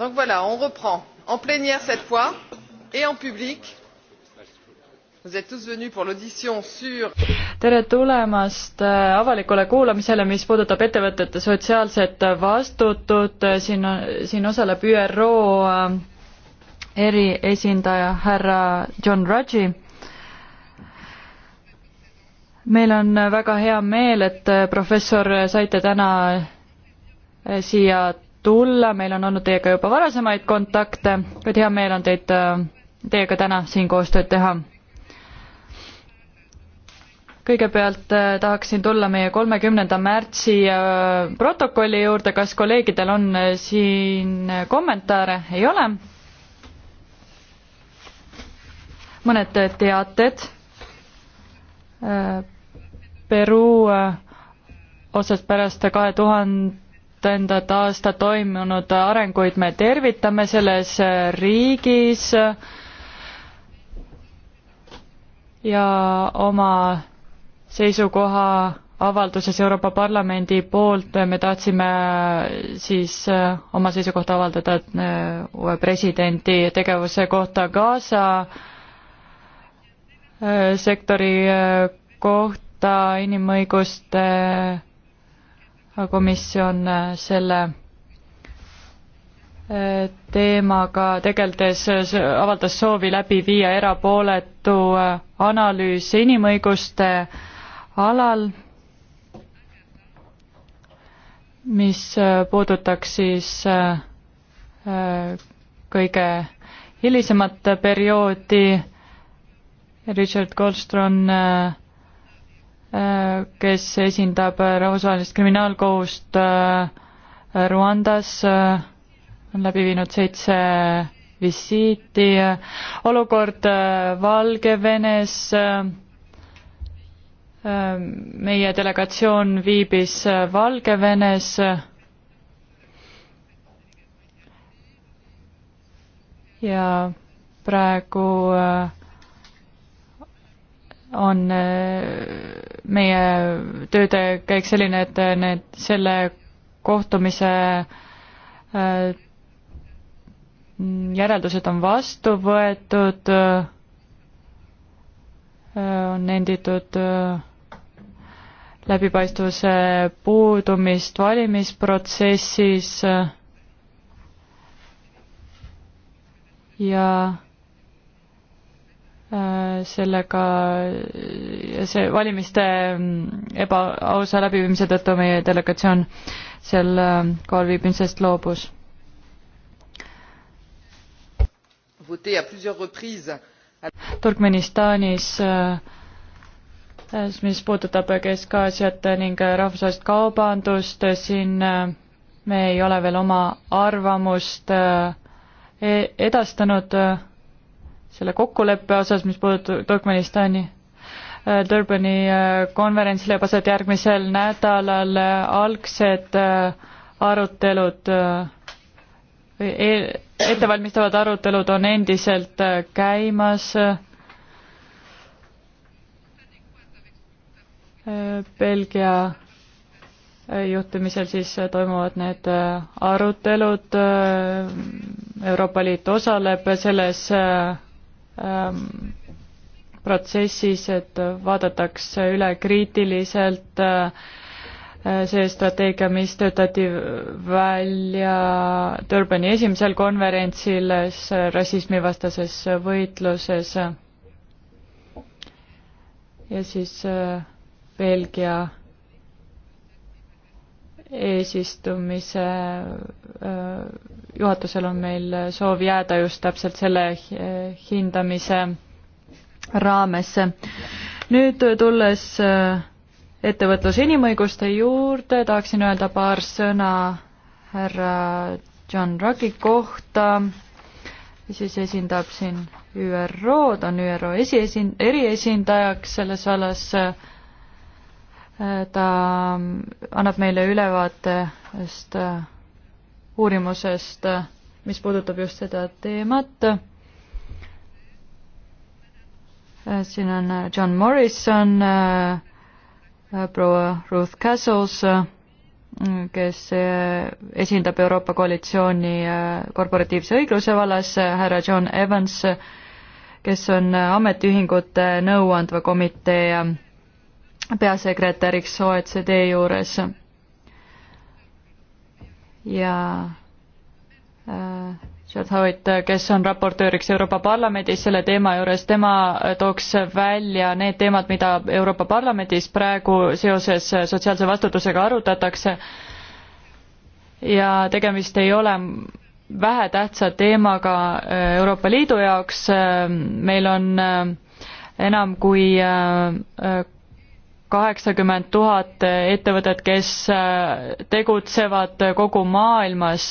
donc voilà on reprend en plénière cette fois et en public vous êtes tous venus pour l'audition sur tere tulemast äh, avalikule kuulamisele, mis puudutab ettevõtete sotsiaalset vastutut, siin, siin osaleb ÜRO äh, eriesindaja härra John Rudgy. meil on väga hea meel, et äh, professor saite täna siia tulla, meil on olnud teiega juba varasemaid kontakte, kuid hea meel on teid, teiega täna siin koostööd teha. kõigepealt äh, tahaksin tulla meie kolmekümnenda märtsi äh, protokolli juurde, kas kolleegidel on äh, siin kommentaare, ei ole? mõned teated. Peru osas pärast kahe tuhande kahekümnendat aastat toimunud arenguid me tervitame selles riigis ja oma seisukoha avalduses Euroopa Parlamendi poolt me tahtsime siis oma seisukohta avaldada äh, uue presidendi tegevuse kohta Gaza äh, sektori äh, kohta inimõiguste komisjon äh, selle äh, teemaga tegeldes äh, avaldas soovi läbi viia erapooletu analüüs inimõiguste alal, mis puudutaks siis kõige hilisemat perioodi. Richard Goldstone kes esindab rahvusvahelist kriminaalkohust äh, Ruandas, äh, on läbi viinud seitse visiiti, olukord äh, Valgevenes, meie delegatsioon viibis Valgevenes, ja praegu äh, on äh, meie tööde käik selline, et äh, need, selle kohtumise äh, järeldused on vastu võetud, on nenditud läbipaistvuse puudumist valimisprotsessis ja Äh, sellega see valimiste mm, ebaausa läbiviimise tõttu meie delegatsioon seal äh, kohal viibimisest loobus. Turkmenistanis, äh, mis puudutab Kesk-Aasiat ning rahvusvahelist kaubandust, siin me ei ole veel oma arvamust e-, edastanud selle kokkuleppe osas, mis puudutab Turkmenistani äh, Durbani äh, konverentsil juba sealt järgmisel nädalal äh, algsed arutelud e-, ettevalmistavad arutelud on endiselt käimas. Belgia juhtimisel siis toimuvad need arutelud, Euroopa Liit osaleb selles Ähm, protsessis, et vaadatakse üle kriitiliselt äh, äh, see strateegia, mis töötati välja Durbani esimesel konverentsil rassismivastases võitluses. ja siis äh, Belgia eesistumise juhatusel on meil soov jääda just täpselt selle hindamise raamesse. nüüd tulles äh, ettevõtluse inimõiguste juurde, tahaksin öelda paar sõna härra John Rocki kohta, siis esindab siin ÜRO-d, on ÜRO esiesin-, eriesindajaks selles vallas, äh, ta annab meile ülevaate just uurimusest, mis puudutab just seda teemat. siin on John Morrison, proua Ruth Castles, kes esindab Euroopa koalitsiooni korporatiivse õigluse vallas, härra John Evans, kes on ametiühingute nõuandva komitee peasekretäriks OECD juures ja Charles äh, Howitt, kes on raportööriks Euroopa Parlamendis selle teema juures, tema äh, tooks välja need teemad, mida Euroopa Parlamendis praegu seoses äh, sotsiaalse vastutusega arutatakse ja tegemist ei ole vähetähtsa teemaga Euroopa Liidu jaoks, meil on enam kui kaheksakümmend tuhat ettevõtet, kes äh, tegutsevad kogu maailmas.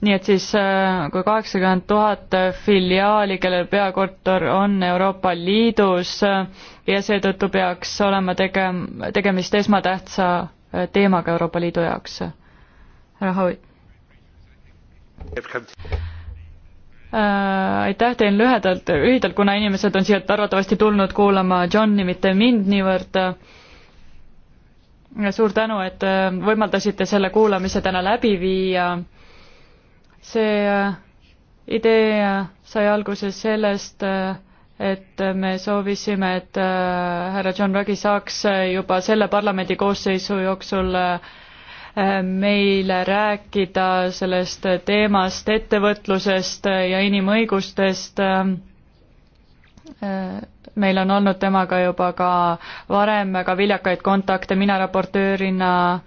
nii et siis äh, kui kaheksakümmend tuhat filiaali, kellel peakorter on Euroopa Liidus ja seetõttu peaks olema tege-, tegemist esmatähtsa äh, teemaga Euroopa Liidu jaoks. härra Howitt Äh, aitäh teen lühedalt, lühidalt, kuna inimesed on siia arvatavasti tulnud kuulama Johni, mitte mind niivõrd. suur tänu, et äh, võimaldasite selle kuulamise täna läbi viia. see äh, idee sai alguse sellest, et me soovisime, et härra John Ruggie saaks juba selle parlamendi koosseisu jooksul äh, meile rääkida sellest teemast, ettevõtlusest ja inimõigustest. meil on olnud temaga juba ka varem väga viljakaid kontakte, mina raportöörina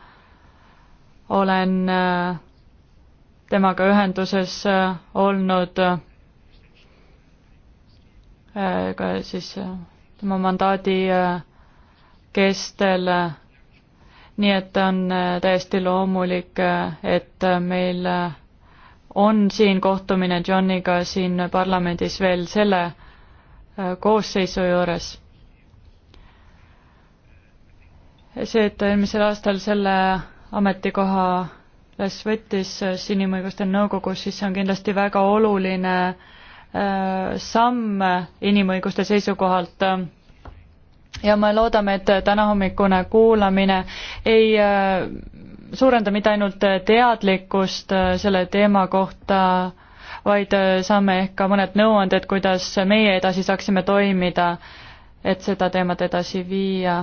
olen äh, temaga ühenduses äh, olnud äh, ka siis tema mandaadi kestel nii et on äh, täiesti loomulik, äh, et äh, meil on siin kohtumine Johniga siin parlamendis veel selle koosseisu juures. see, et eelmisel aastal selle ametikoha üles võttis siin Inimõiguste Nõukogus, siis see on kindlasti väga oluline samm inimõiguste seisukohalt ja me loodame, et tänahommikune kuulamine ei äh, suurenda mitte ainult teadlikkust äh, selle teema kohta, vaid äh, saame ehk ka mõned nõuanded, kuidas meie edasi saaksime toimida, et seda teemat edasi viia.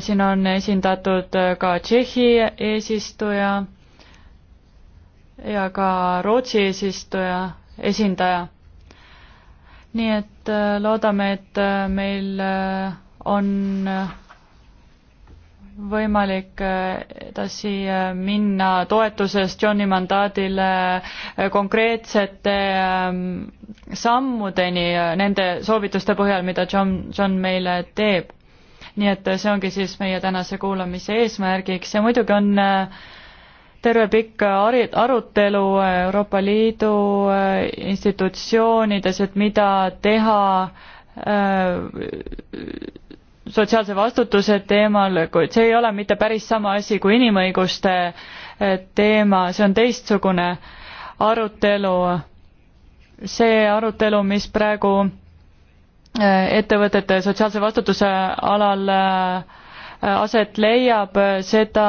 siin on esindatud ka Tšehhi eesistuja ja ka Rootsi eesistuja esindaja nii et äh, loodame, et äh, meil äh, on võimalik edasi minna toetusest Johni mandaadile konkreetsete ähm, sammudeni nende soovituste põhjal, mida John, John meile teeb. nii et see ongi siis meie tänase kuulamise eesmärgiks ja muidugi on äh, terve pikk arutelu äh, Euroopa Liidu äh, institutsioonides, et mida teha äh, sotsiaalse vastutuse teemal, kuid see ei ole mitte päris sama asi kui inimõiguste teema, see on teistsugune arutelu. see arutelu, mis praegu ettevõtete sotsiaalse vastutuse alal äh, aset leiab, seda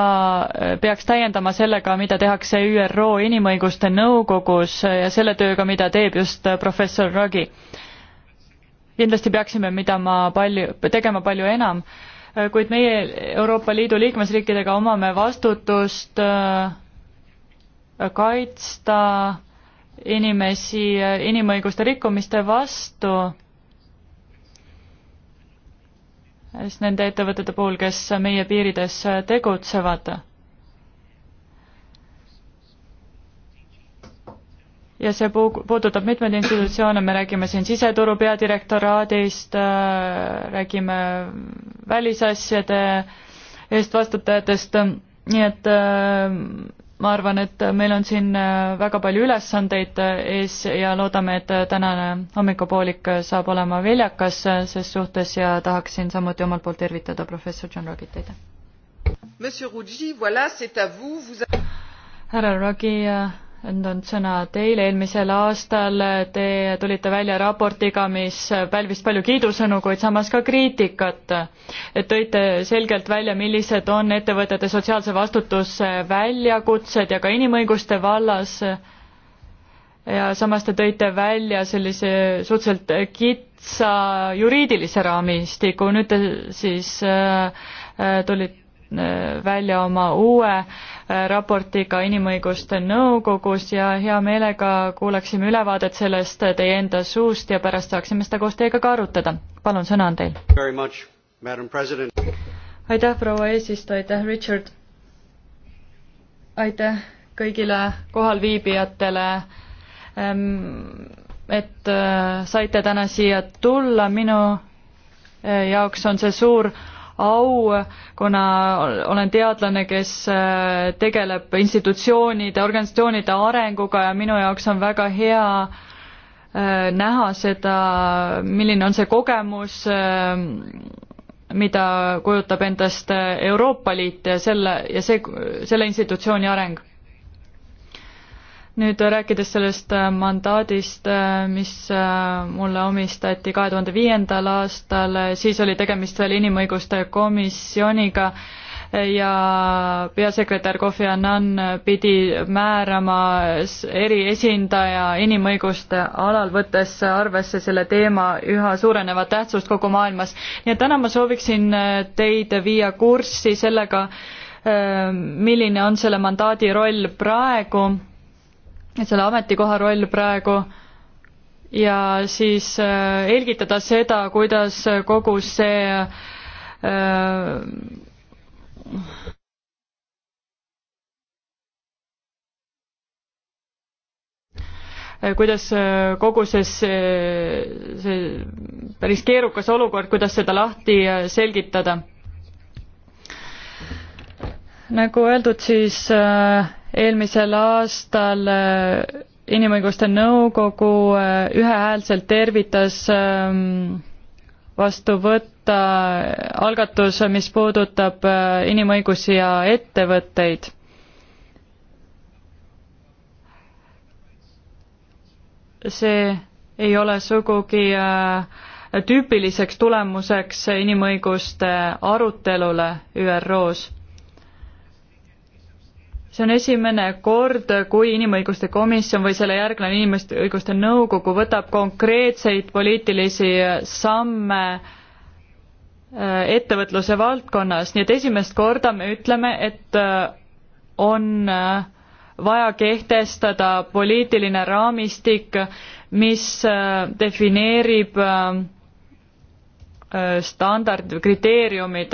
peaks täiendama sellega, mida tehakse ÜRO Inimõiguste Nõukogus ja selle tööga, mida teeb just professor Ragi. kindlasti peaksime midama palju, tegema palju enam, kuid meie Euroopa Liidu liikmesriikidega omame vastutust äh, kaitsta inimesi inimõiguste rikkumiste vastu siis nende ettevõtete puhul, kes meie piirides tegutsevad. ja see puudutab mitmeid institutsioone, me räägime siin siseturu peadirektoraadist, räägime välisasjade eest vastutajatest, nii et ma arvan, et meil on siin äh, väga palju ülesandeid äh, ees ja loodame, et äh, tänane hommikupoolik saab olema viljakas ses suhtes ja tahaksin samuti omalt poolt tervitada professor John Rogit, aitäh! härra Rogi, annan sõna teile, eelmisel aastal te tulite välja raportiga, mis pälvis palju kiidusõnu, kuid samas ka kriitikat. et tõite selgelt välja, millised on ettevõtete sotsiaalse vastutuse väljakutsed ja ka inimõiguste vallas. ja samas te tõite välja sellise suhteliselt kitsa juriidilise raamistiku, nüüd te siis äh, tulite välja oma uue äh, raportiga Inimõiguste Nõukogus ja hea meelega kuulaksime ülevaadet sellest teie enda suust ja pärast saaksime seda koos teiega ka arutada. palun, sõna on teil. aitäh, proua eesistuja, aitäh, Richard. aitäh kõigile kohalviibijatele ähm, et äh, saite täna siia tulla, minu äh, jaoks on see suur au, kuna olen teadlane, kes äh, tegeleb institutsioonide, organisatsioonide arenguga ja minu jaoks on väga hea äh, näha seda, milline on see kogemus, ähm, mida kujutab endast äh, Euroopa Liit ja selle, ja see, selle institutsiooni areng nüüd äh, rääkides sellest äh, mandaadist, äh, mis mulle omistati kahe tuhande viiendal aastal, siis oli tegemist veel inimõiguste komisjoniga ja peasekretär Kofi Annan pidi määrama eriesindaja inimõiguste alal, võttes arvesse selle teema üha suurenevat tähtsust kogu maailmas. nii et täna ma sooviksin teid viia kurssi sellega, milline on selle mandaadi roll praegu selle ametikoha roll praegu ja siis eelgitada äh, seda, kuidas kogu see äh, kuidas äh, kogu see, see päris keerukas olukord, kuidas seda lahti äh, selgitada nagu öeldud, siis äh, eelmisel aastal äh, inimõiguste nõukogu äh, ühehäälselt tervitas ähm, vastu võtta algatus, mis puudutab inimõigusi ja ettevõtteid. see ei ole sugugi tüüpiliseks tulemuseks inimõiguste arutelule ÜRO-s see on esimene kord, kui Inimõiguste Komisjon või selle järgnev Inimõiguste Nõukogu võtab konkreetseid poliitilisi samme äh, ettevõtluse valdkonnas, nii et esimest korda me ütleme, et äh, on äh, vaja kehtestada poliitiline raamistik, mis defineerib standard, kriteeriumid,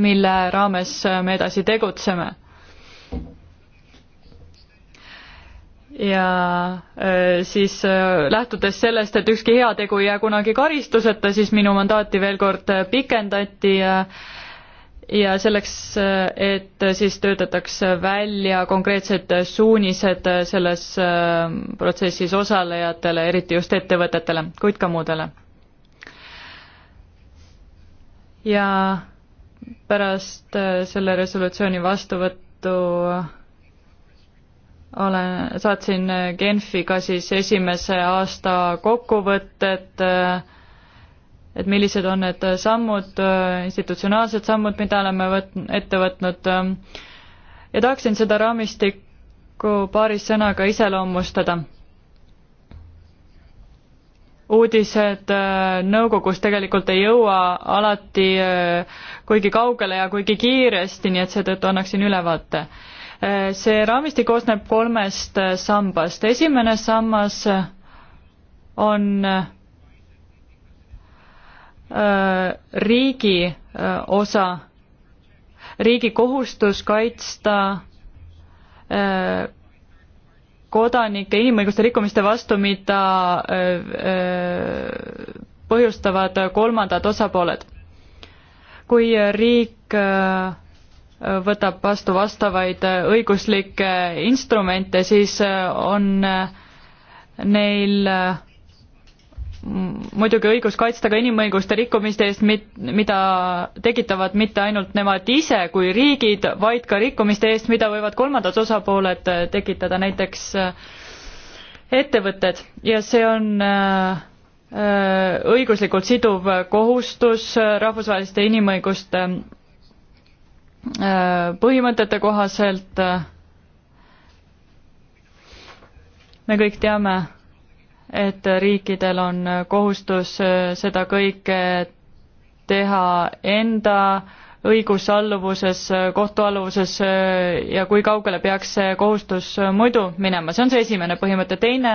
mille raames me edasi tegutseme ja äh, siis äh, lähtudes sellest, et ükski heategu ei jää kunagi karistuseta, siis minu mandaati veel kord äh, pikendati ja ja selleks, et siis töötatakse välja konkreetsed suunised selles protsessis osalejatele, eriti just ettevõtetele, kuid ka muudele. ja pärast selle resolutsiooni vastuvõttu olen, saatsin Genfi ka siis esimese aasta kokkuvõtted, äh, et millised on need sammud, äh, institutsionaalsed sammud, mida oleme võt-, ette võtnud äh. ja tahaksin seda raamistikku paari sõnaga iseloomustada. uudised nõukogus tegelikult ei jõua alati kuigi kaugele ja kuigi kiiresti, nii et seetõttu annaksin ülevaate see raamistik koosneb kolmest äh, sambast. esimene sammas äh, on äh, riigi osa, riigi kohustus kaitsta kodanike inimõiguste rikkumiste vastu, mida põhjustavad kolmandad osapooled. kui riik võtab vastu vastavaid äh, õiguslikke instrumente, siis äh, on äh, neil muidugi õigus kaitsta ka inimõiguste rikkumiste eest, mit-, mida tekitavad mitte ainult nemad ise kui riigid, vaid ka rikkumiste eest, mida võivad kolmandad osapooled tekitada, näiteks ettevõtted ja see on õiguslikult siduv kohustus rahvusvaheliste inimõiguste Äh, põhimõtete kohaselt äh, me kõik teame, et riikidel on kohustus äh, seda kõike teha enda õigusalluvuses, kohtualluvuses ja kui kaugele peaks see kohustus muidu minema, see on see esimene põhimõte. teine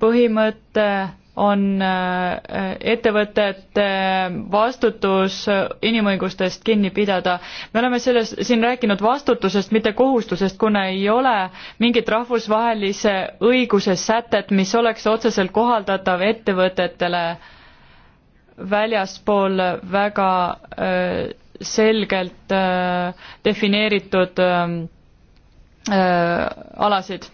põhimõte on äh, ettevõtete äh, vastutus äh, inimõigustest kinni pidada. me oleme selles, siin rääkinud vastutusest, mitte kohustusest, kuna ei ole mingit rahvusvahelise õiguse sätet, mis oleks otseselt kohaldatav ettevõtetele väljaspool väga selgelt defineeritud alasid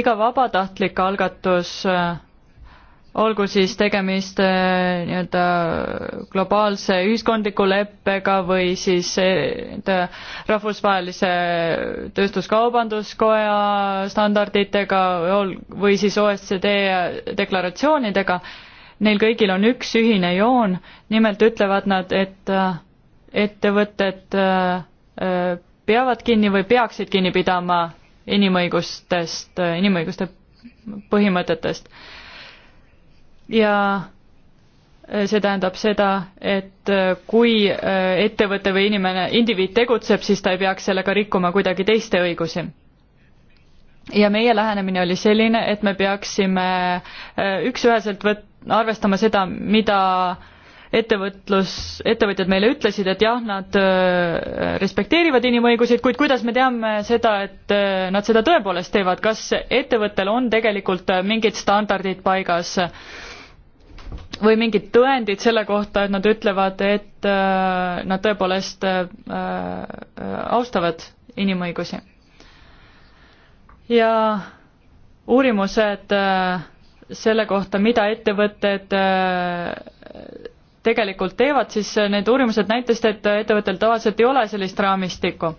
iga vabatahtlik algatus äh, olgu siis tegemist äh, nii-öelda globaalse ühiskondliku leppega või siis äh, rahvusvahelise tööstuskaubanduskoja standarditega või siis OECD deklaratsioonidega, neil kõigil on üks ühine joon, nimelt ütlevad nad, et ettevõtted peavad kinni või peaksid kinni pidama inimõigustest, inimõiguste põhimõtetest. ja see tähendab seda, et kui äh, ettevõte või inimene, indiviid tegutseb, siis ta ei peaks sellega rikkuma kuidagi teiste õigusi. ja meie lähenemine oli selline, et me peaksime äh, üks-üheselt võt-, arvestama seda, mida ettevõtlus, ettevõtjad meile ütlesid, et jah, nad äh, respekteerivad inimõiguseid, kuid kuidas me teame seda, et äh, nad seda tõepoolest teevad, kas ettevõttel on tegelikult äh, mingid standardid paigas või mingid tõendid selle kohta, et nad ütlevad, et nad tõepoolest austavad inimõigusi? ja uurimused selle kohta, mida ettevõtted tegelikult teevad, siis need uurimused näitasid, et ettevõttel tavaliselt ei ole sellist raamistikku.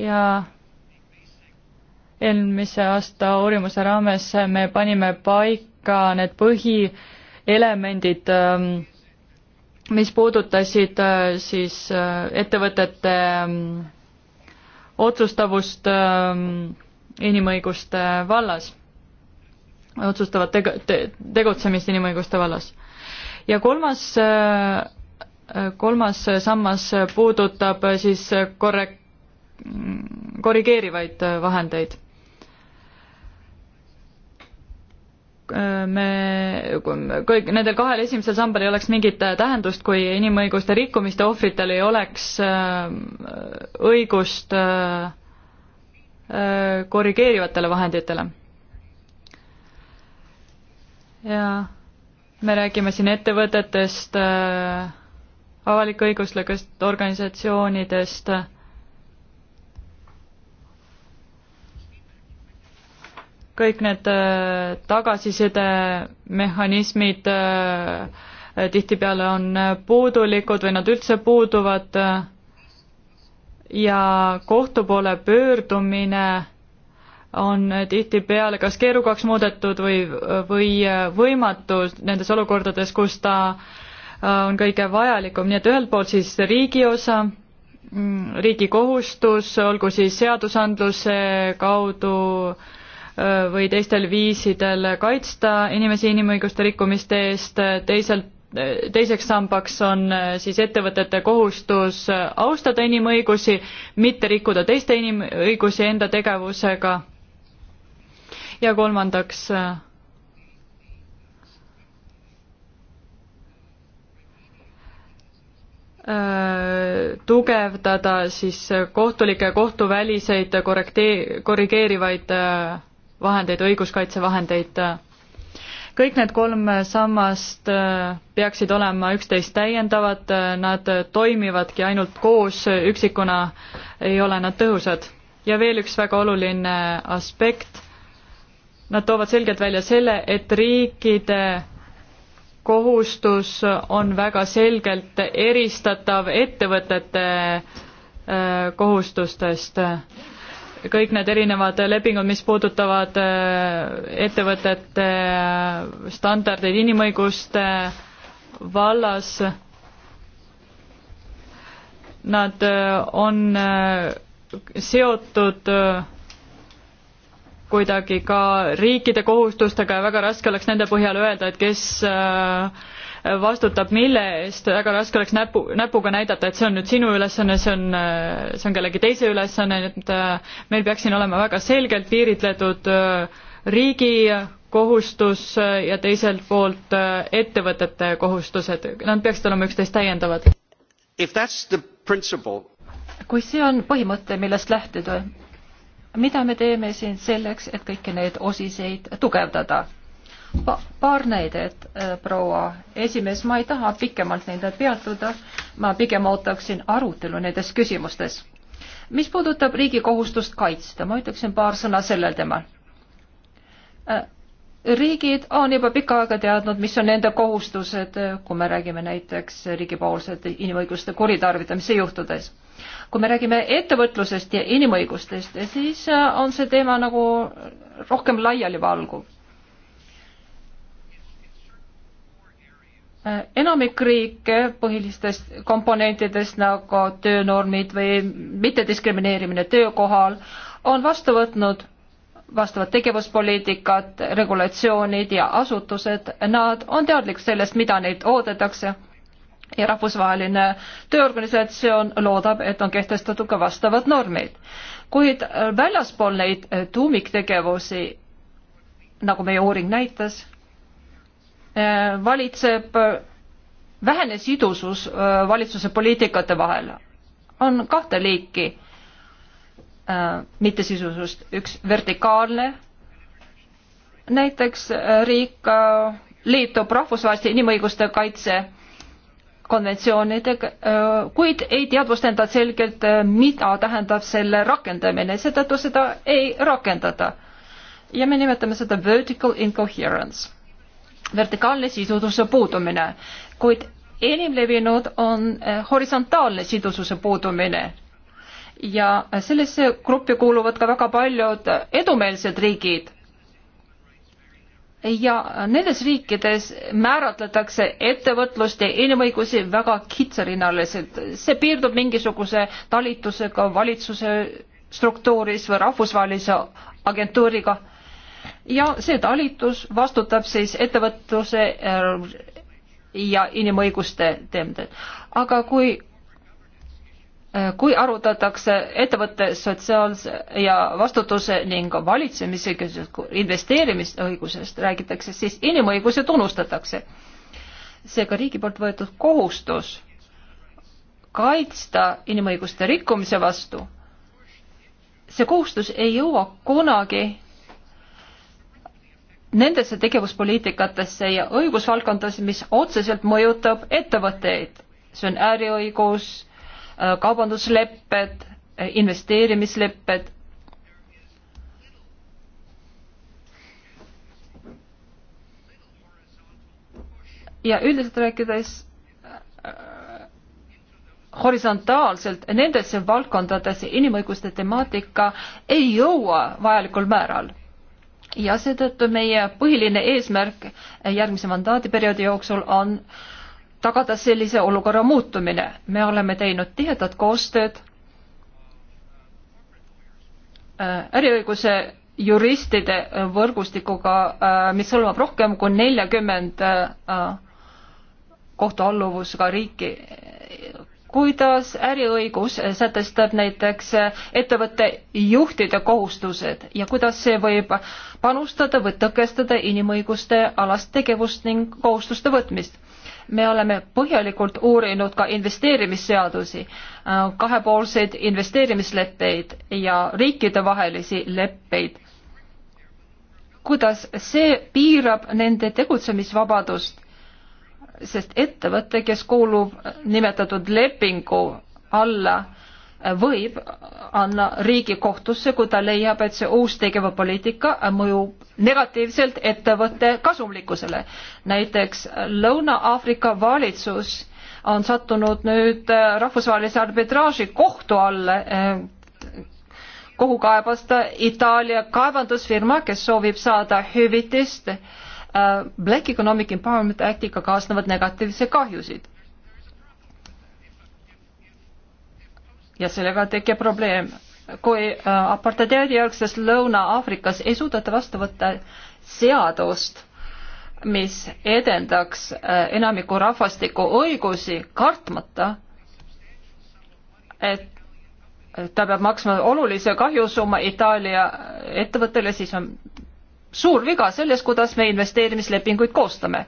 ja eelmise aasta uurimuse raames me panime paika need põhielemendid, ähm, mis puudutasid äh, siis äh, ettevõtete ähm, otsustavust ähm, inimõiguste vallas, otsustavat teg-, te-, tegutsemist inimõiguste vallas ja kolmas, äh, kolmas sammas puudutab äh, siis äh, korre-, mm, korrigeerivaid vahendeid me, kui nendel kahel esimesel sambal ei oleks mingit tähendust, kui inimõiguste rikkumiste ohvritel ei oleks õigust korrigeerivatele vahenditele. jaa me räägime siin ettevõtetest, äh, avalik-õiguslikest organisatsioonidest, kõik need äh, tagasisidemehhanismid äh, tihtipeale on puudulikud või nad üldse puuduvad ja kohtu poole pöördumine on tihtipeale kas keerukaks muudetud või, või võimatu nendes olukordades, kus ta äh, on kõige vajalikum, nii et ühelt poolt siis riigi osa, mm, riigi kohustus, olgu siis seadusandluse kaudu äh, või teistel viisidel kaitsta inimesi inimõiguste rikkumiste eest, teiselt, teiseks sambaks on äh, siis ettevõtete kohustus austada inimõigusi, mitte rikkuda teiste inimõigusi enda tegevusega ja kolmandaks äh, äh, tugevdada siis kohtulikke ja kohtuväliseid korrektee-, korrigeerivaid äh, vahendeid, õiguskaitsevahendeid. kõik need kolm sammast peaksid olema üksteist täiendavad, nad toimivadki ainult koos, üksikuna ei ole nad tõhusad. ja veel üks väga oluline aspekt Nad toovad selgelt välja selle, et riikide kohustus on väga selgelt eristatav ettevõtete äh, kohustustest. kõik need erinevad lepingud, mis puudutavad äh, ettevõtete äh, standardeid inimõiguste vallas, nad on seotud kuidagi ka riikide kohustustega ja väga raske oleks nende põhjal öelda, et kes äh, vastutab mille eest, väga raske oleks näpu, näpuga näidata, et see on nüüd sinu ülesanne, see on, äh, see on kellegi teise ülesanne, et äh, meil peaks siin olema väga selgelt piiritletud riigi kohustus ja teiselt poolt ettevõtete kohustused, nad peaksid olema üksteist täiendavad. kui see on põhimõte, millest lähtuda, mida me teeme siin selleks, et kõiki neid osiseid tugevdada pa? paar näidet, äh, proua esimees, ma ei taha pikemalt nendel peatuda, ma pigem ootaksin arutelu nendes küsimustes. mis puudutab riigi kohustust kaitsta, ma ütleksin paar sõna sellel teemal. Äh, riigid on juba pikka aega teadnud, mis on nende kohustused, äh, kui me räägime näiteks riigipoolsete inimõiguste kuritarvitamise juhtudes kui me räägime ettevõtlusest ja inimõigustest, siis äh, on see teema nagu rohkem laialivalguv. Äh, enamik riike põhilistest komponentidest nagu töönormid või mittediskrimineerimine töökohal on vastu võtnud vastavad tegevuspoliitikad, regulatsioonid ja asutused, nad on teadlik sellest, mida neilt oodatakse ja rahvusvaheline tööorganisatsioon loodab, et on kehtestatud ka vastavad normid. kuid äh, väljaspool neid äh, tuumiktegevusi, nagu meie uuring näitas, äh, valitseb vähene sidusus valitsuse poliitikate vahel. on kahte liiki mittesisusust, üks vertikaalne, näiteks riik liitub rahvusvahelise inimõiguste kaitse konventsioonidega, kuid ei teadvustanud selgelt, mida tähendab selle rakendamine, seetõttu seda ei rakendata. ja me nimetame seda vertical incoherence, vertikaalne sidususe puudumine, kuid enim levinud on horisontaalne sidususe puudumine ja sellesse gruppi kuuluvad ka väga paljud edumeelsed riigid ja nendes riikides määratletakse ettevõtlust ja inimõigusi väga kitsarinnaliselt. see piirdub mingisuguse talitusega valitsuse struktuuris või rahvusvahelise agentuuriga ja see talitus vastutab siis ettevõtluse ja inimõiguste teemadel. aga kui kui arutatakse ettevõtte sotsiaalse ja vastutuse ning valitsemise investeerimisõigusest räägitakse, siis inimõigused unustatakse. seega riigi poolt võetud kohustus kaitsta inimõiguste rikkumise vastu, see kohustus ei jõua kunagi nendesse tegevuspoliitikatesse ja õigusvaldkondadesse, mis otseselt mõjutab ettevõtteid. see on äriõigus Äh, kaubanduslepped, äh, investeerimislepped. ja üldiselt rääkides äh, horisontaalselt nendesse valdkondadesse inimõiguste temaatika ei jõua vajalikul määral ja seetõttu meie põhiline eesmärk järgmise mandaadiperioodi jooksul on äh, tagada sellise olukorra muutumine. me oleme teinud tihedat koostööd äh, äriõiguse juristide võrgustikuga, äh, mis hõlmab rohkem kui neljakümmend äh, kohtualluvusega riiki. kuidas äriõigus sätestab näiteks ettevõtte juhtide kohustused ja kuidas see võib panustada või tõkestada inimõiguste alast tegevust ning kohustuste võtmist? me oleme põhjalikult uurinud ka investeerimisseadusi, äh, kahepoolseid investeerimisleppeid ja riikidevahelisi leppeid. kuidas see piirab nende tegutsemisvabadust, sest ettevõte, kes kuulub nimetatud lepingu alla, võib anna riigikohtusse, kui ta leiab, et see uus tegevapoliitika mõjub negatiivselt ettevõtte kasumlikkusele. näiteks Lõuna-Aafrika valitsus on sattunud nüüd äh, rahvusvahelise arbitraaži kohtu alla, äh, kuhu kaebas ta Itaalia kaevandusfirma, kes soovib saada hüvitist äh, Black Economic Empowerment Actiga kaasnevad negatiivse kahjusid ja sellega tekib probleem. kui äh, apartheidiajärgses Lõuna-Aafrikas ei suudeta vastu võtta seadust, mis edendaks äh, enamiku rahvastiku õigusi, kartmata, et ta peab maksma olulise kahjusumma Itaalia äh, ettevõttele, siis on suur viga selles, kuidas me investeerimislepinguid koostame.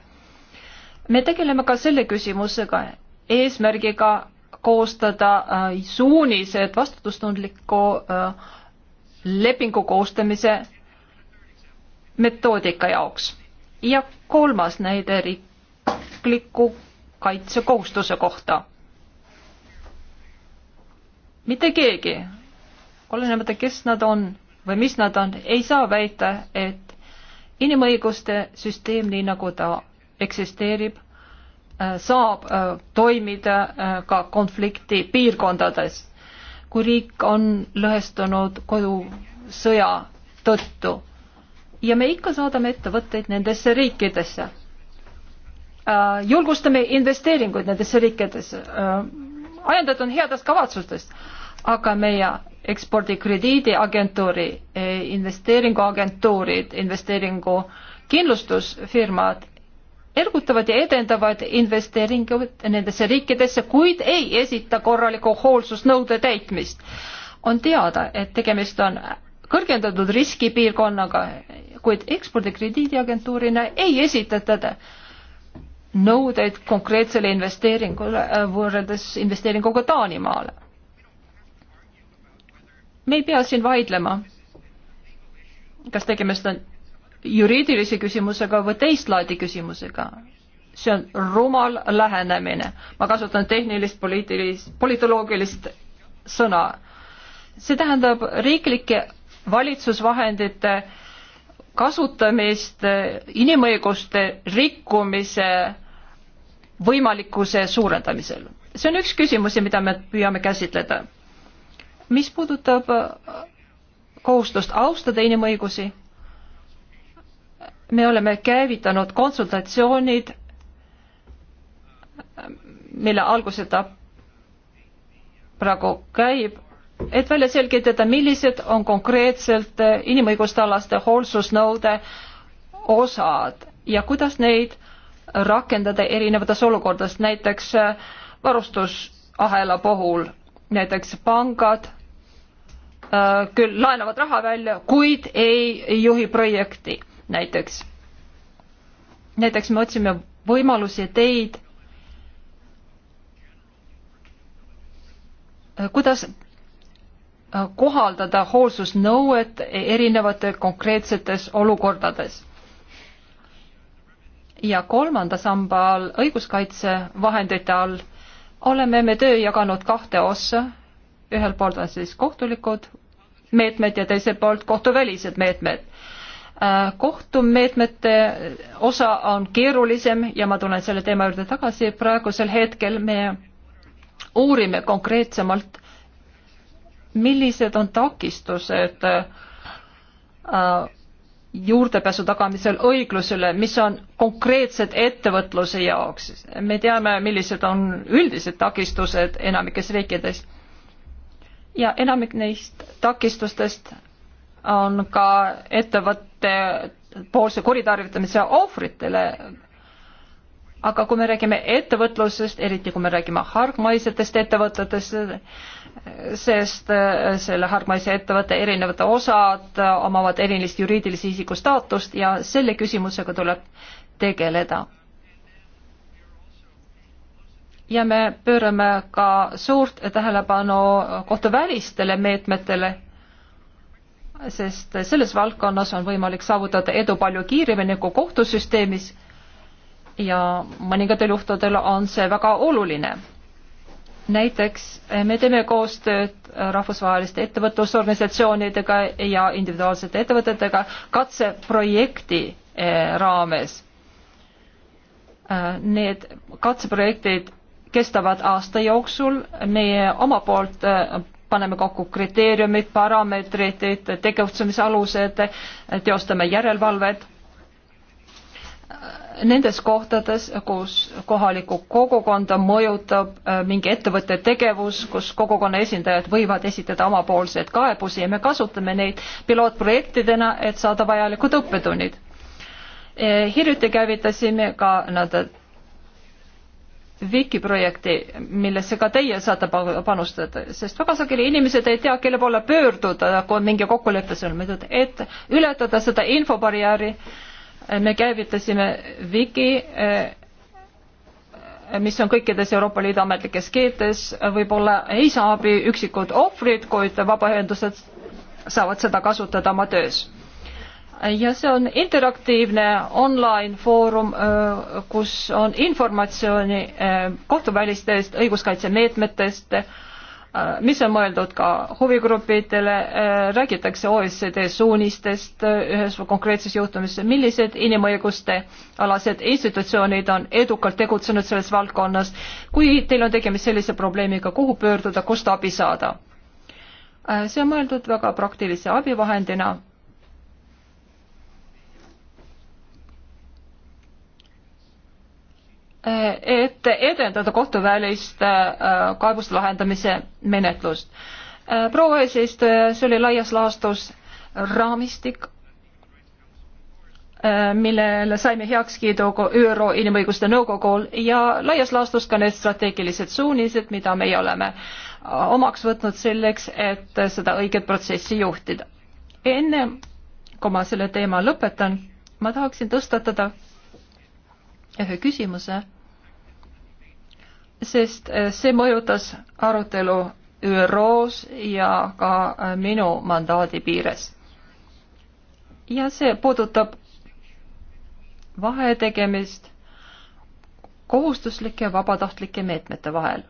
me tegeleme ka selle küsimusega, eesmärgiga koostada äh, suunised vastutustundliku äh, lepingu koostamise metoodika jaoks. ja kolmas näide riikliku kaitsekohustuse kohta. mitte keegi, olenemata kes nad on või mis nad on, ei saa väita, et inimõiguste süsteem, nii nagu ta eksisteerib, Äh, saab äh, toimida äh, ka konflikti piirkondades, kui riik on lõhestunud kodusõja tõttu. ja me ikka saadame ettevõtteid nendesse riikidesse. julgustame investeeringuid nendesse riikidesse, ajendatud headest kavatsustest, aga meie ekspordikrediidiagentuuri, investeeringuagentuurid, investeeringu kindlustusfirmad ergutavad ja edendavad investeeringuid nendesse riikidesse, kuid ei esita korraliku hoolsusnõude täitmist. on teada, et tegemist on kõrgendatud riskipiirkonnaga, kuid ekspordikrediidiagentuurina ei esitata nõudeid konkreetsele investeeringule äh, võrreldes investeeringuga Taanimaale. me ei pea siin vaidlema, kas tegemist on juriidilise küsimusega või teist laadi küsimusega. see on rumal lähenemine. ma kasutan tehnilist, poliitilist, politoloogilist sõna. see tähendab riiklike valitsusvahendite kasutamist inimõiguste rikkumise võimalikkuse suurendamisel. see on üks küsimusi, mida me püüame käsitleda. mis puudutab kohustust austada inimõigusi me oleme käivitanud konsultatsioonid, mille alguse ta praegu käib, et välja selgitada, millised on konkreetselt inimõiguste alaste hoolsusnõude osad ja kuidas neid rakendada erinevates olukordades, näiteks äh, varustusahela puhul, näiteks pangad äh, küll laenavad raha välja, kuid ei juhi projekti näiteks. näiteks me otsime võimalusi ja teid, äh, kuidas äh, kohaldada hoolsusnõuet erinevate konkreetsetes olukordades. ja kolmanda samba all, õiguskaitsevahendite all, oleme me töö jaganud kahte ossa, ühelt poolt on siis kohtulikud meetmed ja teiselt poolt kohtuvälised meetmed Äh, kohtumeetmete osa on keerulisem ja ma tulen selle teema juurde tagasi, praegusel hetkel me uurime konkreetsemalt, millised on takistused äh, juurdepääsu tagamisel õiglusele, mis on konkreetsed ettevõtluse jaoks. me teame, millised on üldised takistused enamikes riikides ja enamik neist takistustest on ka ettevõtte poolse kuritarvitamise ohvritele. aga kui me räägime ettevõtlusest, eriti kui me räägime hargmaisetest ettevõtetest, sest äh, selle hargmaise ettevõtte erinevad osad omavad erilist juriidilise isiku staatust ja selle küsimusega tuleb tegeleda. ja me pöörame ka suurt tähelepanu kohtuvälistele meetmetele sest selles valdkonnas on võimalik saavutada edu palju kiiremini kui kohtusüsteemis ja mõningatel juhtudel on see väga oluline. näiteks eh, me teeme koostööd rahvusvaheliste ettevõtlusorganisatsioonidega ja individuaalsete ettevõtetega katseprojekti eh, raames. Eh, need katseprojektid kestavad aasta jooksul, meie oma poolt paneme kokku kriteeriumid, parameetrid, tegutsemisalused, teostame järelevalvet. Nendes kohtades, kus kohalikku kogukonda mõjutab äh, mingi ettevõtte tegevus, kus kogukonna esindajad võivad esitada omapoolseid kaebusi ja me kasutame neid pilootprojektidena, et saada vajalikud õppetunnid äh, hiljuti käivitasime ka nii-öelda Viki projekti, millesse ka teie saate panustada, sest väga sageli inimesed ei tea, kelle poole pöörduda, kui on mingi kokkulepe sõlmitud, et ületada seda infobarjääri. Eh, me käivitasime Viki, eh, mis on kõikides Euroopa Liidu ametlikes keeltes, võib-olla ei saa abi üksikud ohvrid, kuid vabaühendused saavad seda kasutada oma töös ja see on interaktiivne online foorum, äh, kus on informatsiooni äh, kohtuvälistest õiguskaitsemeetmetest, äh, mis on mõeldud ka huvigruppidele, räägitakse OECD suunistest ühes konkreetses juhtumis, millised inimõiguste alased institutsioonid on edukalt tegutsenud selles valdkonnas, kui teil on tegemist sellise probleemiga, kuhu pöörduda, kust abi saada. see on mõeldud väga praktilise abivahendina et edendada kohtuvälist äh, kaebuste lahendamise menetlust. Äh, proua eesistuja, see oli laias laastus raamistik, äh, millele saime heakskiidu ÜRO Inimõiguste Nõukogul ja laias laastus ka need strateegilised suunised, mida meie oleme omaks võtnud selleks, et seda õiget protsessi juhtida. enne kui ma selle teema lõpetan, ma tahaksin tõstatada ühe küsimuse, sest äh, see mõjutas arutelu ÜRO-s ja ka äh, minu mandaadi piires. ja see puudutab vahetegemist kohustuslike ja vabatahtlike meetmete vahel.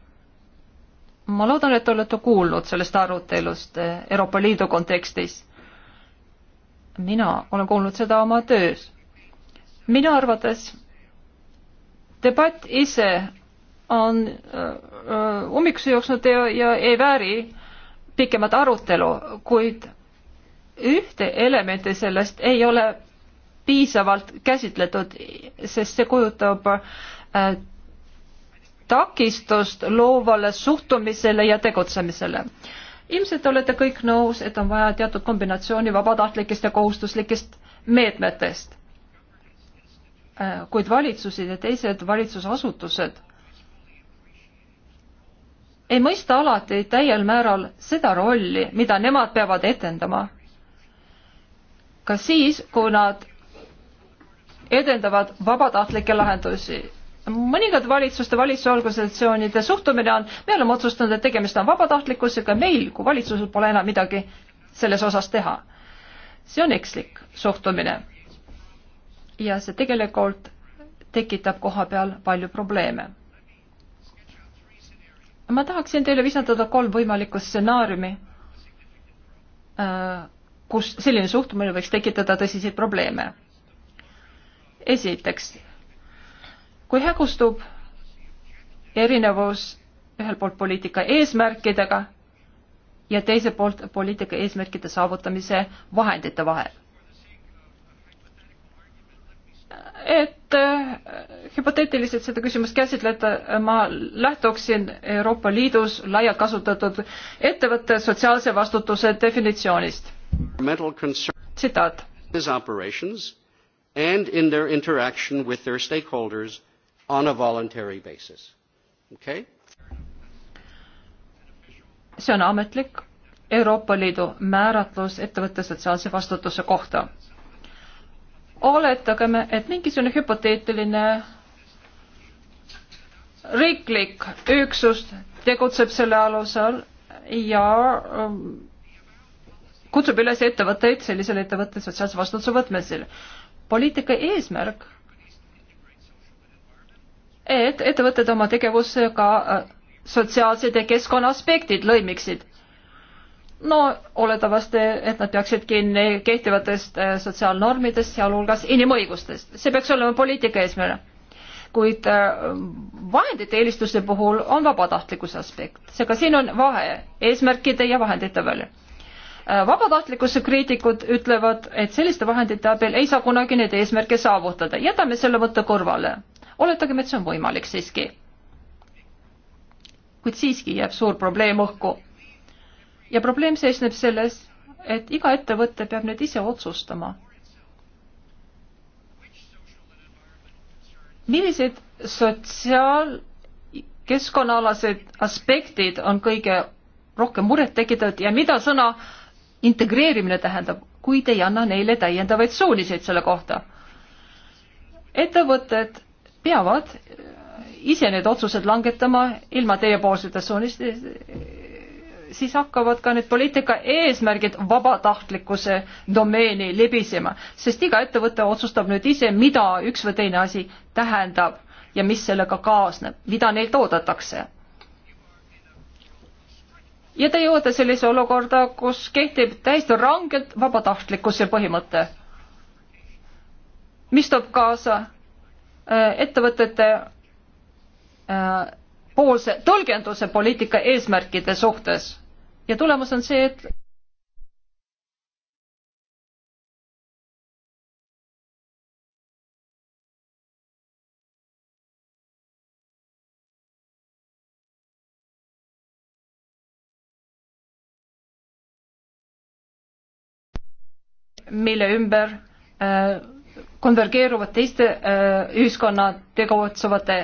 ma loodan, et olete kuulnud sellest arutelust äh, Euroopa Liidu kontekstis. mina olen kuulnud seda oma töös. minu arvates debatt ise on ummikusse jooksnud ja, ja ei vääri pikemat arutelu, kuid ühte elementi sellest ei ole piisavalt käsitletud, sest see kujutab takistust loovale suhtumisele ja tegutsemisele. ilmselt olete kõik nõus, et on vaja teatud kombinatsiooni vabatahtlikest ja kohustuslikest meetmetest Äh, kuid valitsused ja teised valitsusasutused ei mõista alati täiel määral seda rolli, mida nemad peavad etendama. ka siis, kui nad edendavad vabatahtlikke lahendusi. mõningad valitsuste, valitsusorganisatsioonide suhtumine on, me oleme otsustanud, et tegemist on vabatahtlikkusega, meil kui valitsusel pole enam midagi selles osas teha. see on ekslik suhtumine ja see tegelikult tekitab koha peal palju probleeme. ma tahaksin teile visandada kolm võimalikku stsenaariumi, äh, kus selline suhtumine võiks tekitada tõsiseid probleeme. esiteks, kui hägustub erinevus ühelt poolt poliitika eesmärkidega ja teiselt poolt poliitika eesmärkide saavutamise vahendite vahel et äh, hüpoteetiliselt seda küsimust käsitleda, äh, ma lähtuksin Euroopa Liidus laialt kasutatud ettevõtte sotsiaalse vastutuse definitsioonist. tsitaat. and in their interaction with their stakeholders on a voluntary basis. Okay? see on ametlik Euroopa Liidu määratlus ettevõtte sotsiaalse vastutuse kohta oletagem, et mingisugune hüpoteetiline riiklik üksus tegutseb selle alusel ja ähm, kutsub üles ettevõtteid sellisele ettevõtte sotsiaalse vastutuse võtmisel. poliitika eesmärk, et ettevõtted oma tegevusse ka äh, sotsiaalsed ja keskkonna aspektid lõimiksid no oletavasti, et nad peaksid kinni kehtivatest äh, sotsiaalnormidest, sealhulgas inimõigustest. see peaks olema poliitika eesmärk. kuid äh, vahendite eelistuste puhul on vabatahtlikkuse aspekt, seega siin on vahe eesmärkide ja vahendite vahel. Äh, vabatahtlikkuse kriitikud ütlevad, et selliste vahendite abil ei saa kunagi neid eesmärke saavutada, jätame selle mõtte kõrvale. oletagem, et see on võimalik siiski. kuid siiski jääb suur probleem õhku ja probleem seisneb selles, et iga ettevõte peab nüüd ise otsustama, millised sotsiaalkeskkonnaalased aspektid on kõige rohkem murettekitavad ja mida sõna integreerimine tähendab, kuid ei anna neile täiendavaid suuniseid selle kohta. ettevõtted peavad ise need otsused langetama ilma teiepoolsete suunistest siis hakkavad ka need poliitika eesmärgid vabatahtlikkuse domeeni libisema, sest iga ettevõte otsustab nüüd ise, mida üks või teine asi tähendab ja mis sellega kaasneb, mida neilt oodatakse. ja te jõuate sellise olukorda, kus kehtib täiesti rangelt vabatahtlikkuse põhimõte, mis toob kaasa äh, ettevõtete äh, poolse tõlgenduse poliitika eesmärkide suhtes ja tulemus on see, et mille ümber äh, konvergeeruvad teiste äh, ühiskonna tegutsevate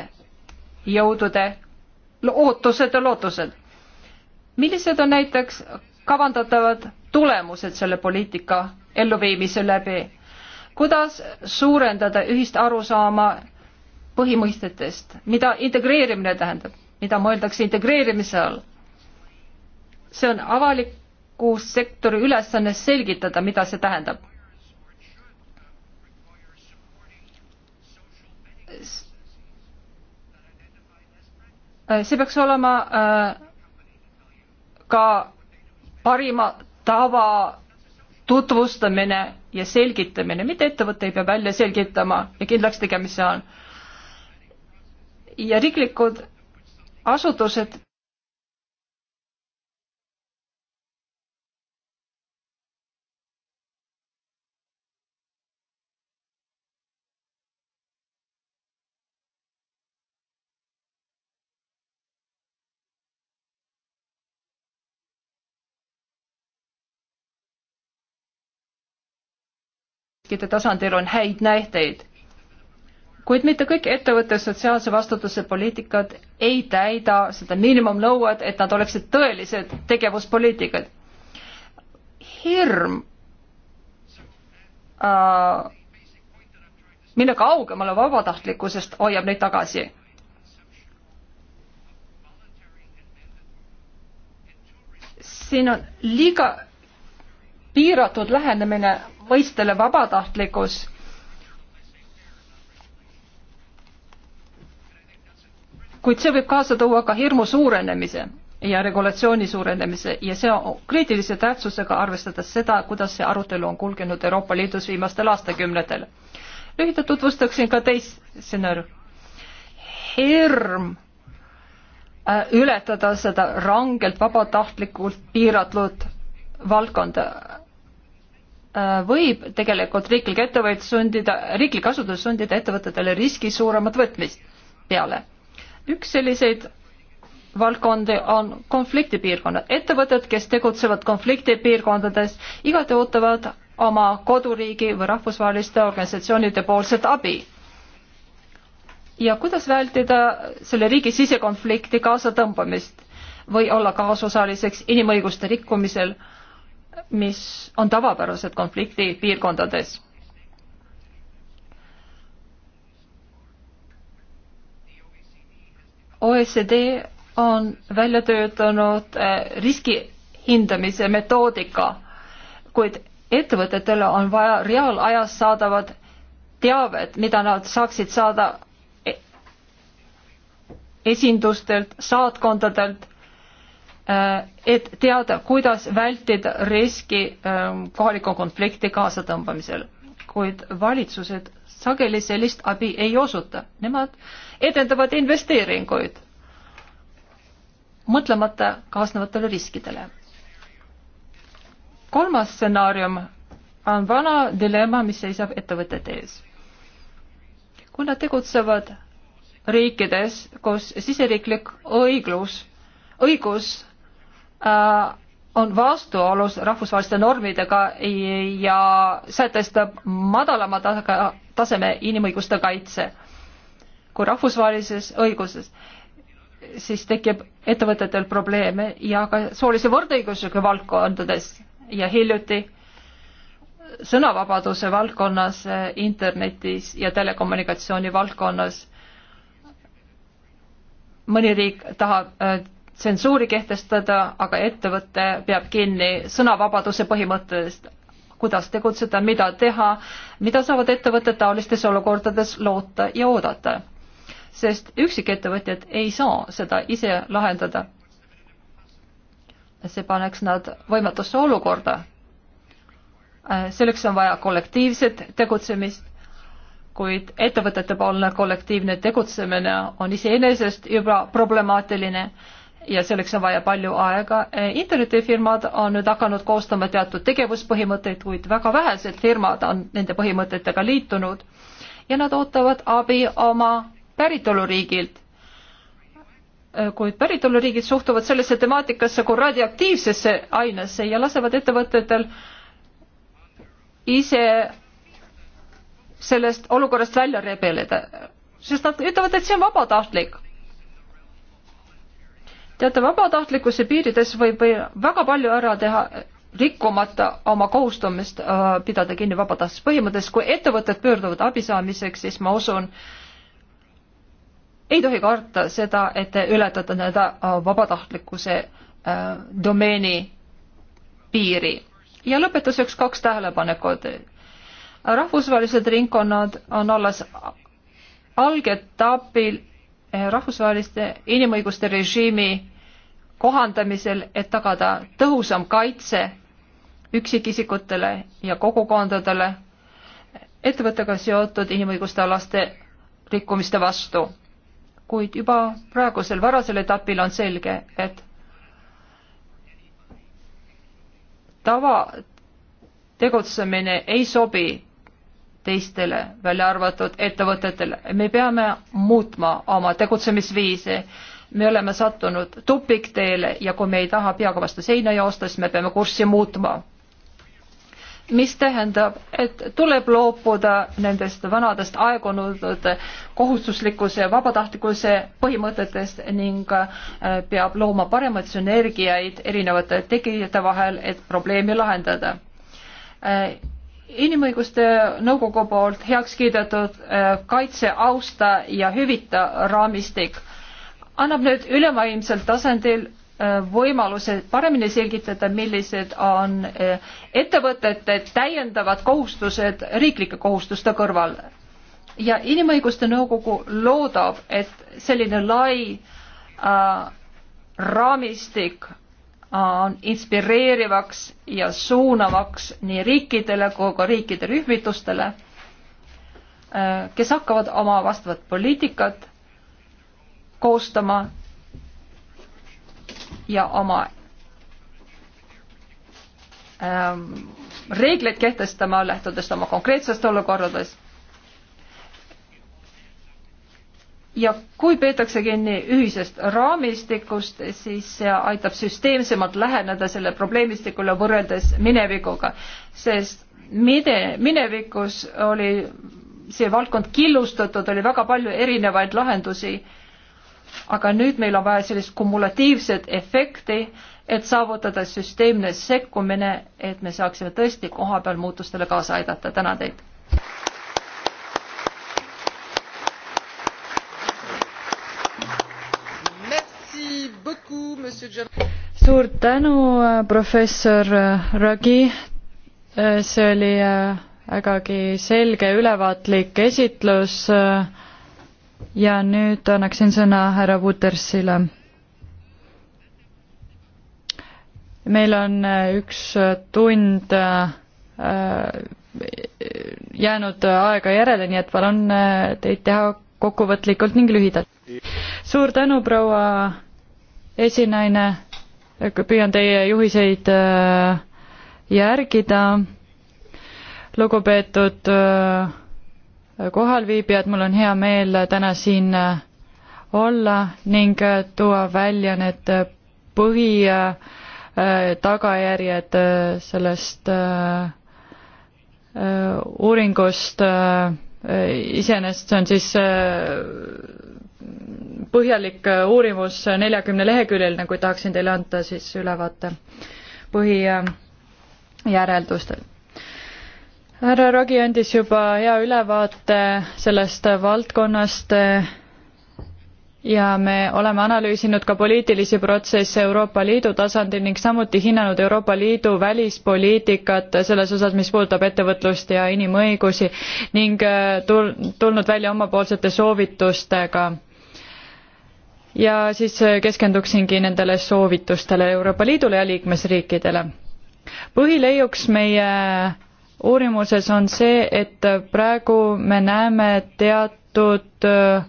jõudude ootused ja lootused millised on näiteks kavandatavad tulemused selle poliitika elluviimise läbi? kuidas suurendada ühist arusaama põhimõistetest, mida integreerimine tähendab, mida mõeldakse integreerimise all? see on avaliku sektori ülesanne selgitada, mida see tähendab. see peaks olema äh, ka parima tava tutvustamine ja selgitamine, mitte ettevõte ei pea välja selgitama ja kindlaks tegema, mis see on. ja riiklikud asutused keda tasandil on häid näiteid. kuid mitte kõik ettevõtte sotsiaalse vastutuse poliitikad ei täida seda miinimumnõuet, et nad oleksid tõelised tegevuspoliitikad. hirm äh,, mille kaugemale vabatahtlikkusest hoiab neid tagasi siin on liiga piiratud lähenemine mõistele vabatahtlikkus kuid see võib kaasa tuua ka hirmu suurenemise ja regulatsiooni suurenemise ja see on kriitilise tähtsusega, arvestades seda, kuidas see arutelu on kulgenud Euroopa Liidus viimastel aastakümnetel. lühidalt tutvustaksin ka teist stsenaariumi. hirm äh, ületada seda rangelt vabatahtlikult piiratud valdkonda Äh, võib tegelikult riiklik ettevõtt sundida, riiklik asutus sundida ettevõtetele riski suuremat võtmist peale. üks selliseid valdkondi on konfliktipiirkonnad. ettevõtted, kes tegutsevad konfliktipiirkondades, igati ootavad oma koduriigi või rahvusvaheliste organisatsioonide poolset abi. ja kuidas vältida selle riigi sisekonflikti kaasatõmbamist või olla kaasosaliseks inimõiguste rikkumisel äh, mis on tavapärased konfliktipiirkondades. OECD on välja töötanud eh, riski hindamise metoodika, kuid ettevõtetele on vaja reaalajas saadavat teavet, mida nad saaksid saada e-, esindustelt, saatkondadelt Äh, et teada, kuidas vältida riski ähm, kohaliku konflikti kaasatõmbamisel. kuid valitsused sageli sellist abi ei osuta, nemad edendavad investeeringuid, mõtlemata kaasnevatele riskidele. kolmas stsenaarium on vana dilemma, mis seisab ettevõtete ees. kui nad tegutsevad riikides, kus siseriiklik õiglus, õigus Äh, on vastuolus rahvusvaheliste normidega ja sätestab madalama taseme inimõiguste kaitse kui rahvusvahelises õiguses, siis tekib ettevõtetel probleeme ja ka soolise võrdõiguslikkuse valdkondades ja hiljuti sõnavabaduse valdkonnas, internetis ja telekommunikatsiooni valdkonnas mõni riik tahab äh, tsensuuri kehtestada, aga ettevõte peab kinni sõnavabaduse põhimõttest, kuidas tegutseda, mida teha, mida saavad ettevõtted taolistes olukordades loota ja oodata. sest üksikettevõtjad ei saa seda ise lahendada. see paneks nad võimatusse olukorda. selleks on vaja kollektiivset tegutsemist, kuid ettevõtetepoolne kollektiivne tegutsemine on iseenesest juba problemaatiline ja selleks on vaja palju aega. Eh, internetifirmad on nüüd hakanud koostama teatud tegevuspõhimõtteid, kuid väga vähesed firmad on nende põhimõtetega liitunud ja nad ootavad abi oma päritoluriigilt. Eh, kuid päritoluriigid suhtuvad sellesse temaatikasse kui radioaktiivsesse ainesse ja lasevad ettevõtetel ise sellest olukorrast välja rebeleda, sest nad ütlevad, et see on vabatahtlik teate, vabatahtlikkuse piirides võib väga palju ära teha, rikkumata oma kohustumist äh, pidada kinni vabatahtlikust põhimõttest. kui ettevõtted pöörduvad abi saamiseks, siis ma usun, ei tohi karta seda, et te ületate nii-öelda äh, vabatahtlikkuse äh, domeeni piiri. ja lõpetuseks kaks tähelepanekut. rahvusvahelised ringkonnad on alles algetapil Eh, rahvusvaheliste inimõiguste režiimi kohandamisel, et tagada tõhusam kaitse üksikisikutele ja kogukondadele ettevõttega seotud inimõiguste alaste rikkumiste vastu. kuid juba praegusel varasel etapil on selge, et tava tegutsemine ei sobi teistele, välja arvatud ettevõtetele. me peame muutma oma tegutsemisviisi. me oleme sattunud tupikteele ja kui me ei taha peaga vastu seina joosta, siis me peame kurssi muutma mis tähendab, et tuleb loobuda nendest vanadest aegunud kohustuslikkuse ja vabatahtlikkuse põhimõtetest ning äh, peab looma paremaid sünergiaid erinevate tegijate vahel, et probleemi lahendada äh, inimõiguste nõukogu poolt heaks kiidetud äh, kaitse, austa ja hüvita raamistik annab nüüd ülemaailmsel tasandil äh, võimaluse paremini selgitada, millised on äh, ettevõtete täiendavad kohustused riiklike kohustuste kõrval. ja Inimõiguste Nõukogu loodab, et selline lai äh, raamistik on inspireerivaks ja suunavaks nii riikidele kui ka riikide rühmitustele, äh, kes hakkavad oma vastavat poliitikat koostama ja oma ähm, reegleid kehtestama, lähtudes oma konkreetsest olukorradest ja kui peetakse kinni ühisest raamistikust, siis see aitab süsteemsemalt läheneda selle probleemistikule võrreldes minevikuga, sest mine, minevikus oli see valdkond killustatud, oli väga palju erinevaid lahendusi. aga nüüd meil on vaja sellist kumulatiivset efekti, et saavutada süsteemne sekkumine, et me saaksime tõesti kohapeal muutustele kaasa aidata. tänan teid suur tänu, äh, professor äh, Ragi. Äh, see oli vägagi selge ülevaatlik esitlus. ja nüüd annaksin sõna härra Wutersile. meil on üks tund jäänud aega järele, nii et palun teid teha kokkuvõtlikult ning lühidalt. suur tänu, proua esinaine püüan teie juhiseid äh, järgida. lugupeetud äh, kohalviibijad, mul on hea meel täna siin äh, olla ning tuua välja need põhi tagajärjed sellest uuringust iseenesest see on siis põhjalik äh, uurimus, neljakümne leheküljeline, nagu kui tahaksin teile anda siis ülevaate põhijäreldustel. härra Rogi andis juba hea ülevaate sellest valdkonnast äh, ja me oleme analüüsinud ka poliitilisi protsesse Euroopa Liidu tasandil ning samuti hinnanud Euroopa Liidu välispoliitikat selles osas, mis puudutab ettevõtlust ja inimõigusi ning äh, tulnud välja omapoolsete soovitustega ja siis keskenduksingi nendele soovitustele Euroopa Liidule ja liikmesriikidele. põhileiuks meie uurimuses on see, et praegu me näeme teatud äh,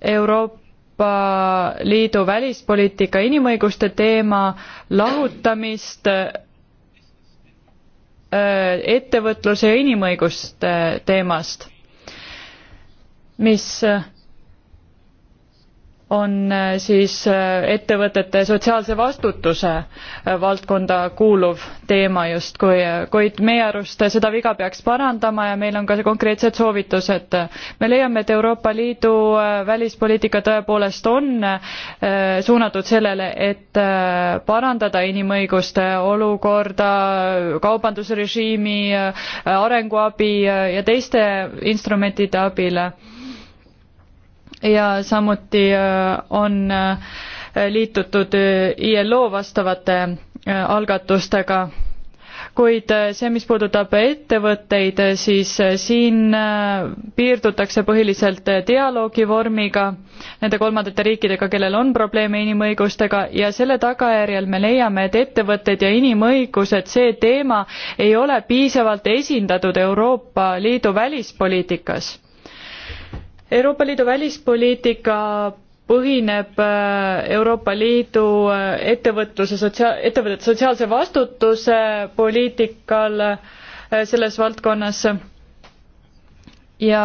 Euroopa Liidu välispoliitika inimõiguste teema lahutamist äh, ettevõtluse ja inimõiguste teemast, mis äh, on äh, siis äh, ettevõtete sotsiaalse vastutuse äh, valdkonda kuuluv teema justkui, kuid meie arust seda viga peaks parandama ja meil on ka konkreetsed soovitused. me leiame, et Euroopa Liidu välispoliitika tõepoolest on suunatud sellele, et parandada inimõiguste olukorda, kaubandusrežiimi, arenguabi ja teiste instrumentide abil ja samuti äh, on äh, liitutud äh, ILO vastavate algatustega kuid see, mis puudutab ettevõtteid, siis siin piirdutakse põhiliselt dialoogi vormiga nende kolmandate riikidega, kellel on probleeme inimõigustega ja selle tagajärjel me leiame, et ettevõtted ja inimõigused, see teema ei ole piisavalt esindatud Euroopa Liidu välispoliitikas Euroopa Liidu välispoliitika põhineb äh, Euroopa Liidu äh, ettevõtluse sotsiaal, ettevõtete sotsiaalse vastutuse poliitikal äh, selles valdkonnas ja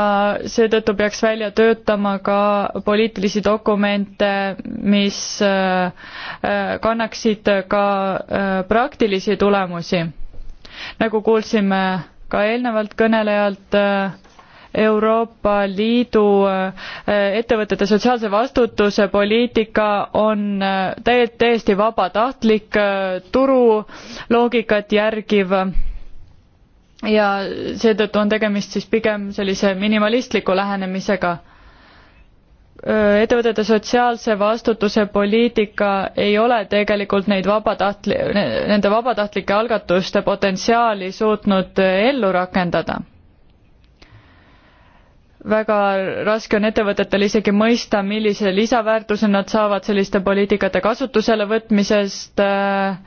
seetõttu peaks välja töötama ka poliitilisi dokumente, mis kannaksid ka praktilisi tulemusi. nagu kuulsime ka eelnevalt kõnelejalt, Euroopa Liidu äh, ettevõtete sotsiaalse vastutuse poliitika on äh, täiesti vabatahtlik, äh, turuloogikat järgiv ja seetõttu on tegemist siis pigem sellise minimalistliku lähenemisega ettevõtete sotsiaalse vastutuse poliitika ei ole tegelikult neid vabatahtli-, nende vabatahtlike algatuste potentsiaali suutnud ellu rakendada väga raske on ettevõtetel isegi mõista, millise lisaväärtuse nad saavad selliste poliitikate kasutusele võtmisest. Äh,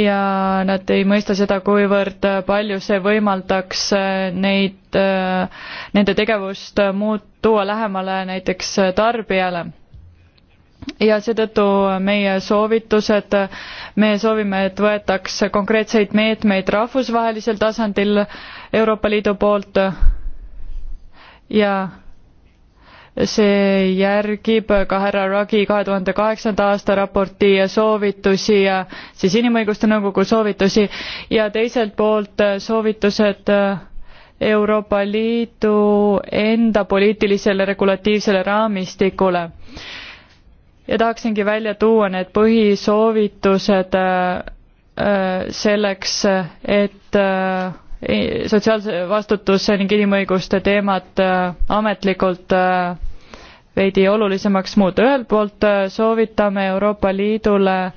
ja nad ei mõista seda, kuivõrd palju see võimaldaks äh, neid, äh, nende tegevust muut-, tuua lähemale näiteks tarbijale ja seetõttu meie soovitused, me soovime, et võetaks konkreetseid meetmeid rahvusvahelisel tasandil äh, Euroopa Liidu poolt ja see järgib ka härra Ragi kahe tuhande kaheksanda aasta raporti soovitusi ja siis Inimõiguste Nõukogu soovitusi ja teiselt poolt soovitused Euroopa Liidu enda poliitilisele regulatiivsele raamistikule. ja tahaksingi välja tuua need põhisoovitused äh, äh, selleks, et äh, sotsiaalse vastutuse ning inimõiguste teemat äh, ametlikult äh, veidi olulisemaks muuta. ühelt poolt äh, soovitame Euroopa Liidule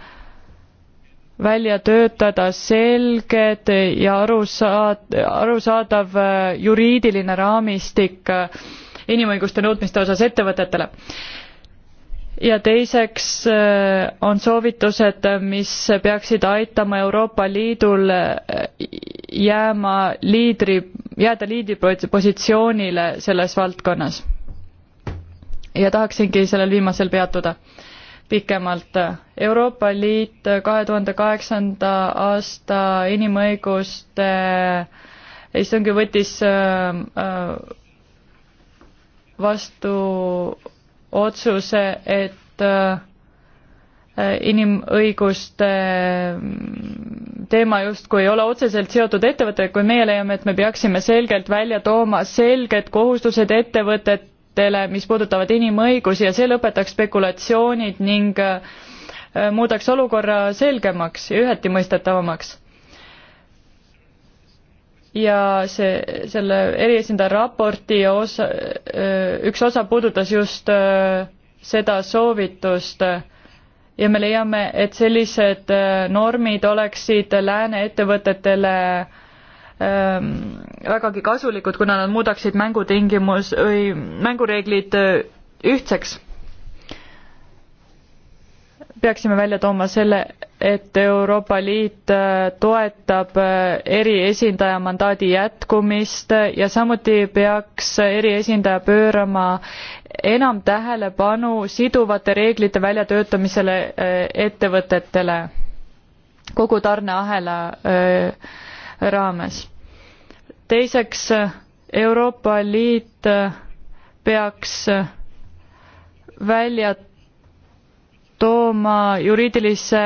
välja töötada selged ja arusaad-, arusaadav juriidiline raamistik inimõiguste nõudmiste osas ettevõtetele ja teiseks äh, on soovitused, äh, mis peaksid aitama Euroopa Liidul äh, jääma liidri, jääda liidripositsioonile selles valdkonnas. ja tahaksingi sellel viimasel peatuda pikemalt. Euroopa Liit kahe tuhande kaheksanda aasta inimõiguste istungi võttis vastu otsuse, et äh, inimõiguste mm, teema justkui ei ole otseselt seotud ettevõttega, kuid meie leiame, et me peaksime selgelt välja tooma selged kohustused ettevõtetele, mis puudutavad inimõigusi ja see lõpetaks spekulatsioonid ning äh, muudaks olukorra selgemaks ja ühetimõistetavamaks ja see, selle eriesindaja raporti osa, üks osa puudutas just seda soovitust ja me leiame, et sellised normid oleksid lääne ettevõtetele vägagi kasulikud, kuna nad muudaksid mängutingimus või mängureeglid ühtseks peaksime välja tooma selle, et Euroopa Liit äh, toetab äh, eriesindaja mandaadi jätkumist ja samuti peaks eriesindaja pöörama enam tähelepanu siduvate reeglite väljatöötamisele äh, ettevõtetele kogu tarneahela raames. teiseks, Euroopa Liit peaks välja tooma juriidilise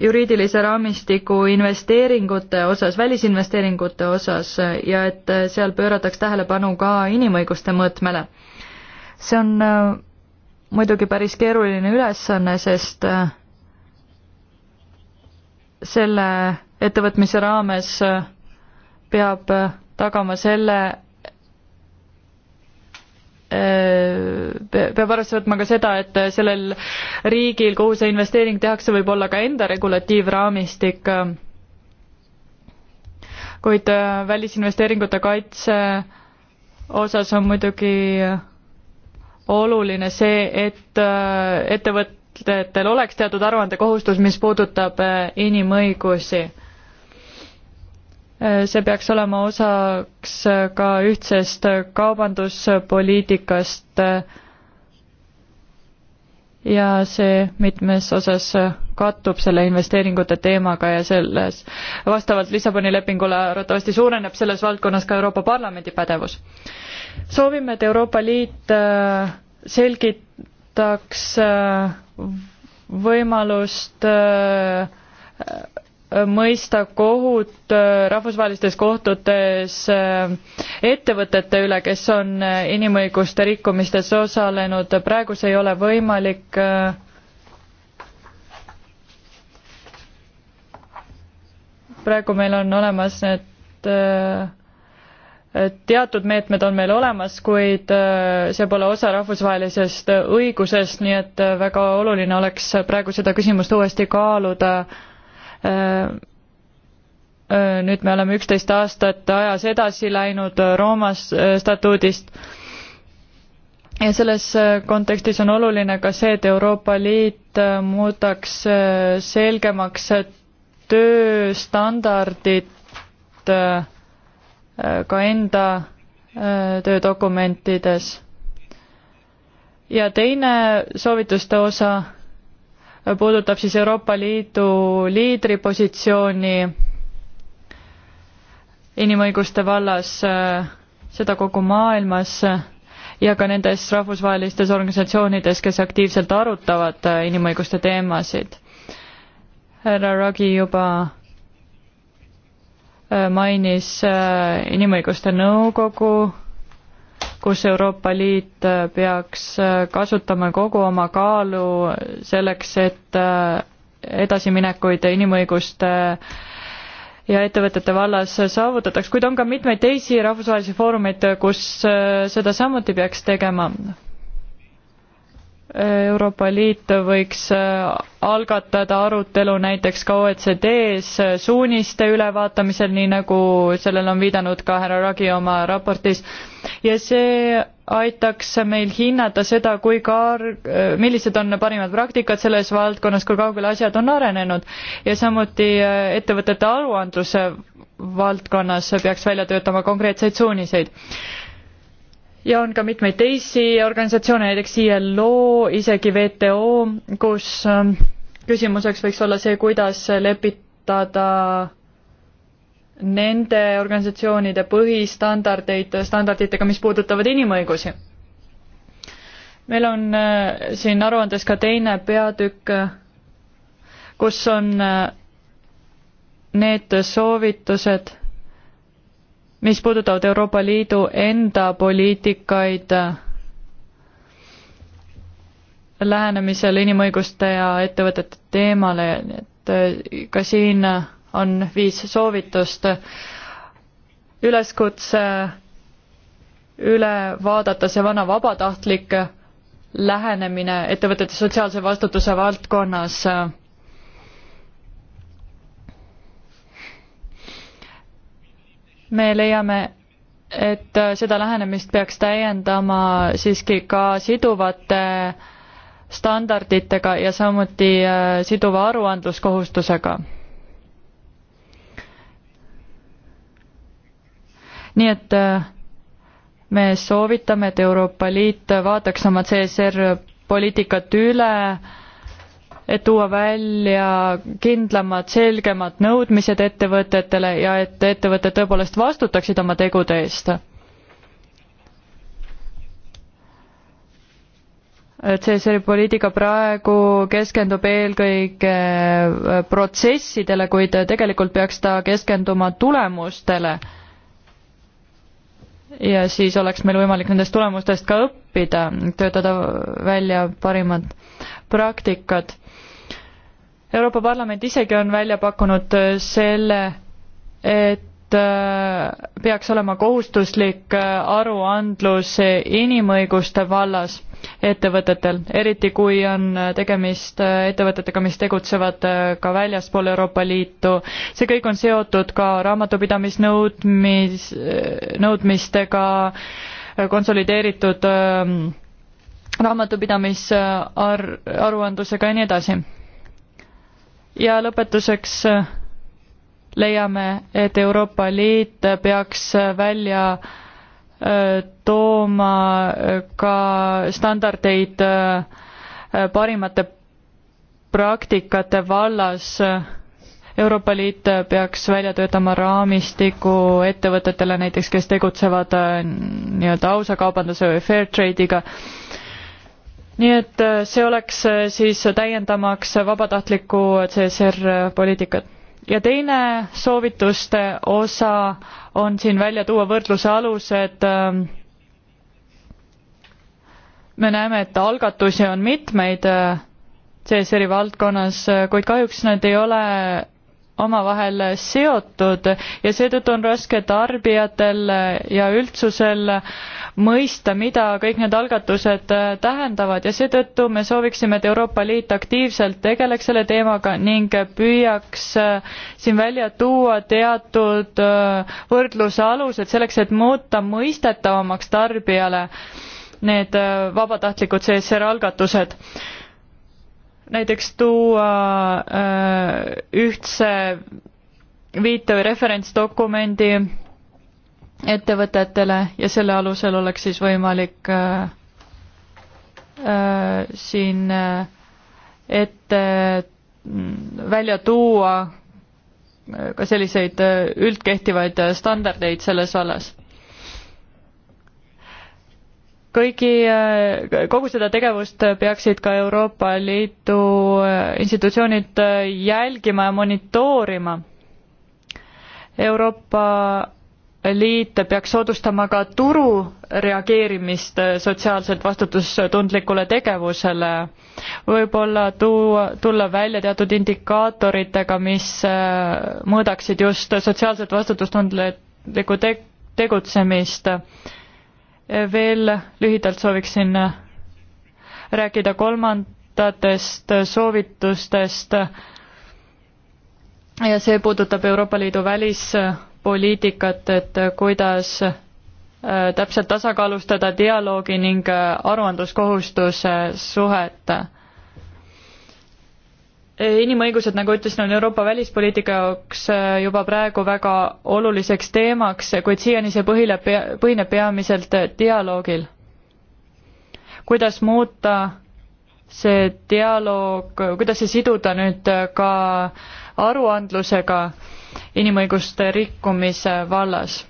juriidilise raamistiku investeeringute osas, välisinvesteeringute osas ja et seal pöörataks tähelepanu ka inimõiguste mõõtmele. see on äh, muidugi päris keeruline ülesanne, sest äh, selle ettevõtmise raames äh, peab tagama selle, Äh, peab arvesse võtma ka seda, et sellel riigil, kuhu see investeering tehakse, võib olla ka enda regulatiivraamistik, kuid äh, välisinvesteeringute kaitse osas on muidugi oluline see, et äh, ettevõtetel oleks teatud aruandekohustus, mis puudutab inimõigusi Äh, see peaks olema osaks äh, ka ühtsest äh, kaubanduspoliitikast ja see mitmes osas kattub selle investeeringute teemaga ja selles, vastavalt Lissaboni lepingule arvatavasti suureneb selles valdkonnas ka Euroopa Parlamendi pädevus. soovime, et Euroopa Liit selgitaks võimalust mõista kohut äh, rahvusvahelistes kohtutes äh, ettevõtete üle, kes on äh, inimõiguste rikkumistes osalenud, praegu see ei ole võimalik. praegu meil on olemas need teatud meetmed on meil olemas, kuid see pole osa rahvusvahelisest õigusest, nii et väga oluline oleks praegu seda küsimust uuesti kaaluda Äh, äh, nüüd me oleme üksteist aastat ajas edasi läinud äh, Rooma statuudist. ja selles kontekstis on oluline ka see, et Euroopa Liit muudaks selgemaks tööstandardid ka enda töödokumentides. ja teine soovituste osa puudutab siis Euroopa Liidu liidripositsiooni inimõiguste vallas, äh, seda kogu maailmas äh, ja ka nendes rahvusvahelistes organisatsioonides, kes aktiivselt arutavad äh, inimõiguste teemasid. härra Ragi juba mainis inimõiguste nõukogu kus Euroopa Liit äh, peaks äh, kasutama kogu oma kaalu selleks, et äh, edasiminekuid inimõiguste ja ettevõtete vallas saavutataks, kuid on ka mitmeid teisi rahvusvahelisi foorumeid, kus seda samuti peaks tegema. Euroopa Liit võiks äh, algatada arutelu näiteks ka OECD-s äh, suuniste ülevaatamisel, nii nagu sellele on viidanud ka härra Ragi oma raportis, ja see aitaks meil hinnata seda, kui kaar-, äh, millised on parimad praktikad selles valdkonnas, kui kaugele asjad on arenenud ja samuti ettevõtete aruandluse valdkonnas peaks välja töötama konkreetseid suuniseid ja on ka mitmeid teisi organisatsioone, näiteks ILO, isegi WTO, kus ähm, küsimuseks võiks olla see, kuidas lepitada nende organisatsioonide põhistandardeid standarditega, mis puudutavad inimõigusi. meil on äh, siin aruandes ka teine peatükk, kus on äh, need soovitused mis puudutavad Euroopa Liidu enda poliitikaid äh, lähenemisel inimõiguste ja ettevõtete teemale, et äh, ka siin on viis soovitust üleskutse üle vaadata see vana vabatahtlik lähenemine ettevõtete sotsiaalse vastutuse valdkonnas me leiame, et äh, seda lähenemist peaks täiendama siiski ka siduvate standarditega ja samuti äh, siduva aruandluskohustusega. nii et äh, me soovitame, et Euroopa Liit vaataks oma CSR poliitikat üle äh, et tuua välja kindlamad, selgemad nõudmised ettevõtetele ja et ettevõtted tõepoolest vastutaksid oma tegude eest. CSR-i poliitika praegu keskendub eelkõige äh, protsessidele, kuid tegelikult peaks ta keskenduma tulemustele. ja siis oleks meil võimalik nendest tulemustest ka õppida, töötada välja parimad praktikad Euroopa Parlament isegi on välja pakkunud äh, selle, et äh, peaks olema kohustuslik äh, aruandlus inimõiguste vallas ettevõtetel, eriti kui on tegemist ettevõtetega, mis tegutsevad ka väljaspool Euroopa Liitu. see kõik on seotud ka raamatupidamisnõudmis, nõudmistega, konsolideeritud raamatupidamis ar-, aruandlusega ja nii edasi ja lõpetuseks äh, leiame, et Euroopa Liit peaks äh, välja äh, tooma ka standardeid parimate praktikate vallas. Euroopa Liit peaks välja töötama raamistiku ettevõtetele näiteks, kes tegutsevad nii-öelda ausa kaubanduse või fair trade'iga nii et äh, see oleks äh, siis täiendamaks vabatahtlikku CSR poliitikat. ja teine soovituste osa on siin välja tuua võrdluse alused ähm, me näeme, et algatusi on mitmeid äh, CSR-i valdkonnas, kuid kahjuks need ei ole omavahel seotud ja seetõttu on raske tarbijatel ja üldsusel mõista, mida kõik need algatused tähendavad ja seetõttu me sooviksime, et Euroopa Liit aktiivselt tegeleks selle teemaga ning püüaks siin välja tuua teatud võrdluse alused selleks, et muuta mõistetavamaks tarbijale need vabatahtlikud CSR algatused näiteks tuua äh, ühtse viite või referentsdokumendi ettevõtetele ja selle alusel oleks siis võimalik äh, äh, siin ette mm, välja tuua ka selliseid üldkehtivaid standardeid selles vallas kõigi, äh, kogu seda tegevust peaksid ka Euroopa Liidu äh, institutsioonid äh, jälgima ja monitoorima. Euroopa Liit peaks soodustama ka turu reageerimist sotsiaalselt vastutustundlikule tegevusele, võib-olla tuua, tulla välja teatud indikaatoritega, mis mõõdaksid just sotsiaalselt vastutustundlikku te-, tegutsemist veel lühidalt sooviksin äh, rääkida kolmandatest äh, soovitustest ja see puudutab Euroopa Liidu välispoliitikat, et äh, kuidas täpselt tasakaalustada dialoogi ning aruandluskohustuse suhet inimõigused, nagu ütlesin, on Euroopa välispoliitika jaoks äh, juba praegu väga oluliseks teemaks, kuid siiani see põhileb, põhineb peamiselt äh, dialoogil. kuidas muuta see dialoog, kuidas see siduda nüüd äh, ka aruandlusega inimõiguste rikkumise vallas?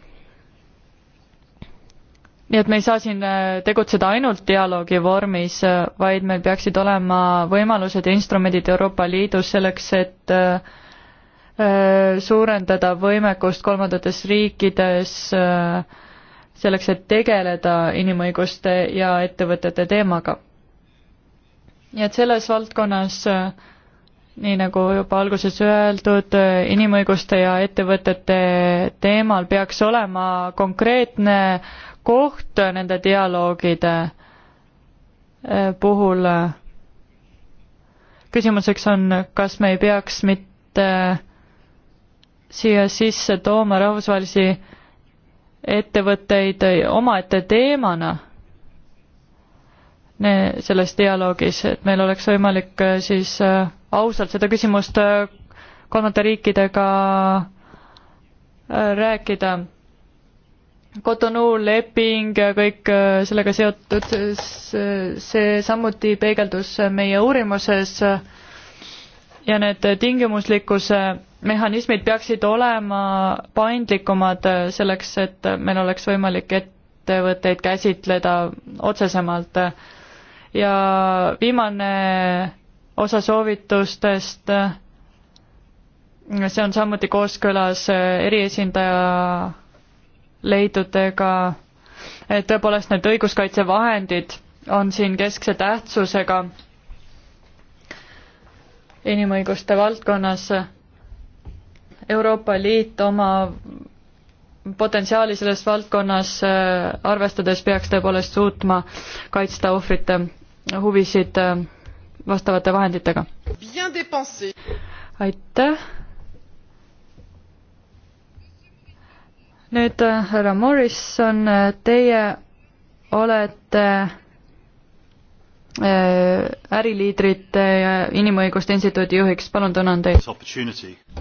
nii et me ei saa siin äh, tegutseda ainult dialoogi vormis, äh, vaid meil peaksid olema võimalused ja instrumendid Euroopa Liidus selleks, et äh, suurendada võimekust kolmandates riikides selleks, et tegeleda inimõiguste ja ettevõtete teemaga. nii et selles valdkonnas, nii nagu juba alguses öeldud, inimõiguste ja ettevõtete teemal peaks olema konkreetne koht nende dialoogide eh, puhul. küsimuseks on, kas me ei peaks mitte siia sisse tooma rahvusvahelisi ettevõtteid omaette teemana ne, selles dialoogis, et meil oleks võimalik eh, siis eh, ausalt seda küsimust kolmandate riikidega rääkida Cotonou leping, kõik äh, sellega seotud, see samuti peegeldus meie uurimuses ja need tingimuslikkuse mehhanismid peaksid olema paindlikumad selleks, et meil oleks võimalik ettevõtteid käsitleda otsesemalt. ja viimane osa soovitustest, see on samuti kooskõlas eriesindaja leidudega, et tõepoolest need õiguskaitsevahendid on siin keskse tähtsusega inimõiguste valdkonnas. Euroopa Liit oma potentsiaali selles valdkonnas äh, arvestades peaks tõepoolest suutma kaitsta ohvrite huvisid äh, vastavate vahenditega. aitäh nüüd äh, härra Morrison, äh, teie olete äh, äriliidrite ja Inimõiguste Instituudi juhiks, palun tänan teid.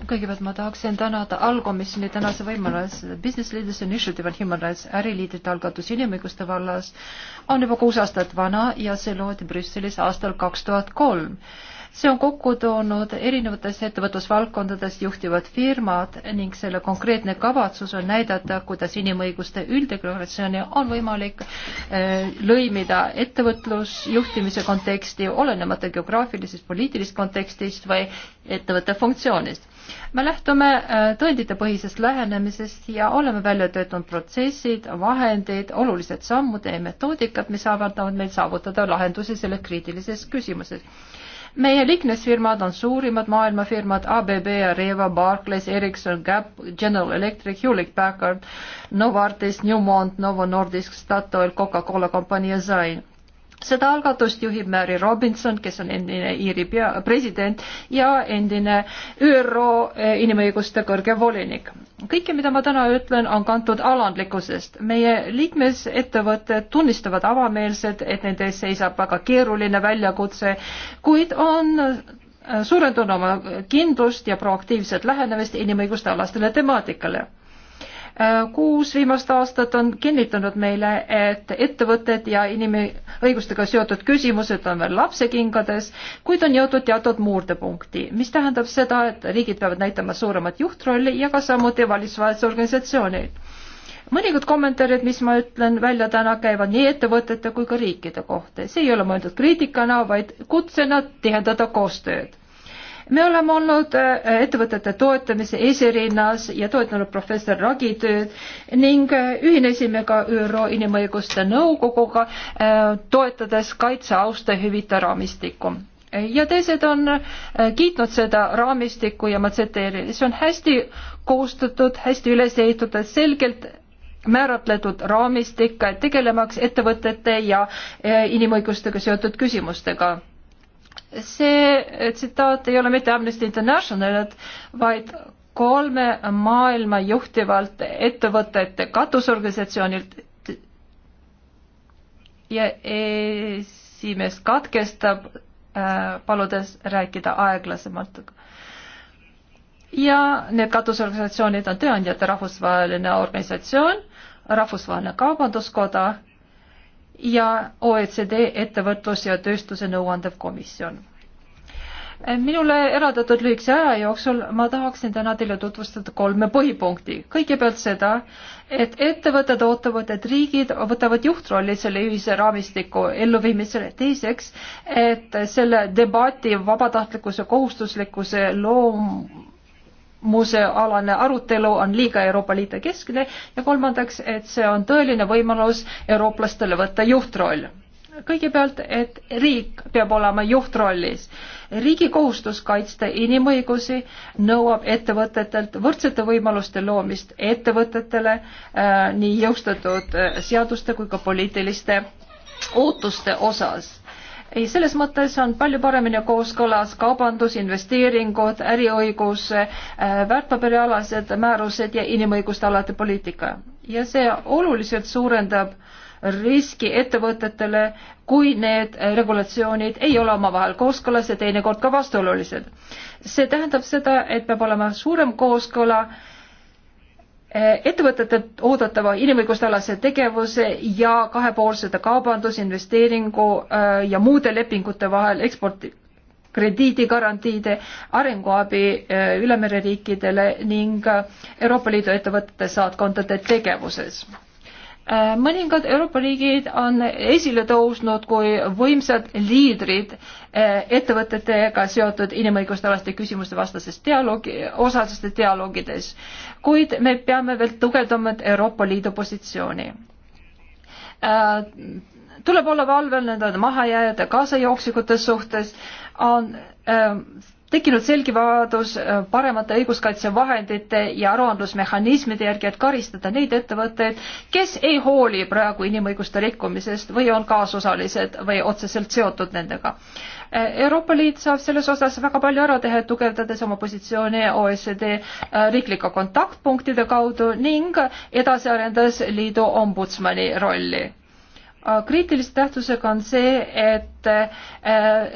kõigepealt ma tahaksin tänada allkomisjoni tänase võimaluse Business Leaders Initiative on Human Rights äriliidrite algatus inimõiguste vallas on juba kuus aastat vana ja see loodi Brüsselis aastal kaks tuhat kolm see on kokku toonud erinevates ettevõtlusvaldkondades juhtivad firmad ning selle konkreetne kavatsus on näidata, kuidas inimõiguste ülddeklaratsiooni on võimalik eh, lõimida ettevõtlusjuhtimise konteksti, olenemata geograafilisest, poliitilisest kontekstist või ettevõtte funktsioonist. me lähtume eh, tõenditepõhisest lähenemisest ja oleme välja töötanud protsessid, vahendid, olulised sammud ja metoodikad, mis avaldavad meil saavutada lahendusi selles kriitilises küsimuses meie liikmesfirmad on suurimad maailmafirmad ABB ja Reva, Barclays, Ericsson, Gap, General Electric, Hewlett Packard, Novartis, Newmont, Novo Nordisk, Statoil, Coca-Cola kompanii ja Zain seda algatust juhib Mary Robinson, kes on endine Iiri pea, president ja endine ÜRO eh, inimõiguste kõrge volinik. kõike, mida ma täna ütlen, on kantud alandlikkusest. meie liikmesettevõtted tunnistavad avameelselt, et nende ees seisab väga keeruline väljakutse, kuid on eh, suurendanud oma kindlust ja proaktiivset lähenemist inimõiguste alastele temaatikale kuus viimast aastat on kinnitanud meile, et ettevõtted ja inimõigustega seotud küsimused on veel lapsekingades, kuid on jõutud teatud muurdepunkti, mis tähendab seda, et riigid peavad näitama suuremat juhtrolli ja ka samuti valitsusvahelise organisatsiooni. mõningad kommentaarid, mis ma ütlen välja täna, käivad nii ettevõtete kui ka riikide kohta. see ei ole mõeldud kriitikana, vaid kutsena tihendada koostööd me oleme olnud äh, ettevõtete toetamise esirinnas ja toetanud professor Ragi tööd ning äh, ühinesime ka ÜRO Inimõiguste Nõukoguga, äh, toetades kaitseauste hüvita raamistikku ja teised on kiitnud seda raamistikku ja ma tsiteerin, see on hästi koostatud, hästi üles ehitatud, selgelt määratletud raamistik tegelemaks ettevõtete ja inimõigustega seotud küsimustega see tsitaat ei ole mitte Amnesty Internationalilt, vaid kolme maailma juhtivalt ettevõtete katusorganisatsioonilt. ja esimees katkestab, äh, paludes rääkida aeglasemalt. ja need katusorganisatsioonid on Tööandjate Rahvusvaheline Organisatsioon, Rahvusvaheline Kaubanduskoda ja OECD ettevõtlus- ja tööstuse nõuandev komisjon. minule eraldatud lühikese aja jooksul ma tahaksin täna teile tutvustada kolme põhipunkti. kõigepealt seda, et ettevõtted ootavad, et riigid võtavad juhtrolli selle ühise raamistiku elluviimisel. teiseks, et selle debati vabatahtlikkuse kohustuslikkuse loom muuseaalane arutelu on liiga Euroopa Liidu keskne ja kolmandaks, et see on tõeline võimalus eurooplastele võtta juhtroll. kõigepealt, et riik peab olema juhtrollis. riigi kohustus kaitsta inimõigusi nõuab ettevõtetelt võrdsete võimaluste loomist ettevõtetele äh, nii jõustatud äh, seaduste kui ka poliitiliste ootuste osas ei, selles mõttes on palju paremini kooskõlas kaubandus, investeeringud, äriõigus, äh, väärtpaberialased määrused ja inimõiguste alade poliitika. ja see oluliselt suurendab riski ettevõtetele, kui need regulatsioonid ei ole omavahel kooskõlas ja teinekord ka vastuolulised. see tähendab seda, et peab olema suurem kooskõla Eh, ettevõtete oodatava inimõigustealase tegevuse ja kahepoolsete kaubandus, investeeringu eh, ja muude lepingute vahel eksporti, krediidigarantiide, arenguabi eh, ülemereriikidele ning Euroopa Liidu ettevõtete saatkondade tegevuses Äh, mõningad Euroopa riigid on esile tõusnud kui võimsad liidrid äh, ettevõtetega seotud inimõigustealaste küsimuste vastases dialoogi, osalistes dialoogides, kuid me peame veel tugevdama Euroopa Liidu positsiooni. Äh, tuleb olla valvel nende mahajääjate kaasajooksjate suhtes, on tekkinud selge vajadus äh, paremate õiguskaitsevahendite ja aruandlusmehhanismide järgi, et karistada neid ettevõtteid, kes ei hooli praegu inimõiguste rikkumisest või on kaasosalised või otseselt seotud nendega. Äh, Euroopa Liit saab selles osas väga palju ära teha, tugevdades oma positsiooni OECD äh, riiklike kontaktpunktide kaudu ning edasi arendades liidu ombudsmani rolli Äh, kriitilise tähtsusega on see, et äh,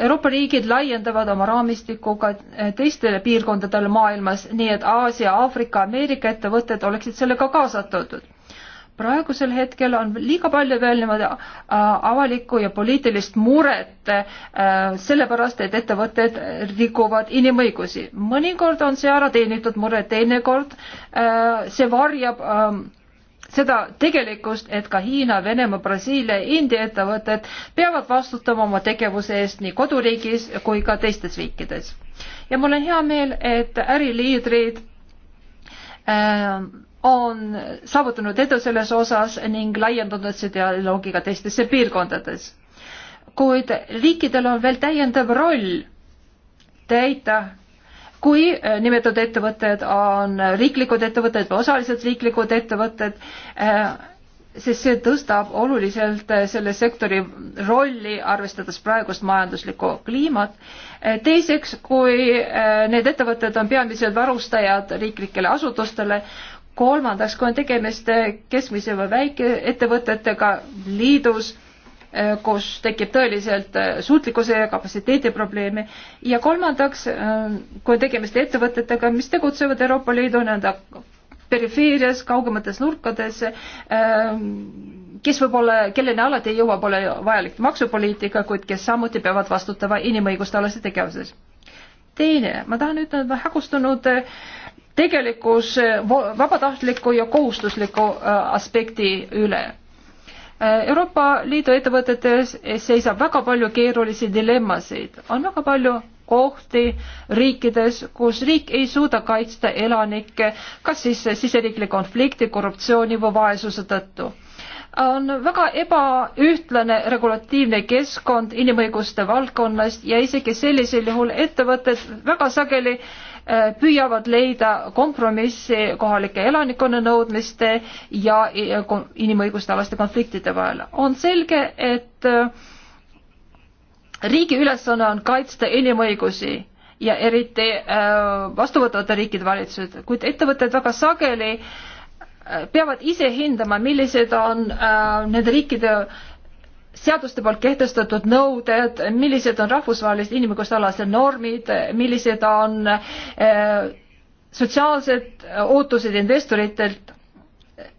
Euroopa riigid laiendavad oma raamistikku ka äh, teistele piirkondadele maailmas, nii et Aasia, Aafrika, Ameerika ettevõtted oleksid sellega kaasatud. praegusel hetkel on liiga palju veel niimoodi avalikku ja poliitilist muret sellepärast, et ettevõtted rikuvad inimõigusi. mõnikord on see ära teenitud mure, teinekord see varjab ähm, seda tegelikkust, et ka Hiina, Venemaa, Brasiilia, India ettevõtted peavad vastutama oma tegevuse eest nii koduriigis kui ka teistes riikides. ja mul on hea meel, et äriliidrid äh, on saavutanud edu selles osas ning laiendanud see dialoogi ka teistesse piirkondades. kuid riikidel on veel täiendav roll täita kui äh, nimetatud ettevõtted on riiklikud ettevõtted või osaliselt riiklikud ettevõtted, äh, sest see tõstab oluliselt äh, selle sektori rolli, arvestades praegust majanduslikku kliimat. teiseks, kui need ettevõtted on peamiselt varustajad riiklikele asutustele, kolmandaks, kui on tegemist keskmise või väikeettevõtetega liidus Äh, kus tekib tõeliselt äh, suutlikkuse ja kapatsiteedi probleeme ja kolmandaks, äh, kui tegemist ettevõtetega, mis tegutsevad Euroopa Liidu nii-öelda perifeerias, kaugemates nurkades, kes võib-olla, kelleni alati ei jõua, pole vajalik maksupoliitika, kuid kes samuti peavad vastutama inimõiguste alase tegevuses. teine, ma tahan ütelda, hägustunud tegelikus vabatahtliku ja kohustusliku aspekti üle Euroopa Liidu ettevõtetes seisab väga palju keerulisi dilemmasid. on väga palju kohti riikides, kus riik ei suuda kaitsta elanikke kas siis siseriikliku konflikti, korruptsiooni või vaesuse tõttu on väga ebaühtlane regulatiivne keskkond inimõiguste valdkonnast ja isegi sellisel juhul ettevõtted väga sageli äh, püüavad leida kompromissi kohalike elanikkonna nõudmiste ja inimõiguste alaste konfliktide vahel. on selge, et äh, riigi ülesanne on kaitsta inimõigusi ja eriti äh, vastuvõtvate riikide valitsused, kuid ettevõtted väga sageli äh, peavad ise hindama, millised on äh, nende riikide seaduste poolt kehtestatud nõuded, millised on rahvusvahelised inimõigustealased normid, millised on äh, sotsiaalsed äh, ootused investoritelt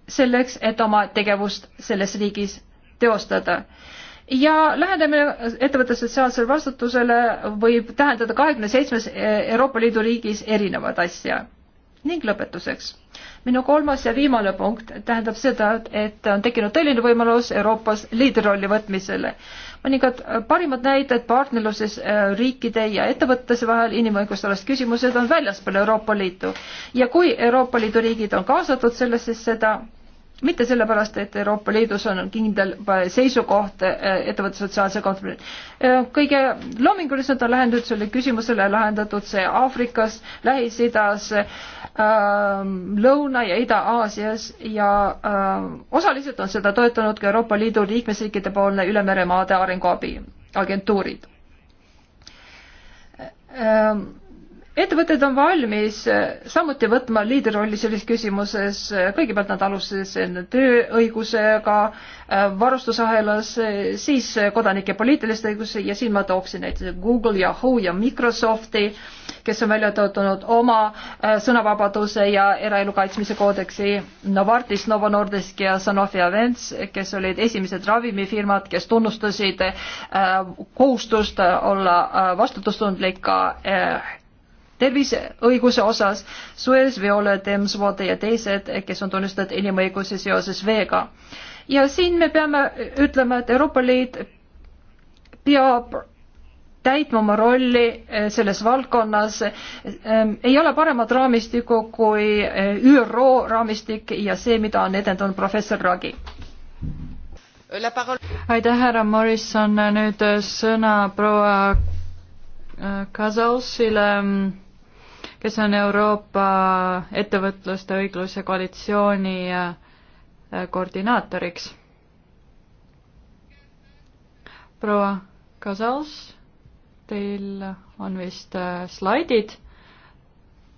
selleks, et oma tegevust selles riigis teostada ja lähenemine ettevõtte sotsiaalsele vastutusele võib tähendada kahekümne seitsmes äh, Euroopa Liidu riigis erinevat asja. ning lõpetuseks minu kolmas ja viimane punkt tähendab seda, et on tekkinud tõeline võimalus Euroopas liidrirolli võtmisele. mõningad parimad näited partnerluses äh, riikide ja ettevõtete vahel inimõigustealased küsimused on väljaspool Euroopa Liitu ja kui Euroopa Liidu riigid on kaasatud sellesse, siis seda mitte sellepärast, et Euroopa Liidus on kindel seisukoht eh, ettevõtte sotsiaalse konflikti. Eh, kõige loominguliselt on lahendatud selle küsimusele, lahendatud see Aafrikas, Lähis-Idas, ähm, Lõuna- ja Ida-Aasias ja ähm, osaliselt on seda toetanud ka Euroopa Liidu liikmesriikide poolne Ülemeremaade Arenguabi agentuurid äh, ähm, ettevõtted on valmis äh, samuti võtma liidrirolli selles küsimuses, äh, kõigepealt nad alustasid tööõigusega, äh, varustusahelas, siis kodanike poliitiliste õiguse ja siin ma tooksin näiteks Google, Yahoo ja Microsofti, kes on välja töötanud oma sõnavabaduse ja eraelu kaitsmise koodeksi, Novartis, Novo Nordisk ja Sanofi Avents, kes olid esimesed ravimifirmad, kes tunnustasid kohustust olla vastutustundlik ka terviseõiguse osas, Suez, Violet, Emsvode ja teised, kes on tunnistatud inimõigusi seoses veega. ja siin me peame ütlema, et Euroopa Liit peab täitma oma rolli eh, selles valdkonnas. Ehm, ei ole paremat raamistikku kui eh, ÜRO raamistik ja see, mida on edendanud professor Ragi. aitäh, härra Morrison, nüüd eh, sõna proua Kazalsile kes on Euroopa ettevõtluste õigluse koalitsiooni äh, koordinaatoriks. proua Kasals, teil on vist äh, slaidid.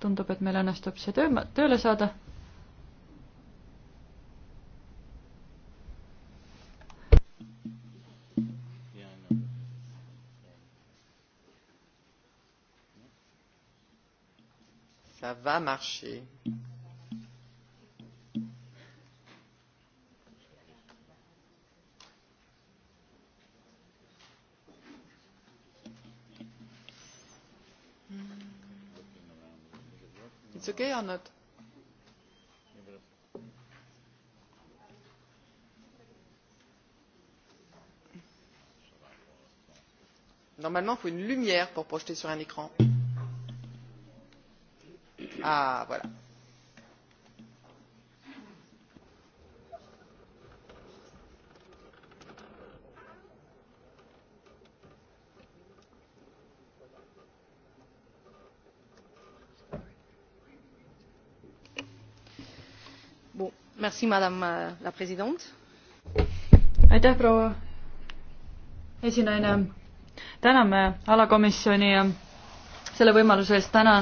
tundub, et meil õnnestub see töö, tööle saada Ça va marcher. It's okay or not? Normalement, il faut une lumière pour projeter sur un écran. Mm à ah, voilà. Bon, merci madame euh, la présidente. aitäh proua esinaine. täname alakomisjoni äh, selle võimaluse eest täna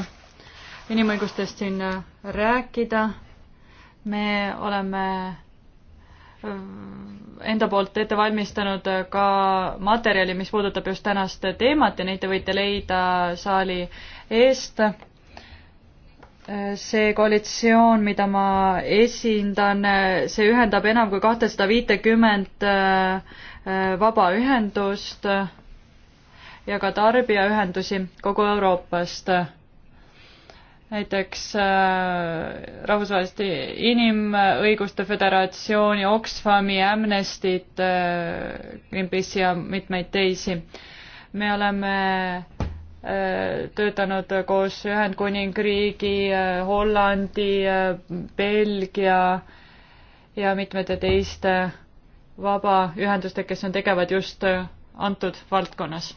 inimõigustest siin äh, rääkida. me oleme äh, enda poolt ette valmistanud äh, ka materjali, mis puudutab just tänast teemat ja neid te võite leida saali eest. see koalitsioon, mida ma esindan, see ühendab enam kui kahtesada viitekümmet vabaühendust ja ka tarbijaühendusi kogu Euroopast näiteks äh, Rahvusvaheliste Inimõiguste Föderatsiooni, Oxfami, Amnestyt äh,, Greenpeace'i ja mitmeid teisi. me oleme äh, töötanud koos Ühendkuningriigi äh,, Hollandi äh,, Belgia ja mitmete teiste vabaühenduste, kes on tegevad just äh, antud valdkonnas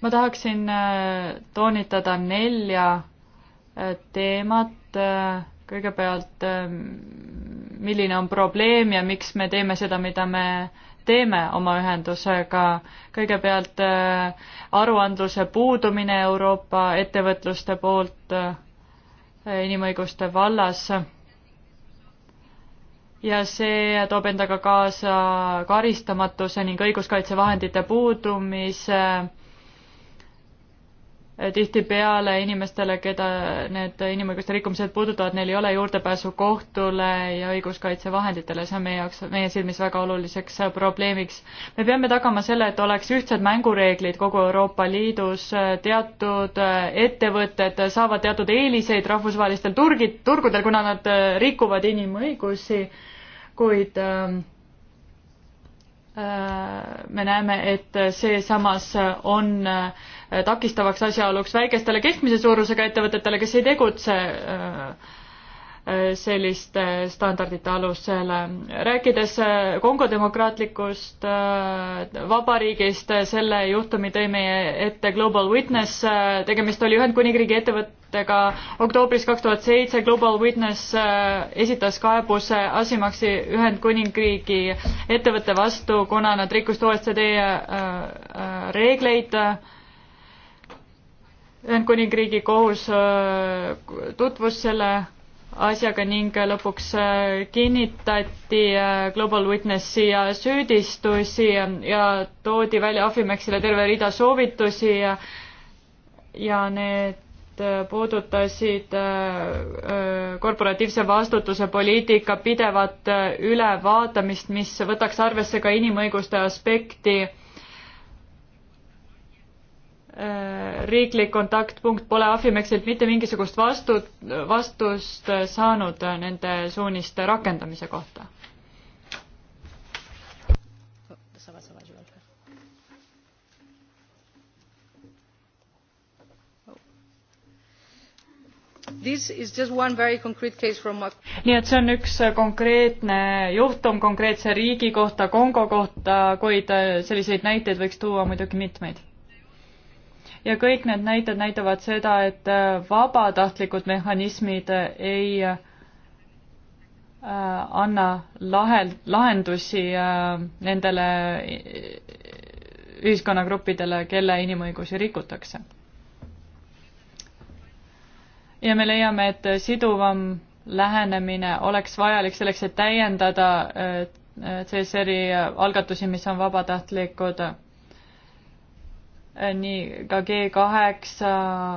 ma tahaksin äh, toonitada nelja äh, teemat. Äh, kõigepealt, milline on probleem ja miks me teeme seda, mida me teeme oma ühendusega. kõigepealt aruandluse puudumine Euroopa ettevõtluste poolt inimõiguste vallas ja see toob endaga kaasa karistamatuse ning õiguskaitsevahendite puudumise tihtipeale inimestele, keda need inimõiguste rikkumised puudutavad, neil ei ole juurdepääsu kohtule ja õiguskaitsevahenditele, see on meie jaoks, meie silmis väga oluliseks probleemiks. me peame tagama selle, et oleks ühtsed mängureeglid kogu Euroopa Liidus, teatud ettevõtted saavad teatud eeliseid rahvusvahelistel turgid, turgudel, kuna nad rikuvad inimõigusi, kuid äh, äh me näeme, et see samas on äh, Äh, takistavaks asjaoluks väikestele keskmise suurusega ettevõtetele, kes ei tegutse äh, äh, selliste standardite alusel. rääkides Kongo demokraatlikust vabariigist, selle juhtumi tõi meie ette Global Witness, tegemist oli Ühendkuningriigi ettevõttega oktoobris kaks tuhat seitse, Global Witness esitas kaebuse Asimaksi Ühendkuningriigi ettevõtte vastu, kuna nad rikkusid OECD reegleid Ühendkuningriigi kohus äh, tutvus selle asjaga ning lõpuks äh, kinnitati äh, Global Witnessi süüdistusi ja toodi välja Afimexile terve rida soovitusi ja, ja need puudutasid korporatiivse vastutuse poliitika pidevat ülevaatamist, mis võtaks arvesse ka inimõiguste aspekti Äh, riiklik kontaktpunkt pole Afimexilt mitte mingisugust vastu, vastust äh, saanud äh, nende suuniste rakendamise kohta. From... nii et see on üks konkreetne juhtum konkreetse riigi kohta, Kongo kohta, kuid selliseid näiteid võiks tuua muidugi mitmeid ja kõik need näited näitavad seda, et äh, vabatahtlikud mehhanismid äh, ei äh, anna lahel, lahendusi nendele ühiskonnagruppidele, kelle inimõigusi rikutakse. ja me leiame, et siduvam lähenemine oleks vajalik selleks, et täiendada CSR-i algatusi, mis on vabatahtlikud Äh, nii ka G kaheksa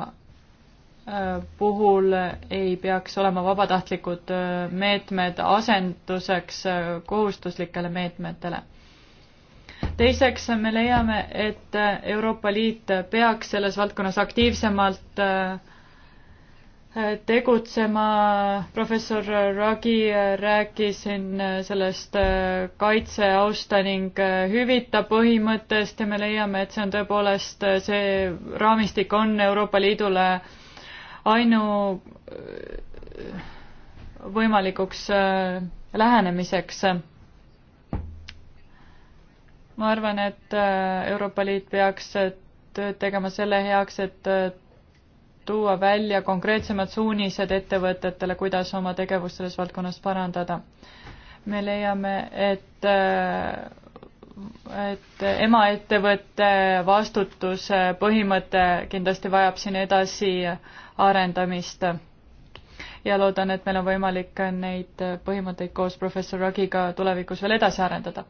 äh, puhul ei peaks olema vabatahtlikud äh, meetmed asenduseks kohustuslikele meetmetele. teiseks, me leiame, et Euroopa Liit peaks selles valdkonnas aktiivsemalt äh, tegutsema, professor Ragi äh, rääkis siin äh, sellest äh, kaitse, austa ning hüvita põhimõttest ja me leiame, et see on tõepoolest, see raamistik on Euroopa Liidule ainu võimalikuks lähenemiseks. ma arvan, et Euroopa Liit peaks tööd tegema selle heaks, et tuua välja konkreetsemad suunised ettevõtetele, kuidas oma tegevust selles valdkonnas parandada. me leiame, et, et emaettevõtte vastutuse põhimõte kindlasti vajab siin edasi arendamist. ja loodan, et meil on võimalik neid põhimõtteid koos professor Ragiga tulevikus veel edasi arendada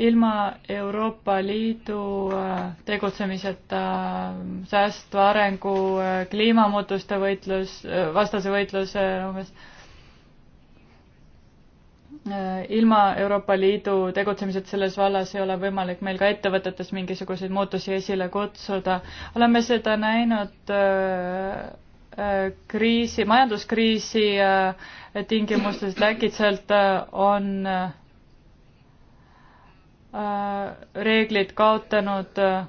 ilma Euroopa Liidu äh, tegutsemiseta äh, säästva arengu, äh, kliimamuutuste võitlus, vastase võitluse umbes, ilma Euroopa Liidu tegutsemiseta selles vallas ei ole võimalik meil ka ettevõtetes mingisuguseid muutusi esile kutsuda. oleme seda näinud kriisi, majanduskriisi tingimustes, et äkitselt on Äh, reeglid kaotanud äh,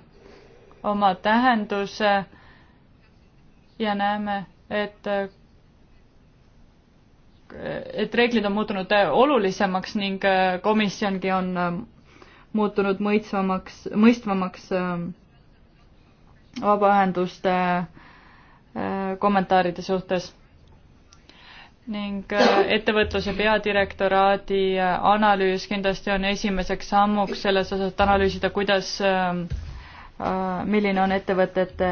oma tähenduse ja näeme, et äh, et reeglid on muutunud olulisemaks ning komisjongi on muutunud mõistvamaks, mõistvamaks vabaühenduste kommentaaride suhtes ning äh, ettevõtluse peadirektoraadi äh, analüüs kindlasti on esimeseks sammuks selles osas, et analüüsida, kuidas, ähm, äh, milline on ettevõtete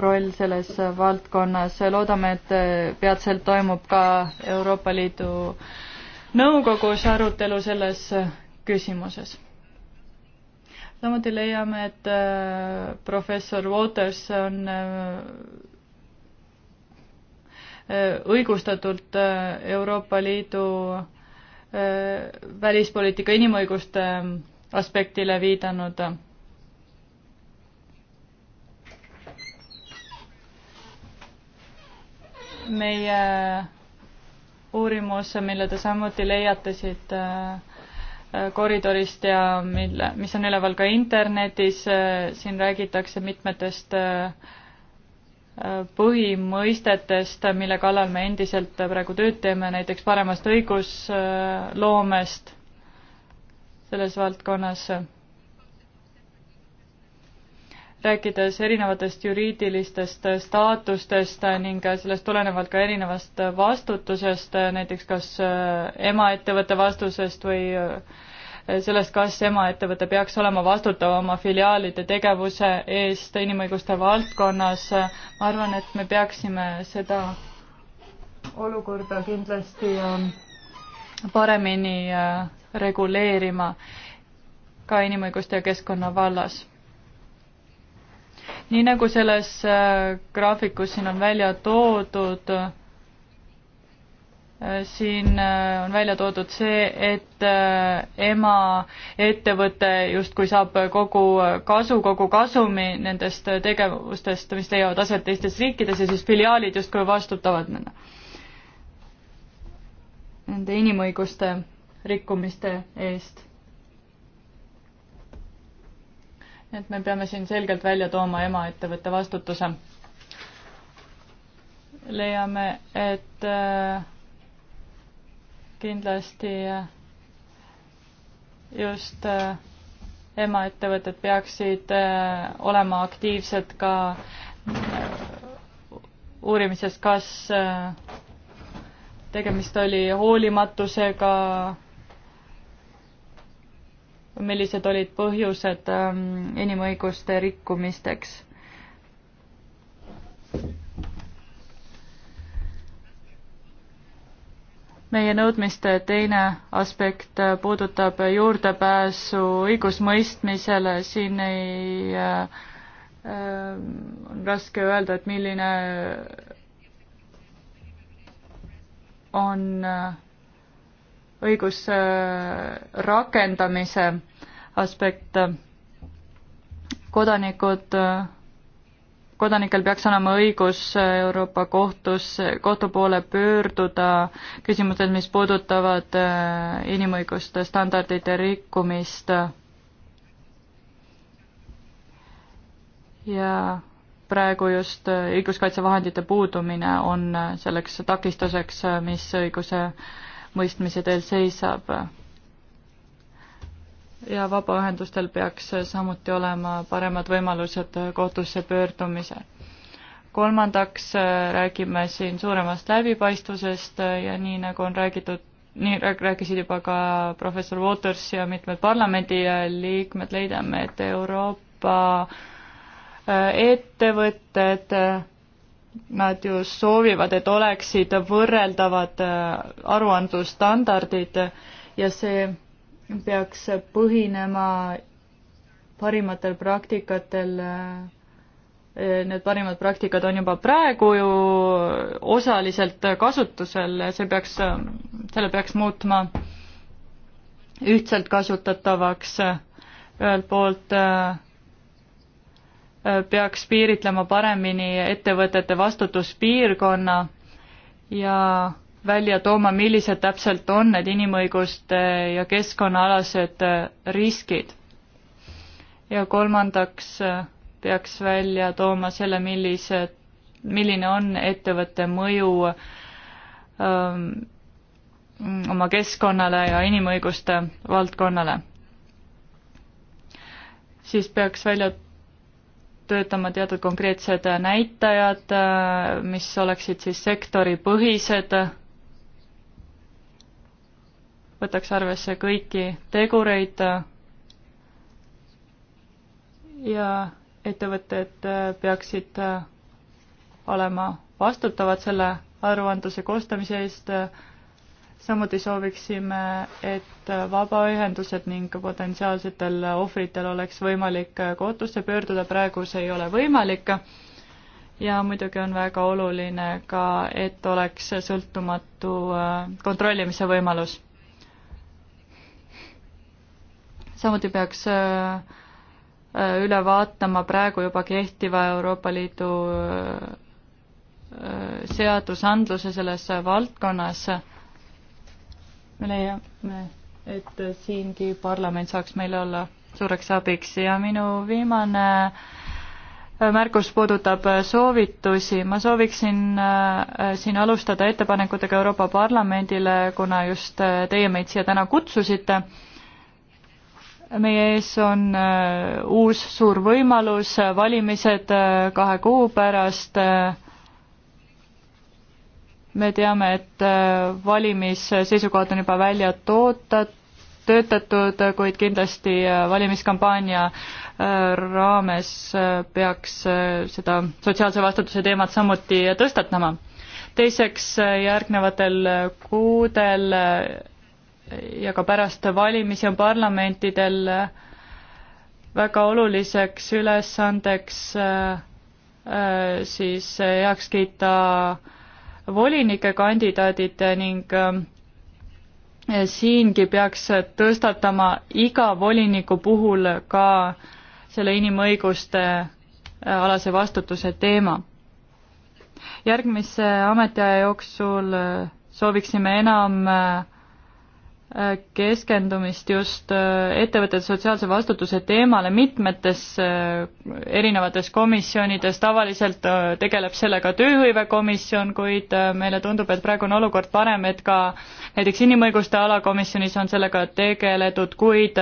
roll selles valdkonnas. loodame, et peatselt toimub ka Euroopa Liidu nõukogus arutelu selles küsimuses. samuti leiame, et professor Waters on Äh, õigustatult äh, Euroopa Liidu äh, välispoliitika inimõiguste aspektile viidanud. meie uurimus, mille te samuti leiate siit koridorist ja mille, mis on üleval ka internetis, siin räägitakse mitmetest äh, põhimõistetest, mille kallal me endiselt praegu tööd teeme, näiteks paremast õigusloomest selles valdkonnas. rääkides erinevatest juriidilistest staatustest ning sellest tulenevalt ka erinevast vastutusest, näiteks kas emaettevõtte vastusest või sellest, kas emaettevõte peaks olema vastutav oma filiaalide tegevuse eest inimõiguste valdkonnas. ma arvan, et me peaksime seda olukorda kindlasti ähm, paremini äh, reguleerima ka inimõiguste ja keskkonna vallas nii nagu selles äh, graafikus siin on välja toodud, Äh, siin äh, on välja toodud see, et äh, ema ettevõte justkui saab kogu kasu, kogu kasumi nendest tegevustest, mis leiavad aset teistes riikides ja siis filiaalid justkui vastutavad nende, nende inimõiguste rikkumiste eest. et me peame siin selgelt välja tooma ema ettevõtte vastutuse. leiame, et äh, kindlasti eh, just eh, emaettevõtted peaksid eh, olema aktiivsed ka uurimises, kas tegemist oli hoolimatusega, millised olid põhjused inimõiguste rikkumisteks. meie nõudmiste teine aspekt puudutab juurdepääsu õigusmõistmisele, siin ei äh, on äh, raske öelda, et milline on äh, õiguse äh, rakendamise aspekt. kodanikud äh, kodanikel peaks olema õigus äh, Euroopa kohtus, kohtu poole pöörduda küsimustes, mis puudutavad äh, inimõiguste standardite rikkumist. ja praegu just äh, õiguskaitsevahendite puudumine on selleks takistuseks, mis õiguse mõistmise teel seisab ja vabaühendustel peaks samuti olema paremad võimalused kohtusse pöördumisel. kolmandaks äh, räägime siin suuremast läbipaistvusest äh, ja nii, nagu on räägitud, nii rääkisid juba ka professor Waters ja mitmed parlamendiliikmed, äh, leidame, et Euroopa ettevõtted nad ju soovivad, et oleksid võrreldavad aruandlusstandardid ja see peaks põhinema parimatel praktikatel. Eh, need parimad praktikad on juba praegu ju osaliselt kasutusel, see peaks, selle peaks muutma ühtselt kasutatavaks ühelt poolt eh, peaks piiritlema paremini ettevõtete vastutuspiirkonna ja välja tooma, millised täpselt on need inimõiguste ja keskkonnaalased äh, riskid. ja kolmandaks äh, peaks välja tooma selle, millised, milline on ettevõtte mõju öö, ähm, oma keskkonnale ja inimõiguste valdkonnale. siis peaks välja töötama teatud konkreetsed näitajad, äh, mis oleksid siis sektoripõhised võtaks arvesse kõiki tegureid äh, ja ettevõtted äh, peaksid äh, olema vastutavad selle aruandluse koostamise eest. samuti sooviksime, et vabaühendused ning potentsiaalsetel ohvritel oleks võimalik kohtusse pöörduda, praegu see ei ole võimalik. ja muidugi on väga oluline ka, et oleks sõltumatu kontrollimise võimalus samuti peaks äh, üle vaatama praegu juba kehtiva Euroopa Liidu äh, seadusandluse selles valdkonnas. me leiame, et siingi parlament saaks meile olla suureks abiks ja minu viimane äh, märkus puudutab soovitusi. ma sooviksin siin alustada ettepanekutega Euroopa Parlamendile, kuna just teie meid siia täna kutsusite meie ees on äh, uus suur võimalus, äh, valimised äh, kahe kuu pärast. me teame, et valimisseisukohad on juba välja tootat-, töötatud, kuid kindlasti valimiskampaania raames peaks seda sotsiaalse vastutuse teemat samuti tõstatama. teiseks, järgnevatel kuudel ja ka pärast valimisi on parlamentidel väga oluliseks ülesandeks äh, äh, siis heaks kiita volinike kandidaadid ning äh, siingi peaks tõstatama iga voliniku puhul ka selle inimõiguste alase vastutuse teema. järgmise ametiaja jooksul sooviksime enam äh, keskendumist just äh, ettevõtete sotsiaalse vastutuse teemale mitmetes äh, erinevates komisjonides, tavaliselt äh, tegeleb sellega tööhõivekomisjon, kuid meile tundub, et praegu on olukord parem, et ka näiteks inimõiguste alakomisjonis on sellega tegeletud, kuid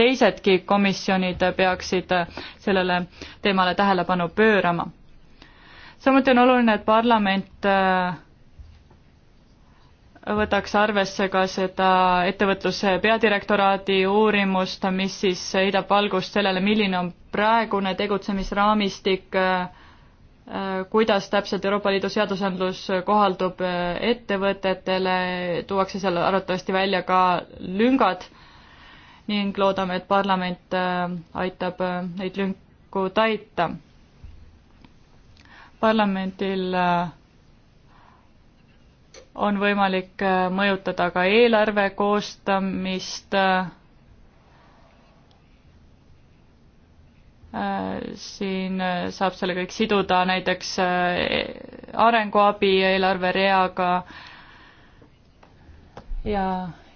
teisedki komisjonid peaksid sellele teemale tähelepanu pöörama. samuti on oluline, et parlament võtaks arvesse ka seda ettevõtluse peadirektoraadi uurimust, mis siis heidab valgust sellele, milline on praegune tegutsemisraamistik, äh, äh, kuidas täpselt Euroopa Liidu seadusandlus kohaldub äh, ettevõtetele, tuuakse seal arvatavasti välja ka lüngad ning loodame, et parlament aitab neid lünku täita. parlamendil äh, on võimalik äh, mõjutada ka eelarve koostamist, äh, siin äh, saab selle kõik siduda näiteks arenguabi eelarvereaga ja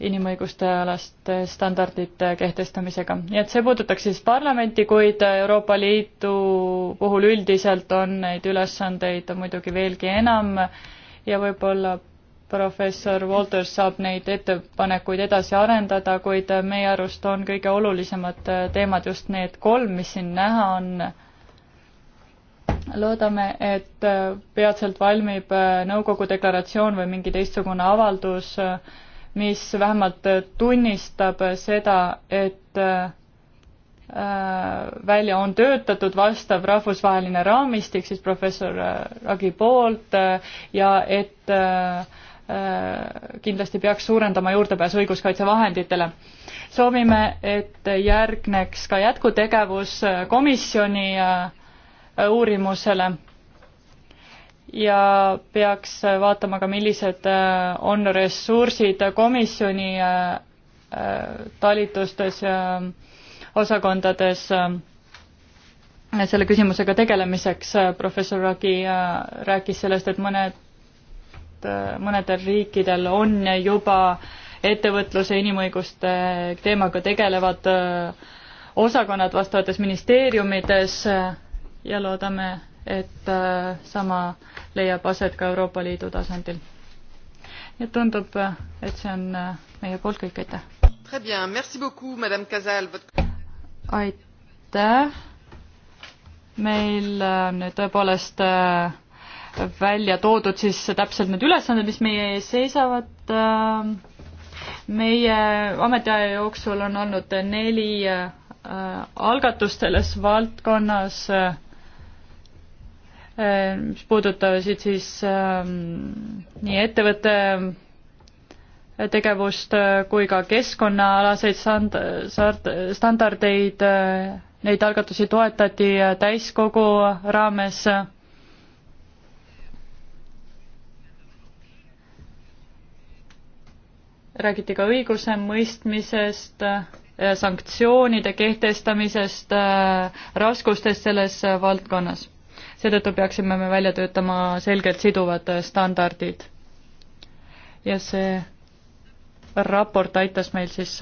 inimõiguste alaste standardite kehtestamisega. nii et see puudutaks siis parlamenti, kuid Euroopa Liidu puhul üldiselt on neid ülesandeid muidugi veelgi enam ja võib-olla professor Walters saab neid ettepanekuid edasi arendada, kuid meie arust on kõige olulisemad äh, teemad just need kolm, mis siin näha on. loodame, et äh, peatselt valmib äh, nõukogu deklaratsioon või mingi teistsugune avaldus, mis vähemalt tunnistab seda, et välja on töötatud vastav rahvusvaheline raamistik siis professor Ragi poolt ja et äh, Äh, kindlasti peaks suurendama juurdepääsu õiguskaitsevahenditele. soovime, et järgneks ka jätkutegevus komisjoni äh, uurimusele ja peaks vaatama ka, millised äh, on ressursid komisjoni talitustes ja osakondades selle küsimusega tegelemiseks. professor Ragi rääkis sellest, et mõned et äh, mõnedel riikidel on juba ettevõtluse inimõiguste teemaga tegelevad äh, osakonnad vastavates ministeeriumides äh, ja loodame, et sama leiab aset ka Euroopa Liidu tasandil. nii et tundub, et see on meie poolt kõik, aitäh! aitäh! meil on nüüd tõepoolest välja toodud siis täpselt need ülesanded, mis meie ees seisavad. meie ametiaja jooksul on olnud neli äh, algatust selles valdkonnas, äh, mis puudutasid siis ähm, nii ettevõtte äh, tegevust kui ka keskkonnaalaseid stand-, standardeid, neid algatusi toetati täiskogu raames räägiti ka õigusemõistmisest, äh, sanktsioonide kehtestamisest, äh, raskustest selles äh, valdkonnas. seetõttu peaksime me välja töötama selgelt siduvad standardid. ja see raport aitas meil siis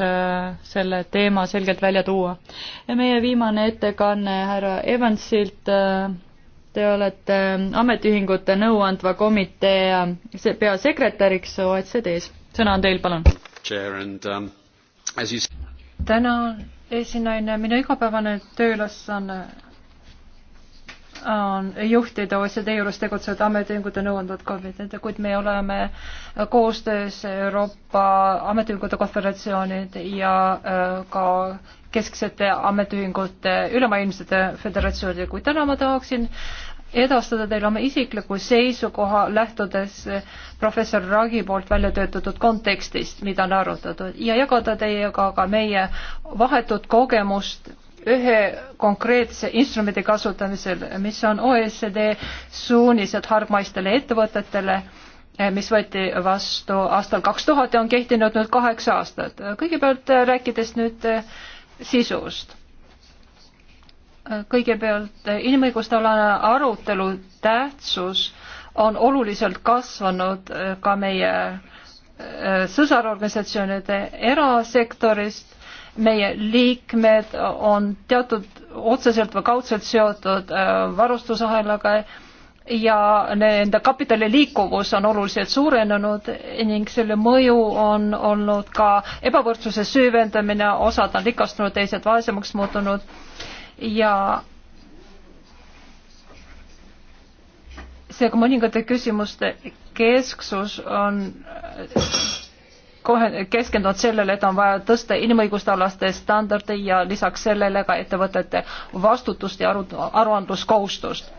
selle teema selgelt välja tuua. ja meie viimane ettekanne härra Evansilt, te olete ametiühingute nõuandva komitee peasekretäriks OECD-s sõna on teil, palun. Um, täna esinaine, minu igapäevane tööülesanne on juhtida OECD juures tegutsevad ametiühingute nõuandvad komiteed, kuid me oleme koostöös Euroopa Ametiühingute Konföderatsioonid ja äh, ka kesksete ametiühingute ülemaailmsete föderatsioonidega, kuid täna ma tahaksin edastada teile oma isikliku seisukoha, lähtudes professor Ragi poolt välja töötatud kontekstist, mida on arutatud ja jagada teiega ka meie vahetut kogemust ühe konkreetse instrumendi kasutamisel, mis on OECD suunised hargmaistele ettevõtetele, mis võeti vastu aastal kaks tuhat ja on kehtinud nüüd kaheksa aastat. kõigepealt rääkides nüüd sisust kõigepealt inimõiguste alane arutelu tähtsus on oluliselt kasvanud äh, ka meie äh, sõsarorganisatsioonide erasektorist. meie liikmed on teatud otseselt või kaudselt seotud äh, varustusahelaga ja nende kapitali liikuvus on oluliselt suurenenud ning selle mõju on olnud ka ebavõrdsuse süvendamine, osad on rikastunud, teised vaesemaks muutunud ja seega mõningate küsimuste kesksus on kohe keskendunud sellele, et on vaja tõsta inimõiguste alaste standardeid ja lisaks sellele ka ettevõtete vastutust ja aru, aruandluskohustust.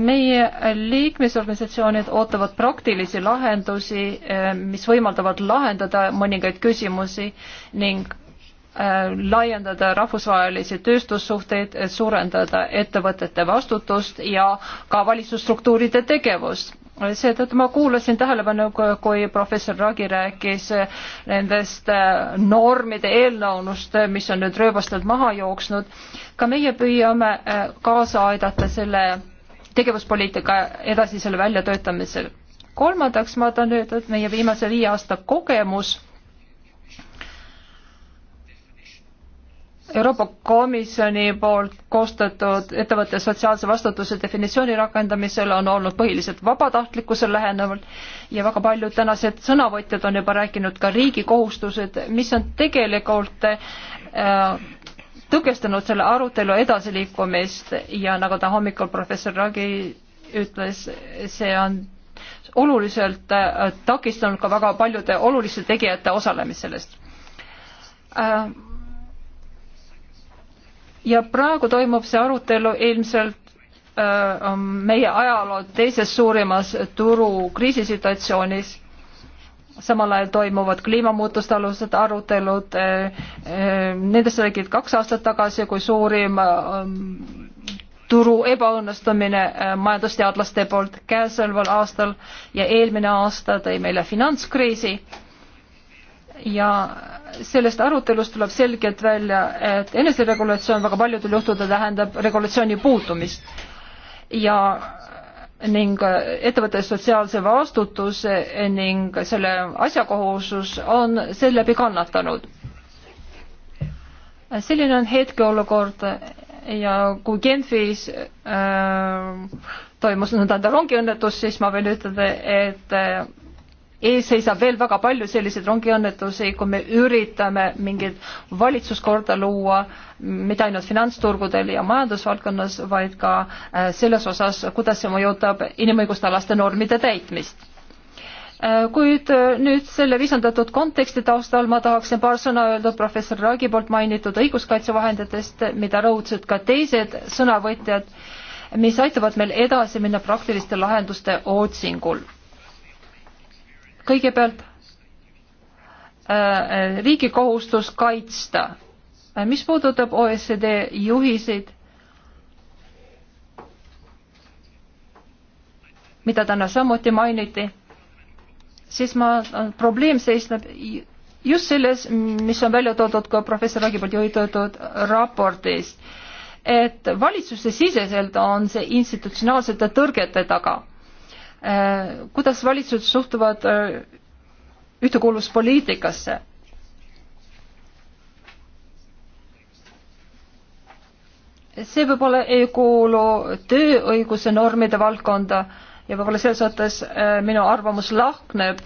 meie liikmesorganisatsioonid ootavad praktilisi lahendusi, mis võimaldavad lahendada mõningaid küsimusi ning Äh, laiendada rahvusvahelisi tööstussuhteid, et suurendada ettevõtete vastutust ja ka valitsusstruktuuride tegevust. seetõttu ma kuulasin tähelepanuga, kui professor Ragi rääkis nendest äh, normide eelnõunust, mis on nüüd rööbastelt maha jooksnud. ka meie püüame äh, kaasa aidata selle tegevuspoliitika edasisele väljatöötamisel. kolmandaks ma tahan öelda, et meie viimase viie aasta kogemus Euroopa Komisjoni poolt koostatud ettevõtte sotsiaalse vastutuse definitsiooni rakendamisel on olnud põhiliselt vabatahtlikkusel lähenevad ja väga paljud tänased sõnavõtjad on juba rääkinud ka riigi kohustused, mis on tegelikult äh, tõkestanud selle arutelu edasiliikumist ja nagu ta hommikul professor Ragi ütles, see on oluliselt äh, takistanud ka väga paljude oluliste tegijate osalemist sellest äh, ja praegu toimub see arutelu ilmselt äh, meie ajaloo teises suurimas turu kriisisituatsioonis samal ajal toimuvad kliimamuutuste alused arutelud, äh, äh, nendest räägid kaks aastat tagasi, kui suurim ähm, turu ebaõnnestumine äh, majandusteadlaste poolt käesoleval aastal ja eelmine aasta tõi meile finantskriisi ja sellest arutelust tuleb selgelt välja, et eneseregulatsioon väga paljudel juhtudel tähendab regulatsiooni puudumist ja ning ettevõtte sotsiaalse vastutuse ning selle asjakohusus on seeläbi kannatanud. selline on hetkeolukord ja kui Genfis äh, toimus nõnda rongiõnnetus, siis ma võin ütelda, et äh, ees seisab veel väga palju selliseid rongiõnnetusi, kui me üritame mingit valitsuskorda luua mitte ainult finantsturgudel ja majandusvaldkonnas, vaid ka äh, selles osas, kuidas see mõjutab inimõiguste alaste normide täitmist. Äh, kuid äh, nüüd selle visandatud konteksti taustal ma tahaksin paar sõna öelda professor Raagi poolt mainitud õiguskaitsevahenditest, mida rõhutasid ka teised sõnavõtjad, mis aitavad meil edasi minna praktiliste lahenduste otsingul kõigepealt äh, riigi kohustus kaitsta. Äh, mis puudutab OECD juhiseid, mida täna samuti mainiti, siis ma, äh, probleem seisneb just selles, mis on välja toodud ka professor Lagi poolt juhitud raportis, et valitsuse siseselt on see institutsionaalsete tõrgete taga Äh, kuidas valitsused suhtuvad äh, ühtekuuluvuspoliitikasse? see võib-olla ei kuulu tööõiguse normide valdkonda ja võib-olla selles mõttes äh, minu arvamus lahkneb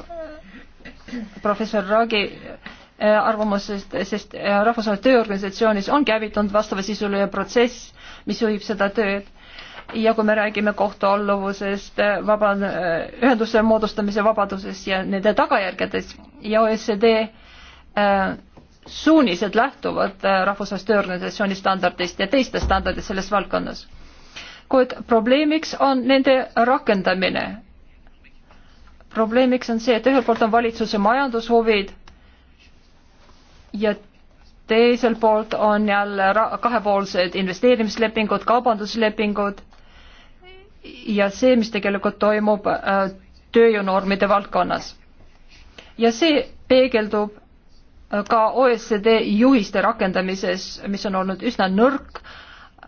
professor Raagi arvamusest, sest Rahvusvaheline Tööorganisatsioonis on käivitunud vastavasisuline protsess, mis juhib seda tööd ja kui me räägime kohtualluvusest, vaba, ühenduse moodustamise vabadusest ja nende tagajärgedest ja OECD äh, suunised lähtuvad äh, rahvusvahelise tööorganisatsiooni standardist ja teistest standardist selles valdkonnas. kuid probleemiks on nende rakendamine. probleemiks on see, et ühelt poolt on valitsuse majandushuvid ja teiselt poolt on jälle kahepoolsed investeerimislepingud, kaubanduslepingud ja see, mis tegelikult toimub äh, tööjõunormide valdkonnas. ja see peegeldub äh, ka OECD juhiste rakendamises, mis on olnud üsna nõrk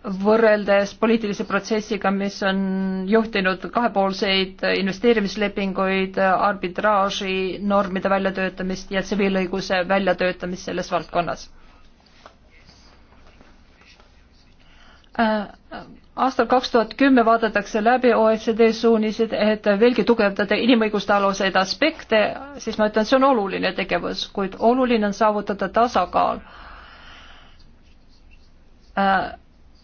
võrreldes poliitilise protsessiga, mis on juhtinud kahepoolseid investeerimislepinguid, arbitraaži, normide väljatöötamist ja tsiviilõiguse väljatöötamist selles valdkonnas Äh, äh, aastal kaks tuhat kümme vaadatakse läbi OECD suunised, et veelgi tugevdada inimõiguste aluseid aspekte, siis ma ütlen, see on oluline tegevus, kuid oluline on saavutada tasakaal äh,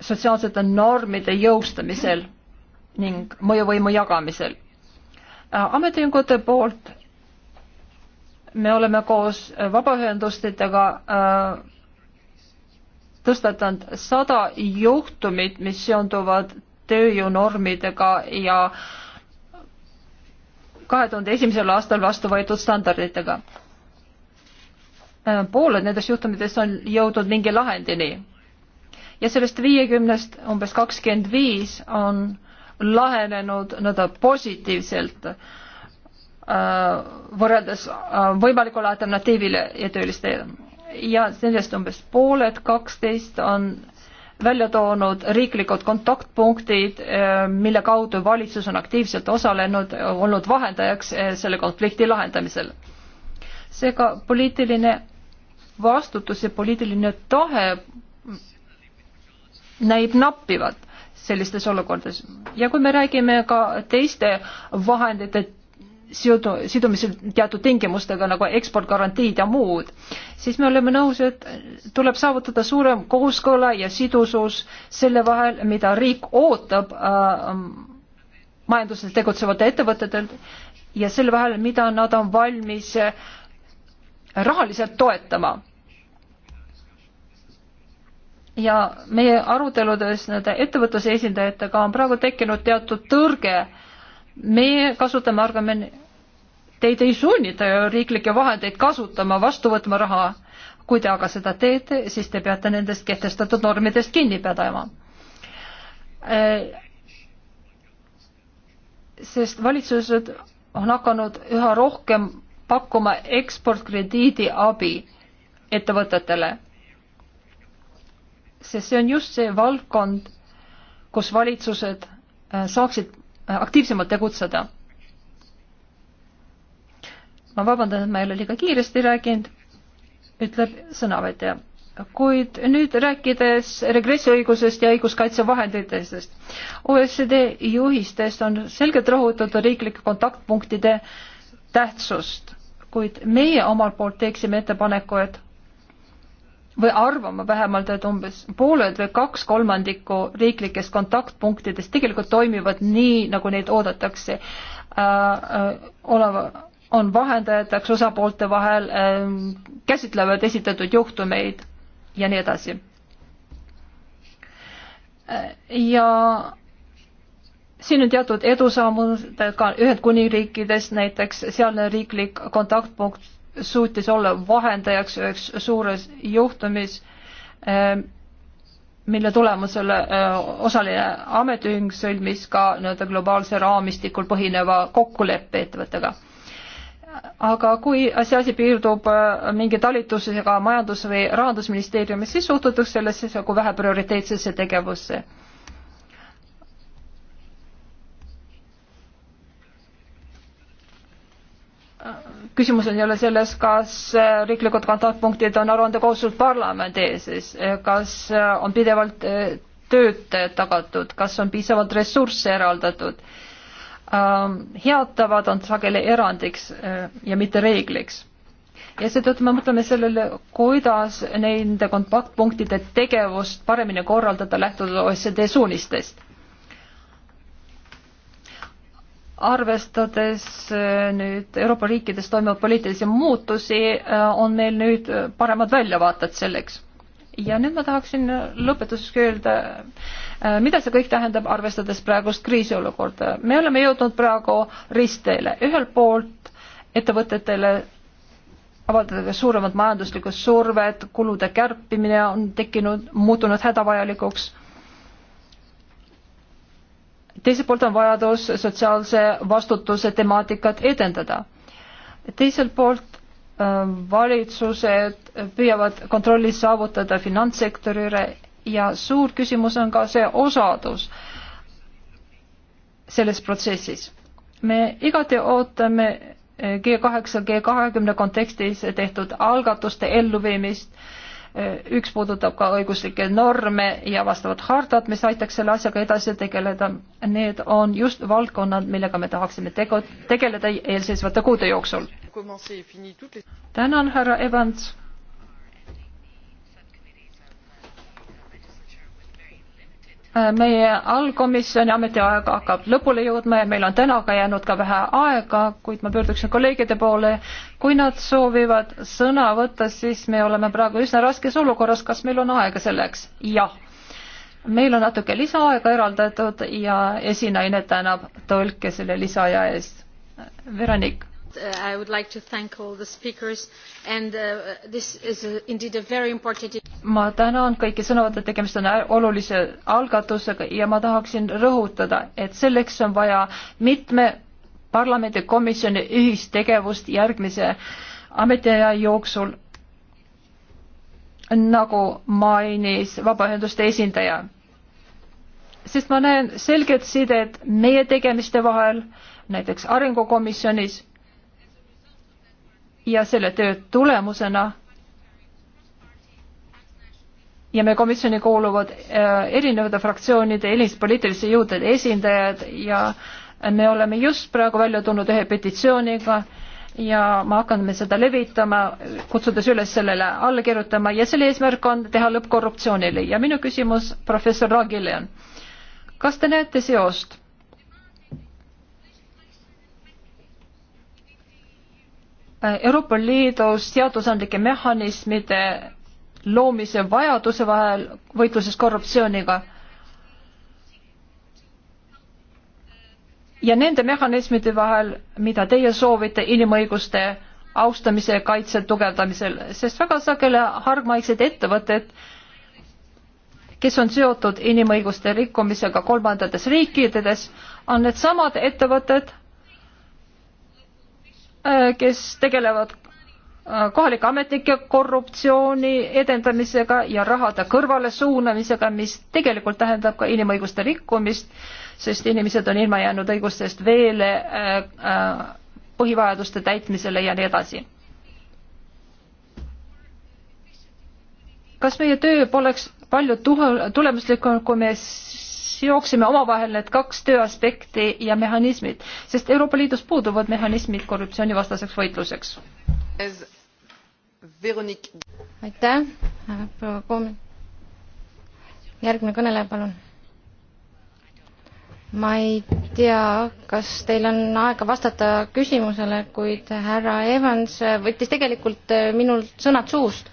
sotsiaalsete normide jõustamisel ning mõjuvõimu jagamisel. ametiühingute poolt me oleme koos vabaühendustega äh, tõstatanud sada juhtumit, mis seonduvad tööjõunormidega ja kahe tuhande esimesel aastal vastu võetud standarditega. pooled nendest juhtumitest on jõudnud mingi lahendini ja sellest viiekümnest umbes kakskümmend viis on lahenenud nii-öelda positiivselt äh, võrreldes äh, võimalikule alternatiivile ja tööliste ja sellest umbes pooled, kaksteist on välja toonud riiklikud kontaktpunktid, eh, mille kaudu valitsus on aktiivselt osalenud, olnud vahendajaks eh, selle konflikti lahendamisel. seega poliitiline vastutus ja poliitiline tahe näib nappivat sellistes olukordades ja kui me räägime ka teiste vahendite seodu-, sidumisel teatud tingimustega nagu eksportgarantiid ja muud, siis me oleme nõus, et tuleb saavutada suurem kooskõla ja sidusus selle vahel, mida riik ootab äh, majanduses tegutsevate ettevõtetelt ja selle vahel, mida nad on valmis äh, rahaliselt toetama ja meie aruteludes nende ettevõtluse esindajatega on praegu tekkinud teatud tõrge. meie kasutame argumendi, teid ei sunnita riiklikke vahendeid kasutama, vastu võtma raha. kui te aga seda teete, siis te peate nendest kehtestatud normidest kinni pidama. Äh, sest valitsused on hakanud üha rohkem pakkuma eksportkrediidi abi ettevõtetele. sest see on just see valdkond, kus valitsused äh, saaksid äh, aktiivsemalt tegutseda ma vabandan, et ma ei ole liiga kiiresti rääkinud, ütleb sõnavõtja. kuid nüüd rääkides regressiõigusest ja õiguskaitsevahenditest. OECD juhistest on selgelt rõhutatud riiklike kontaktpunktide tähtsust, kuid meie omalt poolt teeksime ettepaneku, et või arvama vähemalt, et umbes pooled või kaks kolmandikku riiklikest kontaktpunktidest tegelikult toimivad nii, nagu neid oodatakse äh, äh, oleva on vahendajateks osapoolte vahel, ähm, käsitlevad esitatud juhtumeid ja nii edasi. Äh, ja siin on teatud edusammud ka Ühendkuningriikides näiteks, sealne riiklik kontaktpunkt suutis olla vahendajaks üheks suures juhtumis, ähm, mille tulemusel äh, osaline ametiühing sõlmis ka nii-öelda globaalse raamistikul põhineva kokkuleppe ettevõttega aga kui see asi piirdub äh, mingi talitusega Majandus- või Rahandusministeeriumis, siis suhtutakse sellesse kui nagu vähe prioriteetsesse tegevusse. küsimus on jälle selles, kas äh, riiklikud kontaktpunktid on aruandekohustus parlamendi ees, siis äh, kas on pidevalt töötajad tagatud, kas on piisavalt ressursse eraldatud Ähm, heatavad on sageli erandiks äh, ja mitte reegliks. ja seetõttu me mõtleme sellele, kuidas nende kontaktpunktide tegevust paremini korraldada lähtuvalt OECD suunistest. arvestades äh, nüüd Euroopa riikides toimuvaid poliitilisi muutusi, äh, on meil nüüd paremad väljavaated selleks ja nüüd ma tahaksin lõpetuseks öelda, äh, mida see kõik tähendab, arvestades praegust kriisiolukorda. me oleme jõudnud praegu ristteele, ühelt poolt ettevõtetele avaldada suuremat majanduslikku survet, kulude kärpimine on tekkinud, muutunud hädavajalikuks. teiselt poolt on vajadus sotsiaalse vastutuse temaatikat edendada. teiselt poolt valitsused püüavad kontrolli saavutada finantssektori üle ja suur küsimus on ka see osadus selles protsessis. me igati ootame G8, G20 kontekstis tehtud algatuste elluviimist äh, üks puudutab ka õiguslikke norme ja vastavat hardat, mis aitaks selle asjaga edasi tegeleda. Need on just valdkonnad, millega me tahaksime tegu, tegeleda eelseisvate kuude jooksul. tänan, härra Evans Äh, meie allkomisjoni ametiaeg hakkab lõpule jõudma ja meil on täna ka jäänud ka vähe aega, kuid ma pöörduksin kolleegide poole. kui nad soovivad sõna võtta, siis me oleme praegu üsna raskes olukorras, kas meil on aega selleks? jah. meil on natuke lisaaega eraldatud ja esinaine tänab tõlke selle lisaaja eest. Veronika. Uh, I would like to thank all the speakers and uh, this is a, indeed a very important ma tänan kõiki sõnavõtte, tegemist on olulise algatusega ja ma tahaksin rõhutada, et selleks on vaja mitme parlamendikomisjoni ühistegevust järgmise ametiaja jooksul, nagu mainis vabaühenduste esindaja. sest ma näen selget sidet meie tegemiste vahel, näiteks arengukomisjonis ja selle töö tulemusena ja meie komisjoni kuuluvad äh, erinevate fraktsioonide, elispoliitiliste jõudude esindajad ja me oleme just praegu välja tulnud ühe petitsiooniga ja me hakkame seda levitama, kutsudes üles sellele alla kirjutama ja selle eesmärk on teha lõpp korruptsioonile ja minu küsimus professor Ragile on, kas te näete seost Äh, Euroopa Liidus seadusandlike mehhanismide loomise vajaduse vahel võitluses korruptsiooniga. ja nende mehhanismide vahel, mida teie soovite inimõiguste austamise ja kaitse tugevdamisel, sest väga sageli hargmaised ettevõtted, kes on seotud inimõiguste rikkumisega kolmandates riikides, on needsamad ettevõtted, Äh, kes tegelevad äh, kohalike ametnike korruptsiooni edendamisega ja rahade kõrvalesuunamisega, mis tegelikult tähendab ka inimõiguste rikkumist, sest inimesed on ilma jäänud õigustest veele äh, äh põhivajaduste täitmisele ja nii edasi. kas meie töö poleks palju tulemuslikum, kui me seoksime omavahel need kaks tööaspekti ja mehhanismid, sest Euroopa Liidus puuduvad mehhanismid korruptsioonivastaseks võitluseks. aitäh, proua Koomi. järgmine kõneleja, palun. ma ei tea, kas teil on aega vastata küsimusele, kuid härra Evans võttis tegelikult minult sõnad suust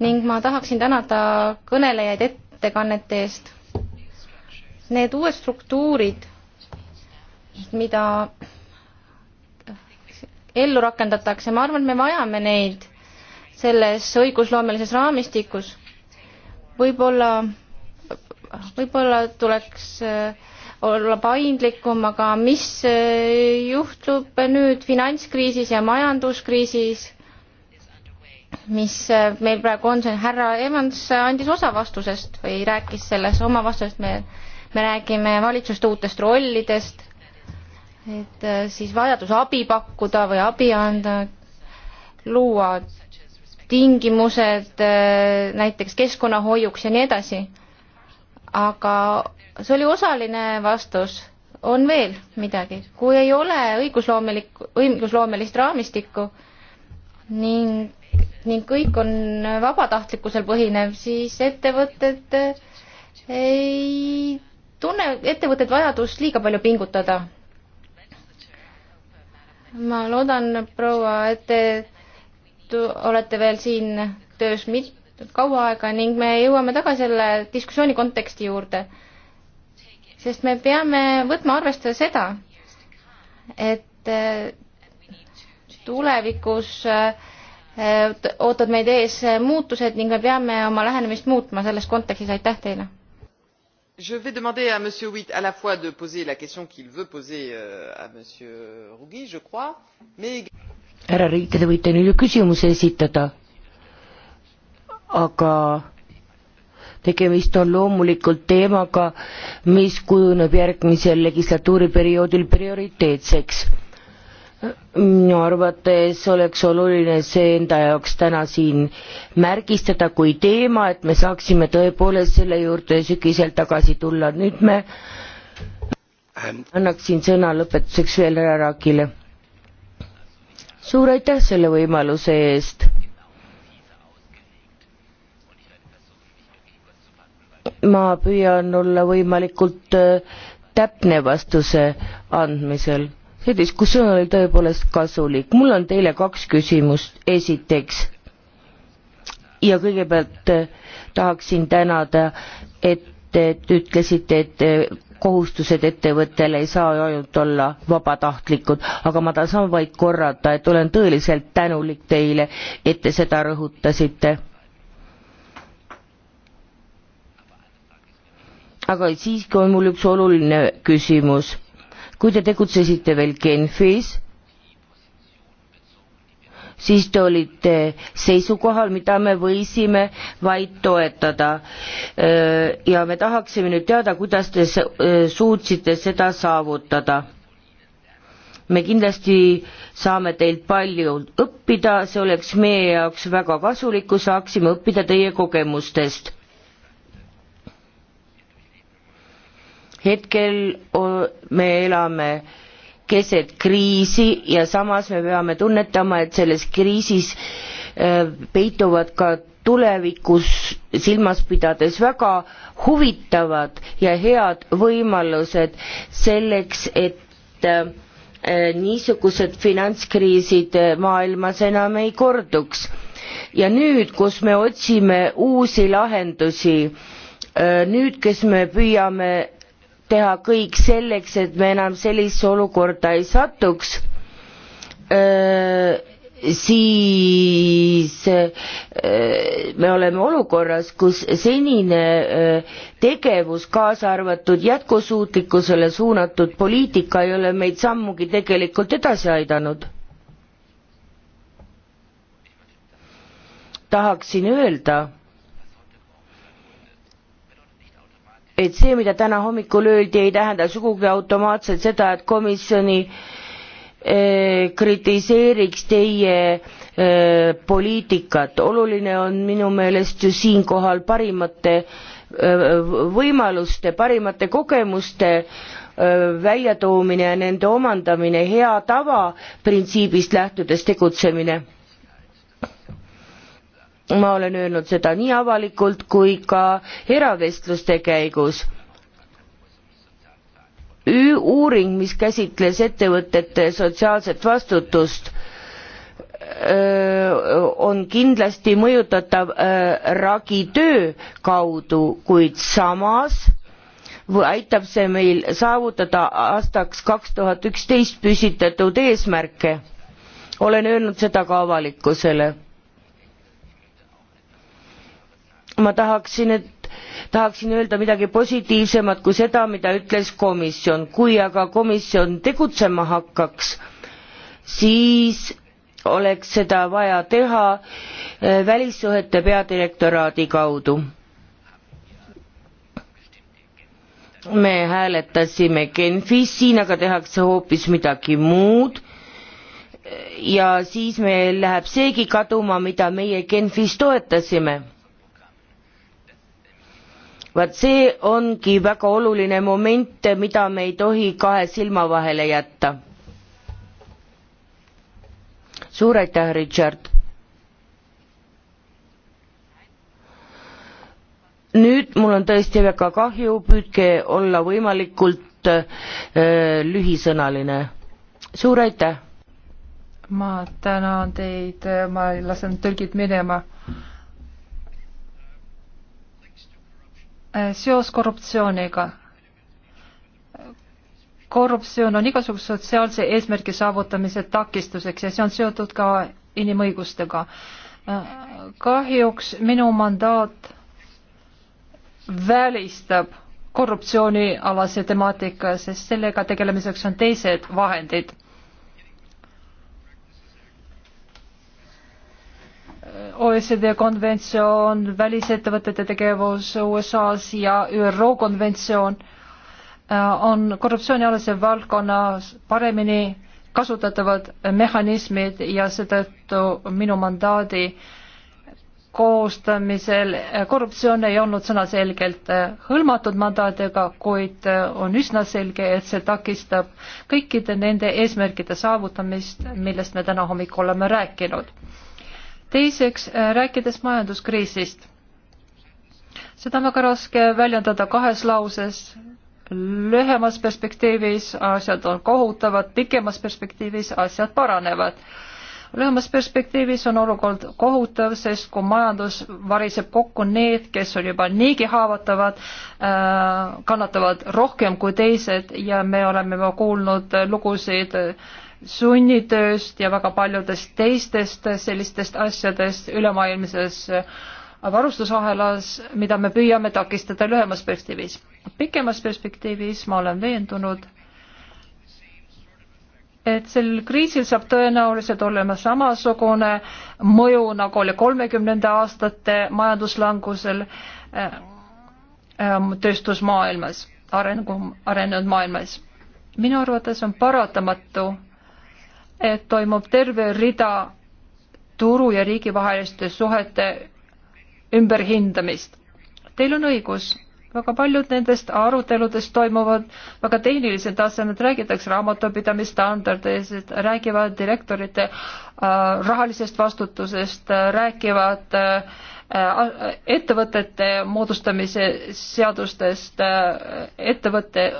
ning ma tahaksin tänada kõnelejaid ettekannete eest Need uued struktuurid, mida ellu rakendatakse, ma arvan, et me vajame neid selles õigusloomelises raamistikus. võib-olla, võib-olla tuleks äh, olla paindlikum, aga mis äh, juhtub nüüd finantskriisis ja majanduskriisis, mis äh, meil praegu on, see härra Evans andis osa vastusest või rääkis selles oma vastusest, me me räägime valitsuste uutest rollidest, et äh, siis vajadus abi pakkuda või abi anda, luua tingimused äh, näiteks keskkonnahoiuks ja nii edasi. aga see oli osaline vastus, on veel midagi, kui ei ole õigusloomelik, õigusloomelist raamistikku ning, ning kõik on vabatahtlikkusel põhinev, siis ettevõtted äh, ei tunne ettevõtted vajadust liiga palju pingutada. ma loodan, proua, et te olete veel siin töös mit-, kaua aega ning me jõuame tagasi selle diskussiooni konteksti juurde. sest me peame võtma arvestada seda, et äh, tulevikus äh, ootavad meid ees muutused ning me peame oma lähenemist muutma selles kontekstis, aitäh teile! je vais demander à m. witt à la fois de poser la question qu'il veut poser euh, à m. rugi je crois mais härra Riik, te võite neile küsimuse esitada, aga tegemist on loomulikult teemaga, mis kujuneb järgmisel legislatuuriperioodil prioriteetseks minu arvates oleks oluline see enda jaoks täna siin märgistada kui teema, et me saaksime tõepoolest selle juurde sügisel tagasi tulla. nüüd me ähm. annaksin sõna lõpetuseks veel härra Rakile. suur aitäh selle võimaluse eest. ma püüan olla võimalikult äh, täpne vastuse andmisel see diskussioon oli tõepoolest kasulik. mul on teile kaks küsimust. esiteks ja kõigepealt äh, tahaksin tänada, et te ütlesite, et äh, kohustused ettevõttel ei saa ju ainult olla vabatahtlikud, aga ma tahan sama vaid korrata, et olen tõeliselt tänulik teile, et te seda rõhutasite. aga siiski on mul üks oluline küsimus kui te tegutsesite veel Genfis, siis te olite seisukohal, mida me võisime vaid toetada. Äh, ja me tahaksime nüüd teada, kuidas te äh, suutsite seda saavutada. me kindlasti saame teilt palju õppida, see oleks meie jaoks väga kasulik, kui saaksime õppida teie kogemustest hetkel me elame keset kriisi ja samas me peame tunnetama, et selles kriisis peituvad ka tulevikus silmas pidades väga huvitavad ja head võimalused selleks, et niisugused finantskriisid maailmas enam ei korduks. ja nüüd, kus me otsime uusi lahendusi, nüüd, kes me püüame teha kõik selleks, et me enam sellisesse olukorda ei satuks, siis me oleme olukorras, kus senine tegevus, kaasa arvatud jätkusuutlikkusele suunatud poliitika ei ole meid sammugi tegelikult edasi aidanud. tahaksin öelda et see, mida täna hommikul öeldi, ei tähenda sugugi automaatselt seda, et komisjoni eh, kritiseeriks teie eh, poliitikat. oluline on minu meelest ju siinkohal parimate eh, võimaluste, parimate kogemuste väljatoomine ja nende omandamine, hea tava printsiibist lähtudes tegutsemine ma olen öelnud seda nii avalikult kui ka eravestluste käigus. uuring, mis käsitles ettevõtete sotsiaalset vastutust, on kindlasti mõjutatav ragitöö kaudu, kuid samas aitab see meil saavutada aastaks kaks tuhat üksteist püstitatud eesmärke. olen öelnud seda ka avalikkusele ma tahaksin, et tahaksin öelda midagi positiivsemat kui seda, mida ütles komisjon. kui aga komisjon tegutsema hakkaks, siis oleks seda vaja teha eh, välissuhete peadirektoraadi kaudu. me hääletasime Genfis, siin aga tehakse hoopis midagi muud ja siis meil läheb seegi kaduma, mida meie Genfis toetasime vaat see ongi väga oluline moment mida me ei tohi kahe silma vahele jätta suur aitäh richard nüüd mul on tõesti väga kahju püüdke olla võimalikult öö, äh, lühisõnaline suur aitäh ma tänan teid ma lasen tõlgid minema Äh, seos korruptsiooniga. korruptsioon on igasuguse sotsiaalse eesmärgi saavutamise takistuseks ja see on seotud ka inimõigustega. Äh, kahjuks minu mandaat välistab korruptsioonialase temaatika, sest sellega tegelemiseks on teised vahendid OECD konventsioon, välisettevõtete tegevus USA-s ja ÜRO konventsioon äh, on korruptsioonialase valdkonnas paremini kasutatavad mehhanismid ja seetõttu minu mandaadi koostamisel äh, korruptsioon ei olnud sõnaselgelt äh, hõlmatud mandaadega, kuid on üsna selge, et see takistab kõikide nende eesmärkide saavutamist, millest me täna hommikul oleme rääkinud teiseks, äh, rääkides majanduskriisist. seda on väga raske väljendada kahes lauses. lühemas perspektiivis asjad on kohutavad, pikemas perspektiivis asjad paranevad lühemas perspektiivis on olukord kohutav, sest kui majandus variseb kokku, need, kes on juba niigi haavatavad, äh, kannatavad rohkem kui teised ja me oleme juba kuulnud lugusid äh, sunnitööst ja väga paljudest teistest sellistest asjadest ülemaailmses äh, varustusahelas, mida me püüame takistada lühemas perspektiivis. pikemas perspektiivis ma olen veendunud, et sel kriisil saab tõenäoliselt olema samasugune mõju, nagu oli kolmekümnenda aastate majanduslangusel äh, äh, tööstusmaailmas, arengu, arenenud maailmas. minu arvates on paratamatu, et toimub terve rida turu ja riigi vaheliste suhete ümberhindamist. Teil on õigus, väga paljud nendest aruteludest toimuvad väga tehnilisel tasemel, räägitakse raamatupidamisstandardist, räägivad direktorite äh, rahalisest vastutusest äh,, räägivad äh, ettevõtete moodustamise seadustest, äh, ettevõtte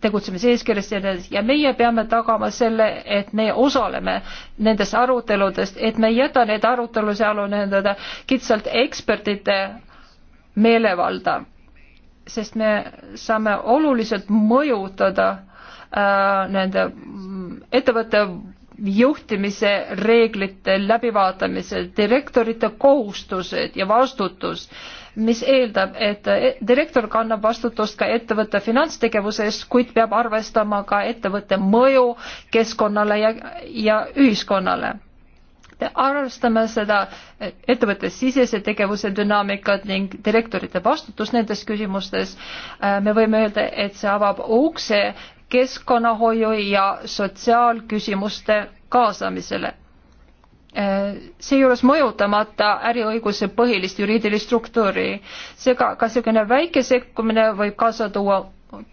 tegutsemiseeskirjast ja nii edasi ja meie peame tagama selle, et me osaleme nendest aruteludest, et me ei jäta neid arutelusid aru nendele kitsalt ekspertide meelevalda. sest me saame oluliselt mõjutada äh, nende mm, ettevõtte juhtimise reeglite läbivaatamise, direktorite kohustused ja vastutus äh, mis eeldab, et e, direktor kannab vastutust ka ettevõtte finantstegevuse eest, kuid peab arvestama ka ettevõtte mõju keskkonnale ja, ja ühiskonnale. arvestame seda e, ettevõtte sisese tegevuse dünaamikat ning direktorite vastutust nendes küsimustes, e, me võime öelda, et see avab ukse keskkonnahoiu ja sotsiaalküsimuste kaasamisele Äh, seejuures mõjutamata äriõiguse põhilist juriidilist struktuuri. seega ka niisugune väike sekkumine võib kaasa tuua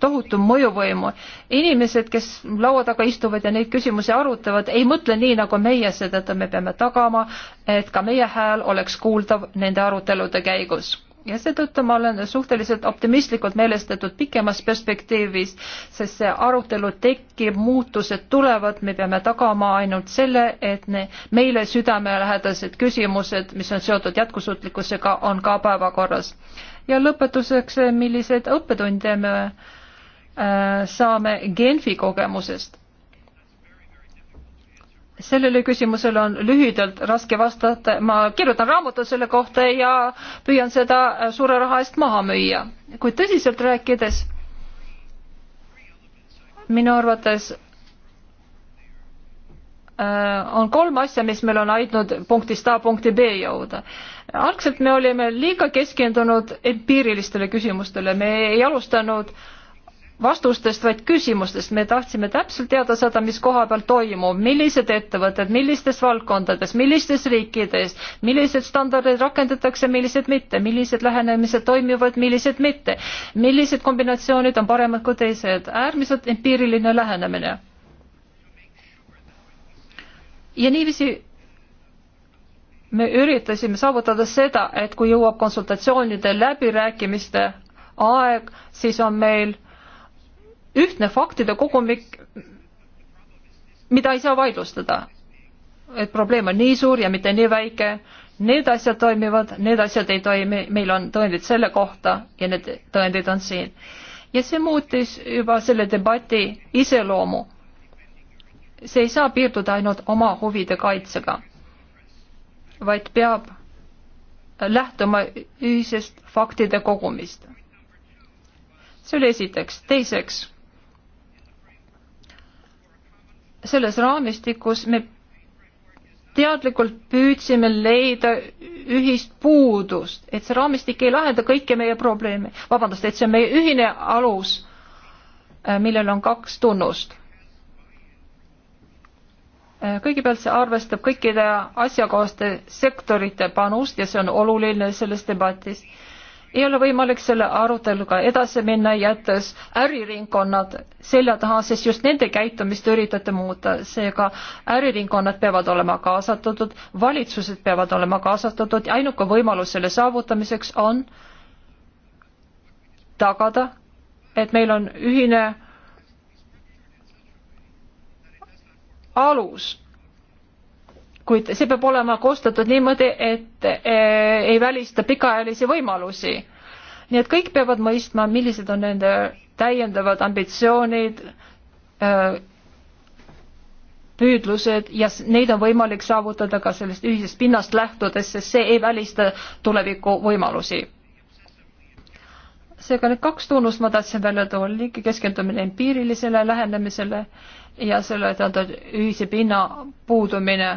tohutu mõjuvõimu. inimesed, kes laua taga istuvad ja neid küsimusi arutavad, ei mõtle nii, nagu meie, seetõttu me peame tagama, et ka meie hääl oleks kuuldav nende arutelude käigus ja seetõttu ma olen suhteliselt optimistlikult meelestatud pikemas perspektiivis, sest see arutelu tekib, muutused tulevad, me peame tagama ainult selle, et ne, meile südamelähedased küsimused, mis on seotud jätkusuutlikkusega, on ka päevakorras. ja lõpetuseks, milliseid õppetunde me äh, saame Genfi kogemusest sellele küsimusele on lühidalt raske vastata, ma kirjutan raamatu selle kohta ja püüan seda suure raha eest maha müüa. kuid tõsiselt rääkides, minu arvates äh, on kolm asja, mis meil on aidanud punktist A punkti B jõuda. algselt me olime liiga keskendunud empiirilistele küsimustele, me ei alustanud äh, vastustest, vaid küsimustest. me tahtsime täpselt teada seda, mis koha peal toimub, millised ettevõtted, millistes valdkondades, millistes riikides, millised standardid rakendatakse, millised mitte, millised lähenemised toimivad, millised mitte, millised kombinatsioonid on paremad kui teised. äärmiselt empiiriline lähenemine. ja niiviisi me üritasime saavutada seda, et kui jõuab konsultatsioonide läbirääkimiste aeg, siis on meil ühtne faktide kogumik, mida ei saa vaidlustada. et probleem on nii suur ja mitte nii väike, need asjad toimivad, need asjad ei toimi, meil on tõendid selle kohta ja need tõendid on siin. ja see muutis juba selle debati iseloomu. see ei saa piirduda ainult oma huvide kaitsega, vaid peab lähtuma ühisest faktide kogumist. see oli esiteks. teiseks selles raamistikus me teadlikult püüdsime leida ühist puudust, et see raamistik ei lahenda kõiki meie probleeme, vabandust, et see on meie ühine alus, äh, millel on kaks tunnust. Äh, kõigepealt see arvestab kõikide asjakohaste sektorite panust ja see on oluline selles debatis ei ole võimalik selle aruteluga edasi minna, jättes äriringkonnad selja taha, sest just nende käitumist üritate muuta. seega äriringkonnad peavad olema kaasatud, valitsused peavad olema kaasatud ja ainuke võimalus selle saavutamiseks on tagada, et meil on ühine alus kuid see peab olema koostatud niimoodi, et eh, ei välista pikaajalisi võimalusi. nii et kõik peavad mõistma, millised on nende täiendavad ambitsioonid, eh, püüdlused ja neid on võimalik saavutada ka sellest ühisest pinnast lähtudes, sest see ei välista tuleviku võimalusi seega need kaks tunnust ma tahtsin välja tuua, liigi keskendumine empiirilisele lähenemisele ja selle tähendab ühise pinna puudumine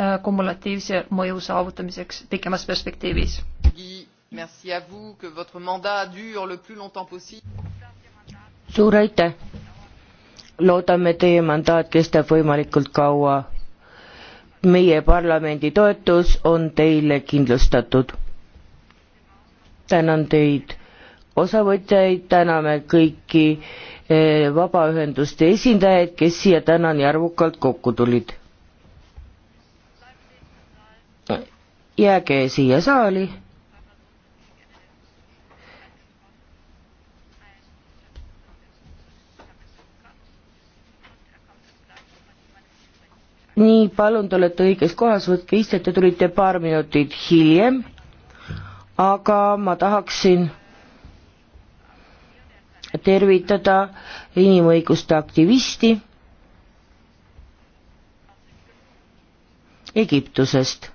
Äh, kumulatiivse mõju saavutamiseks pikemas perspektiivis. suur aitäh! loodame teie mandaat kestab võimalikult kaua. meie parlamendi toetus on teile kindlustatud. tänan teid osavõtjaid, täname kõiki eh, vabaühenduste esindajaid, kes siia täna nii arvukalt kokku tulid jääge siia saali. nii, palun, te olete õiges kohas, võtke istet, te tulite paar minutit hiljem, aga ma tahaksin tervitada inimõiguste aktivisti Egiptusest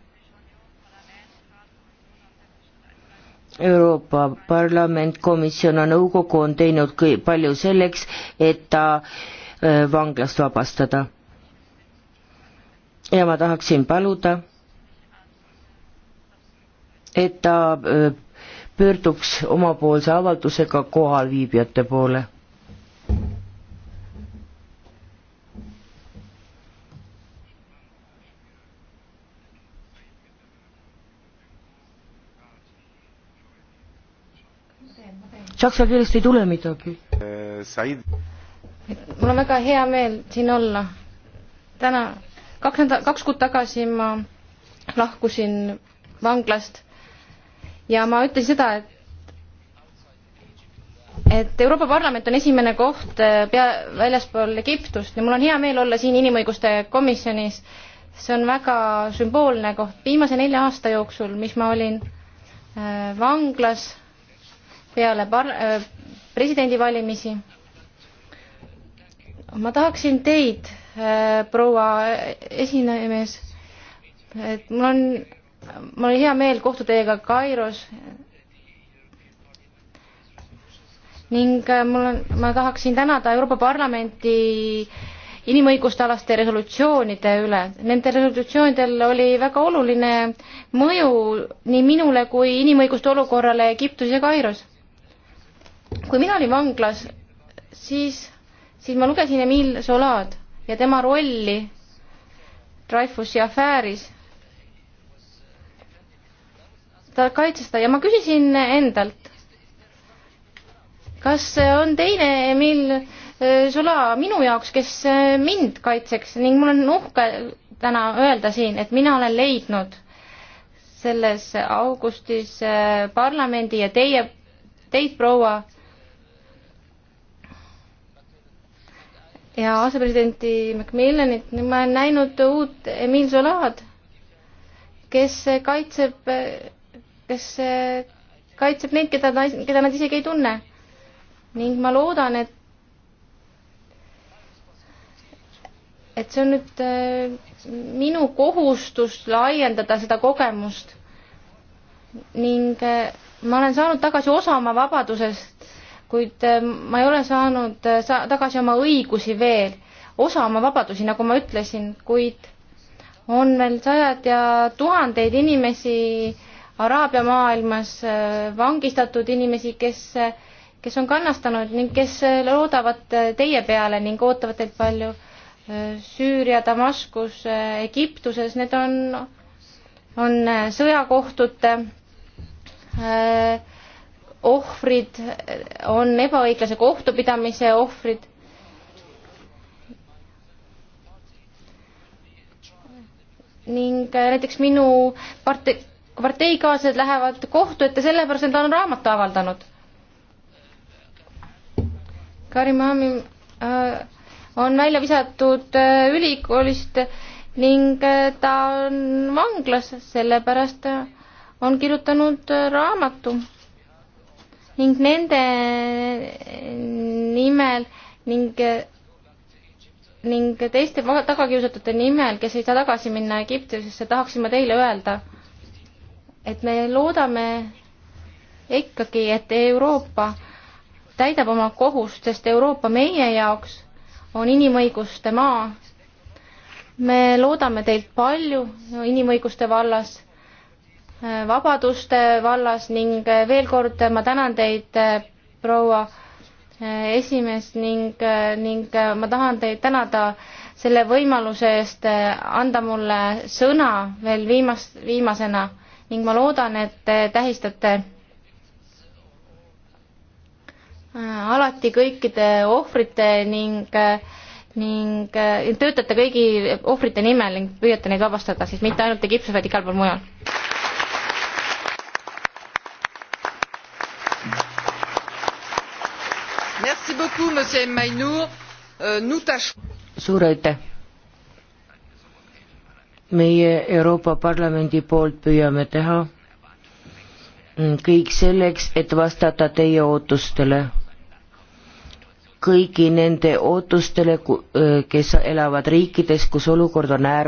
Euroopa Parlament, komisjon ja nõukogu on teinud palju selleks, et ta äh, vanglast vabastada. ja ma tahaksin paluda, et ta äh, pöörduks omapoolse avaldusega kohalviibijate poole saksa keelest ei tule midagi. Eh, Said. mul on väga hea meel siin olla. täna, kaks nädalat, kaks kuud tagasi ma lahkusin vanglast ja ma ütlesin seda, et et Euroopa Parlament on esimene koht eh, pea, väljaspool Egiptust ja mul on hea meel olla siin inimõiguste komisjonis. see on väga sümboolne koht. viimase nelja aasta jooksul, mis ma olin eh, vanglas peale par-, äh, presidendivalimisi. ma tahaksin teid, äh, proua esinemees, et mul on, mul on hea meel kohtuda teiega Kairos ning äh, mul on, ma tahaksin tänada Euroopa Parlamenti inimõiguste alaste resolutsioonide üle. Nendel resolutsioonidel oli väga oluline mõju nii minule kui inimõiguste olukorrale Egiptuses ja Kairos kui mina olin vanglas, siis, siis ma lugesin Emile Zolad ja tema rolli Dreyfusi afääris. ta kaitses seda ja ma küsisin endalt, kas on teine Emile Zola äh, minu jaoks, kes äh, mind kaitseks ning mul on uhke täna öelda siin, et mina olen leidnud selles augustis äh, parlamendi ja teie, teid proua ja asepresidenti Macmillanit, nüüd ma olen näinud uut Emil Zolaad, kes kaitseb, kes kaitseb neid, keda, keda nad isegi ei tunne. ning ma loodan, et et see on nüüd äh, minu kohustus laiendada seda kogemust. ning äh, ma olen saanud tagasi osa oma vabadusest kuid äh, ma ei ole saanud äh, sa-, tagasi oma õigusi veel, osa oma vabadusi, nagu ma ütlesin, kuid on veel sajad ja tuhandeid inimesi Araabia maailmas, äh, vangistatud inimesi, kes, kes on kannastanud ning kes loodavad teie peale ning ootavad teilt palju. Süüria, Damaskus, Egiptuses, need on, on sõjakohtute äh, ohvrid, on ebaõiglase kohtupidamise ohvrid. ning äh, näiteks minu partei, parteikaaslased lähevad kohtu ette sellepärast, et ta on raamatu avaldanud. Karim Hammi äh, on välja visatud äh, ülikoolist ning äh, ta on vanglas, sellepärast äh, on kirjutanud äh, raamatu ning nende nimel ning ning teiste tagakiusatute nimel, kes ei saa tagasi minna Egiptusesse, tahaksin ma teile öelda, et me loodame ikkagi, et Euroopa täidab oma kohust, sest Euroopa meie jaoks on inimõiguste maa. me loodame teilt palju inimõiguste vallas vabaduste vallas ning veel kord ma tänan teid, proua eh, esimees ning, eh, ning eh, ma tahan teid tänada selle võimaluse eest anda mulle sõna veel viimas, viimasena ning ma loodan, et te tähistate alati kõikide ohvrite ning, ning töötate kõigi ohvrite nimel ning püüate neid vabastada, siis mitte ainult Egiptuses, vaid igal pool mujal. Euh, suur aitäh! meie Euroopa Parlamendi poolt püüame teha kõik selleks, et vastata teie ootustele kõigi nende ootustele, kes elavad riikides, kus olukord on äär-.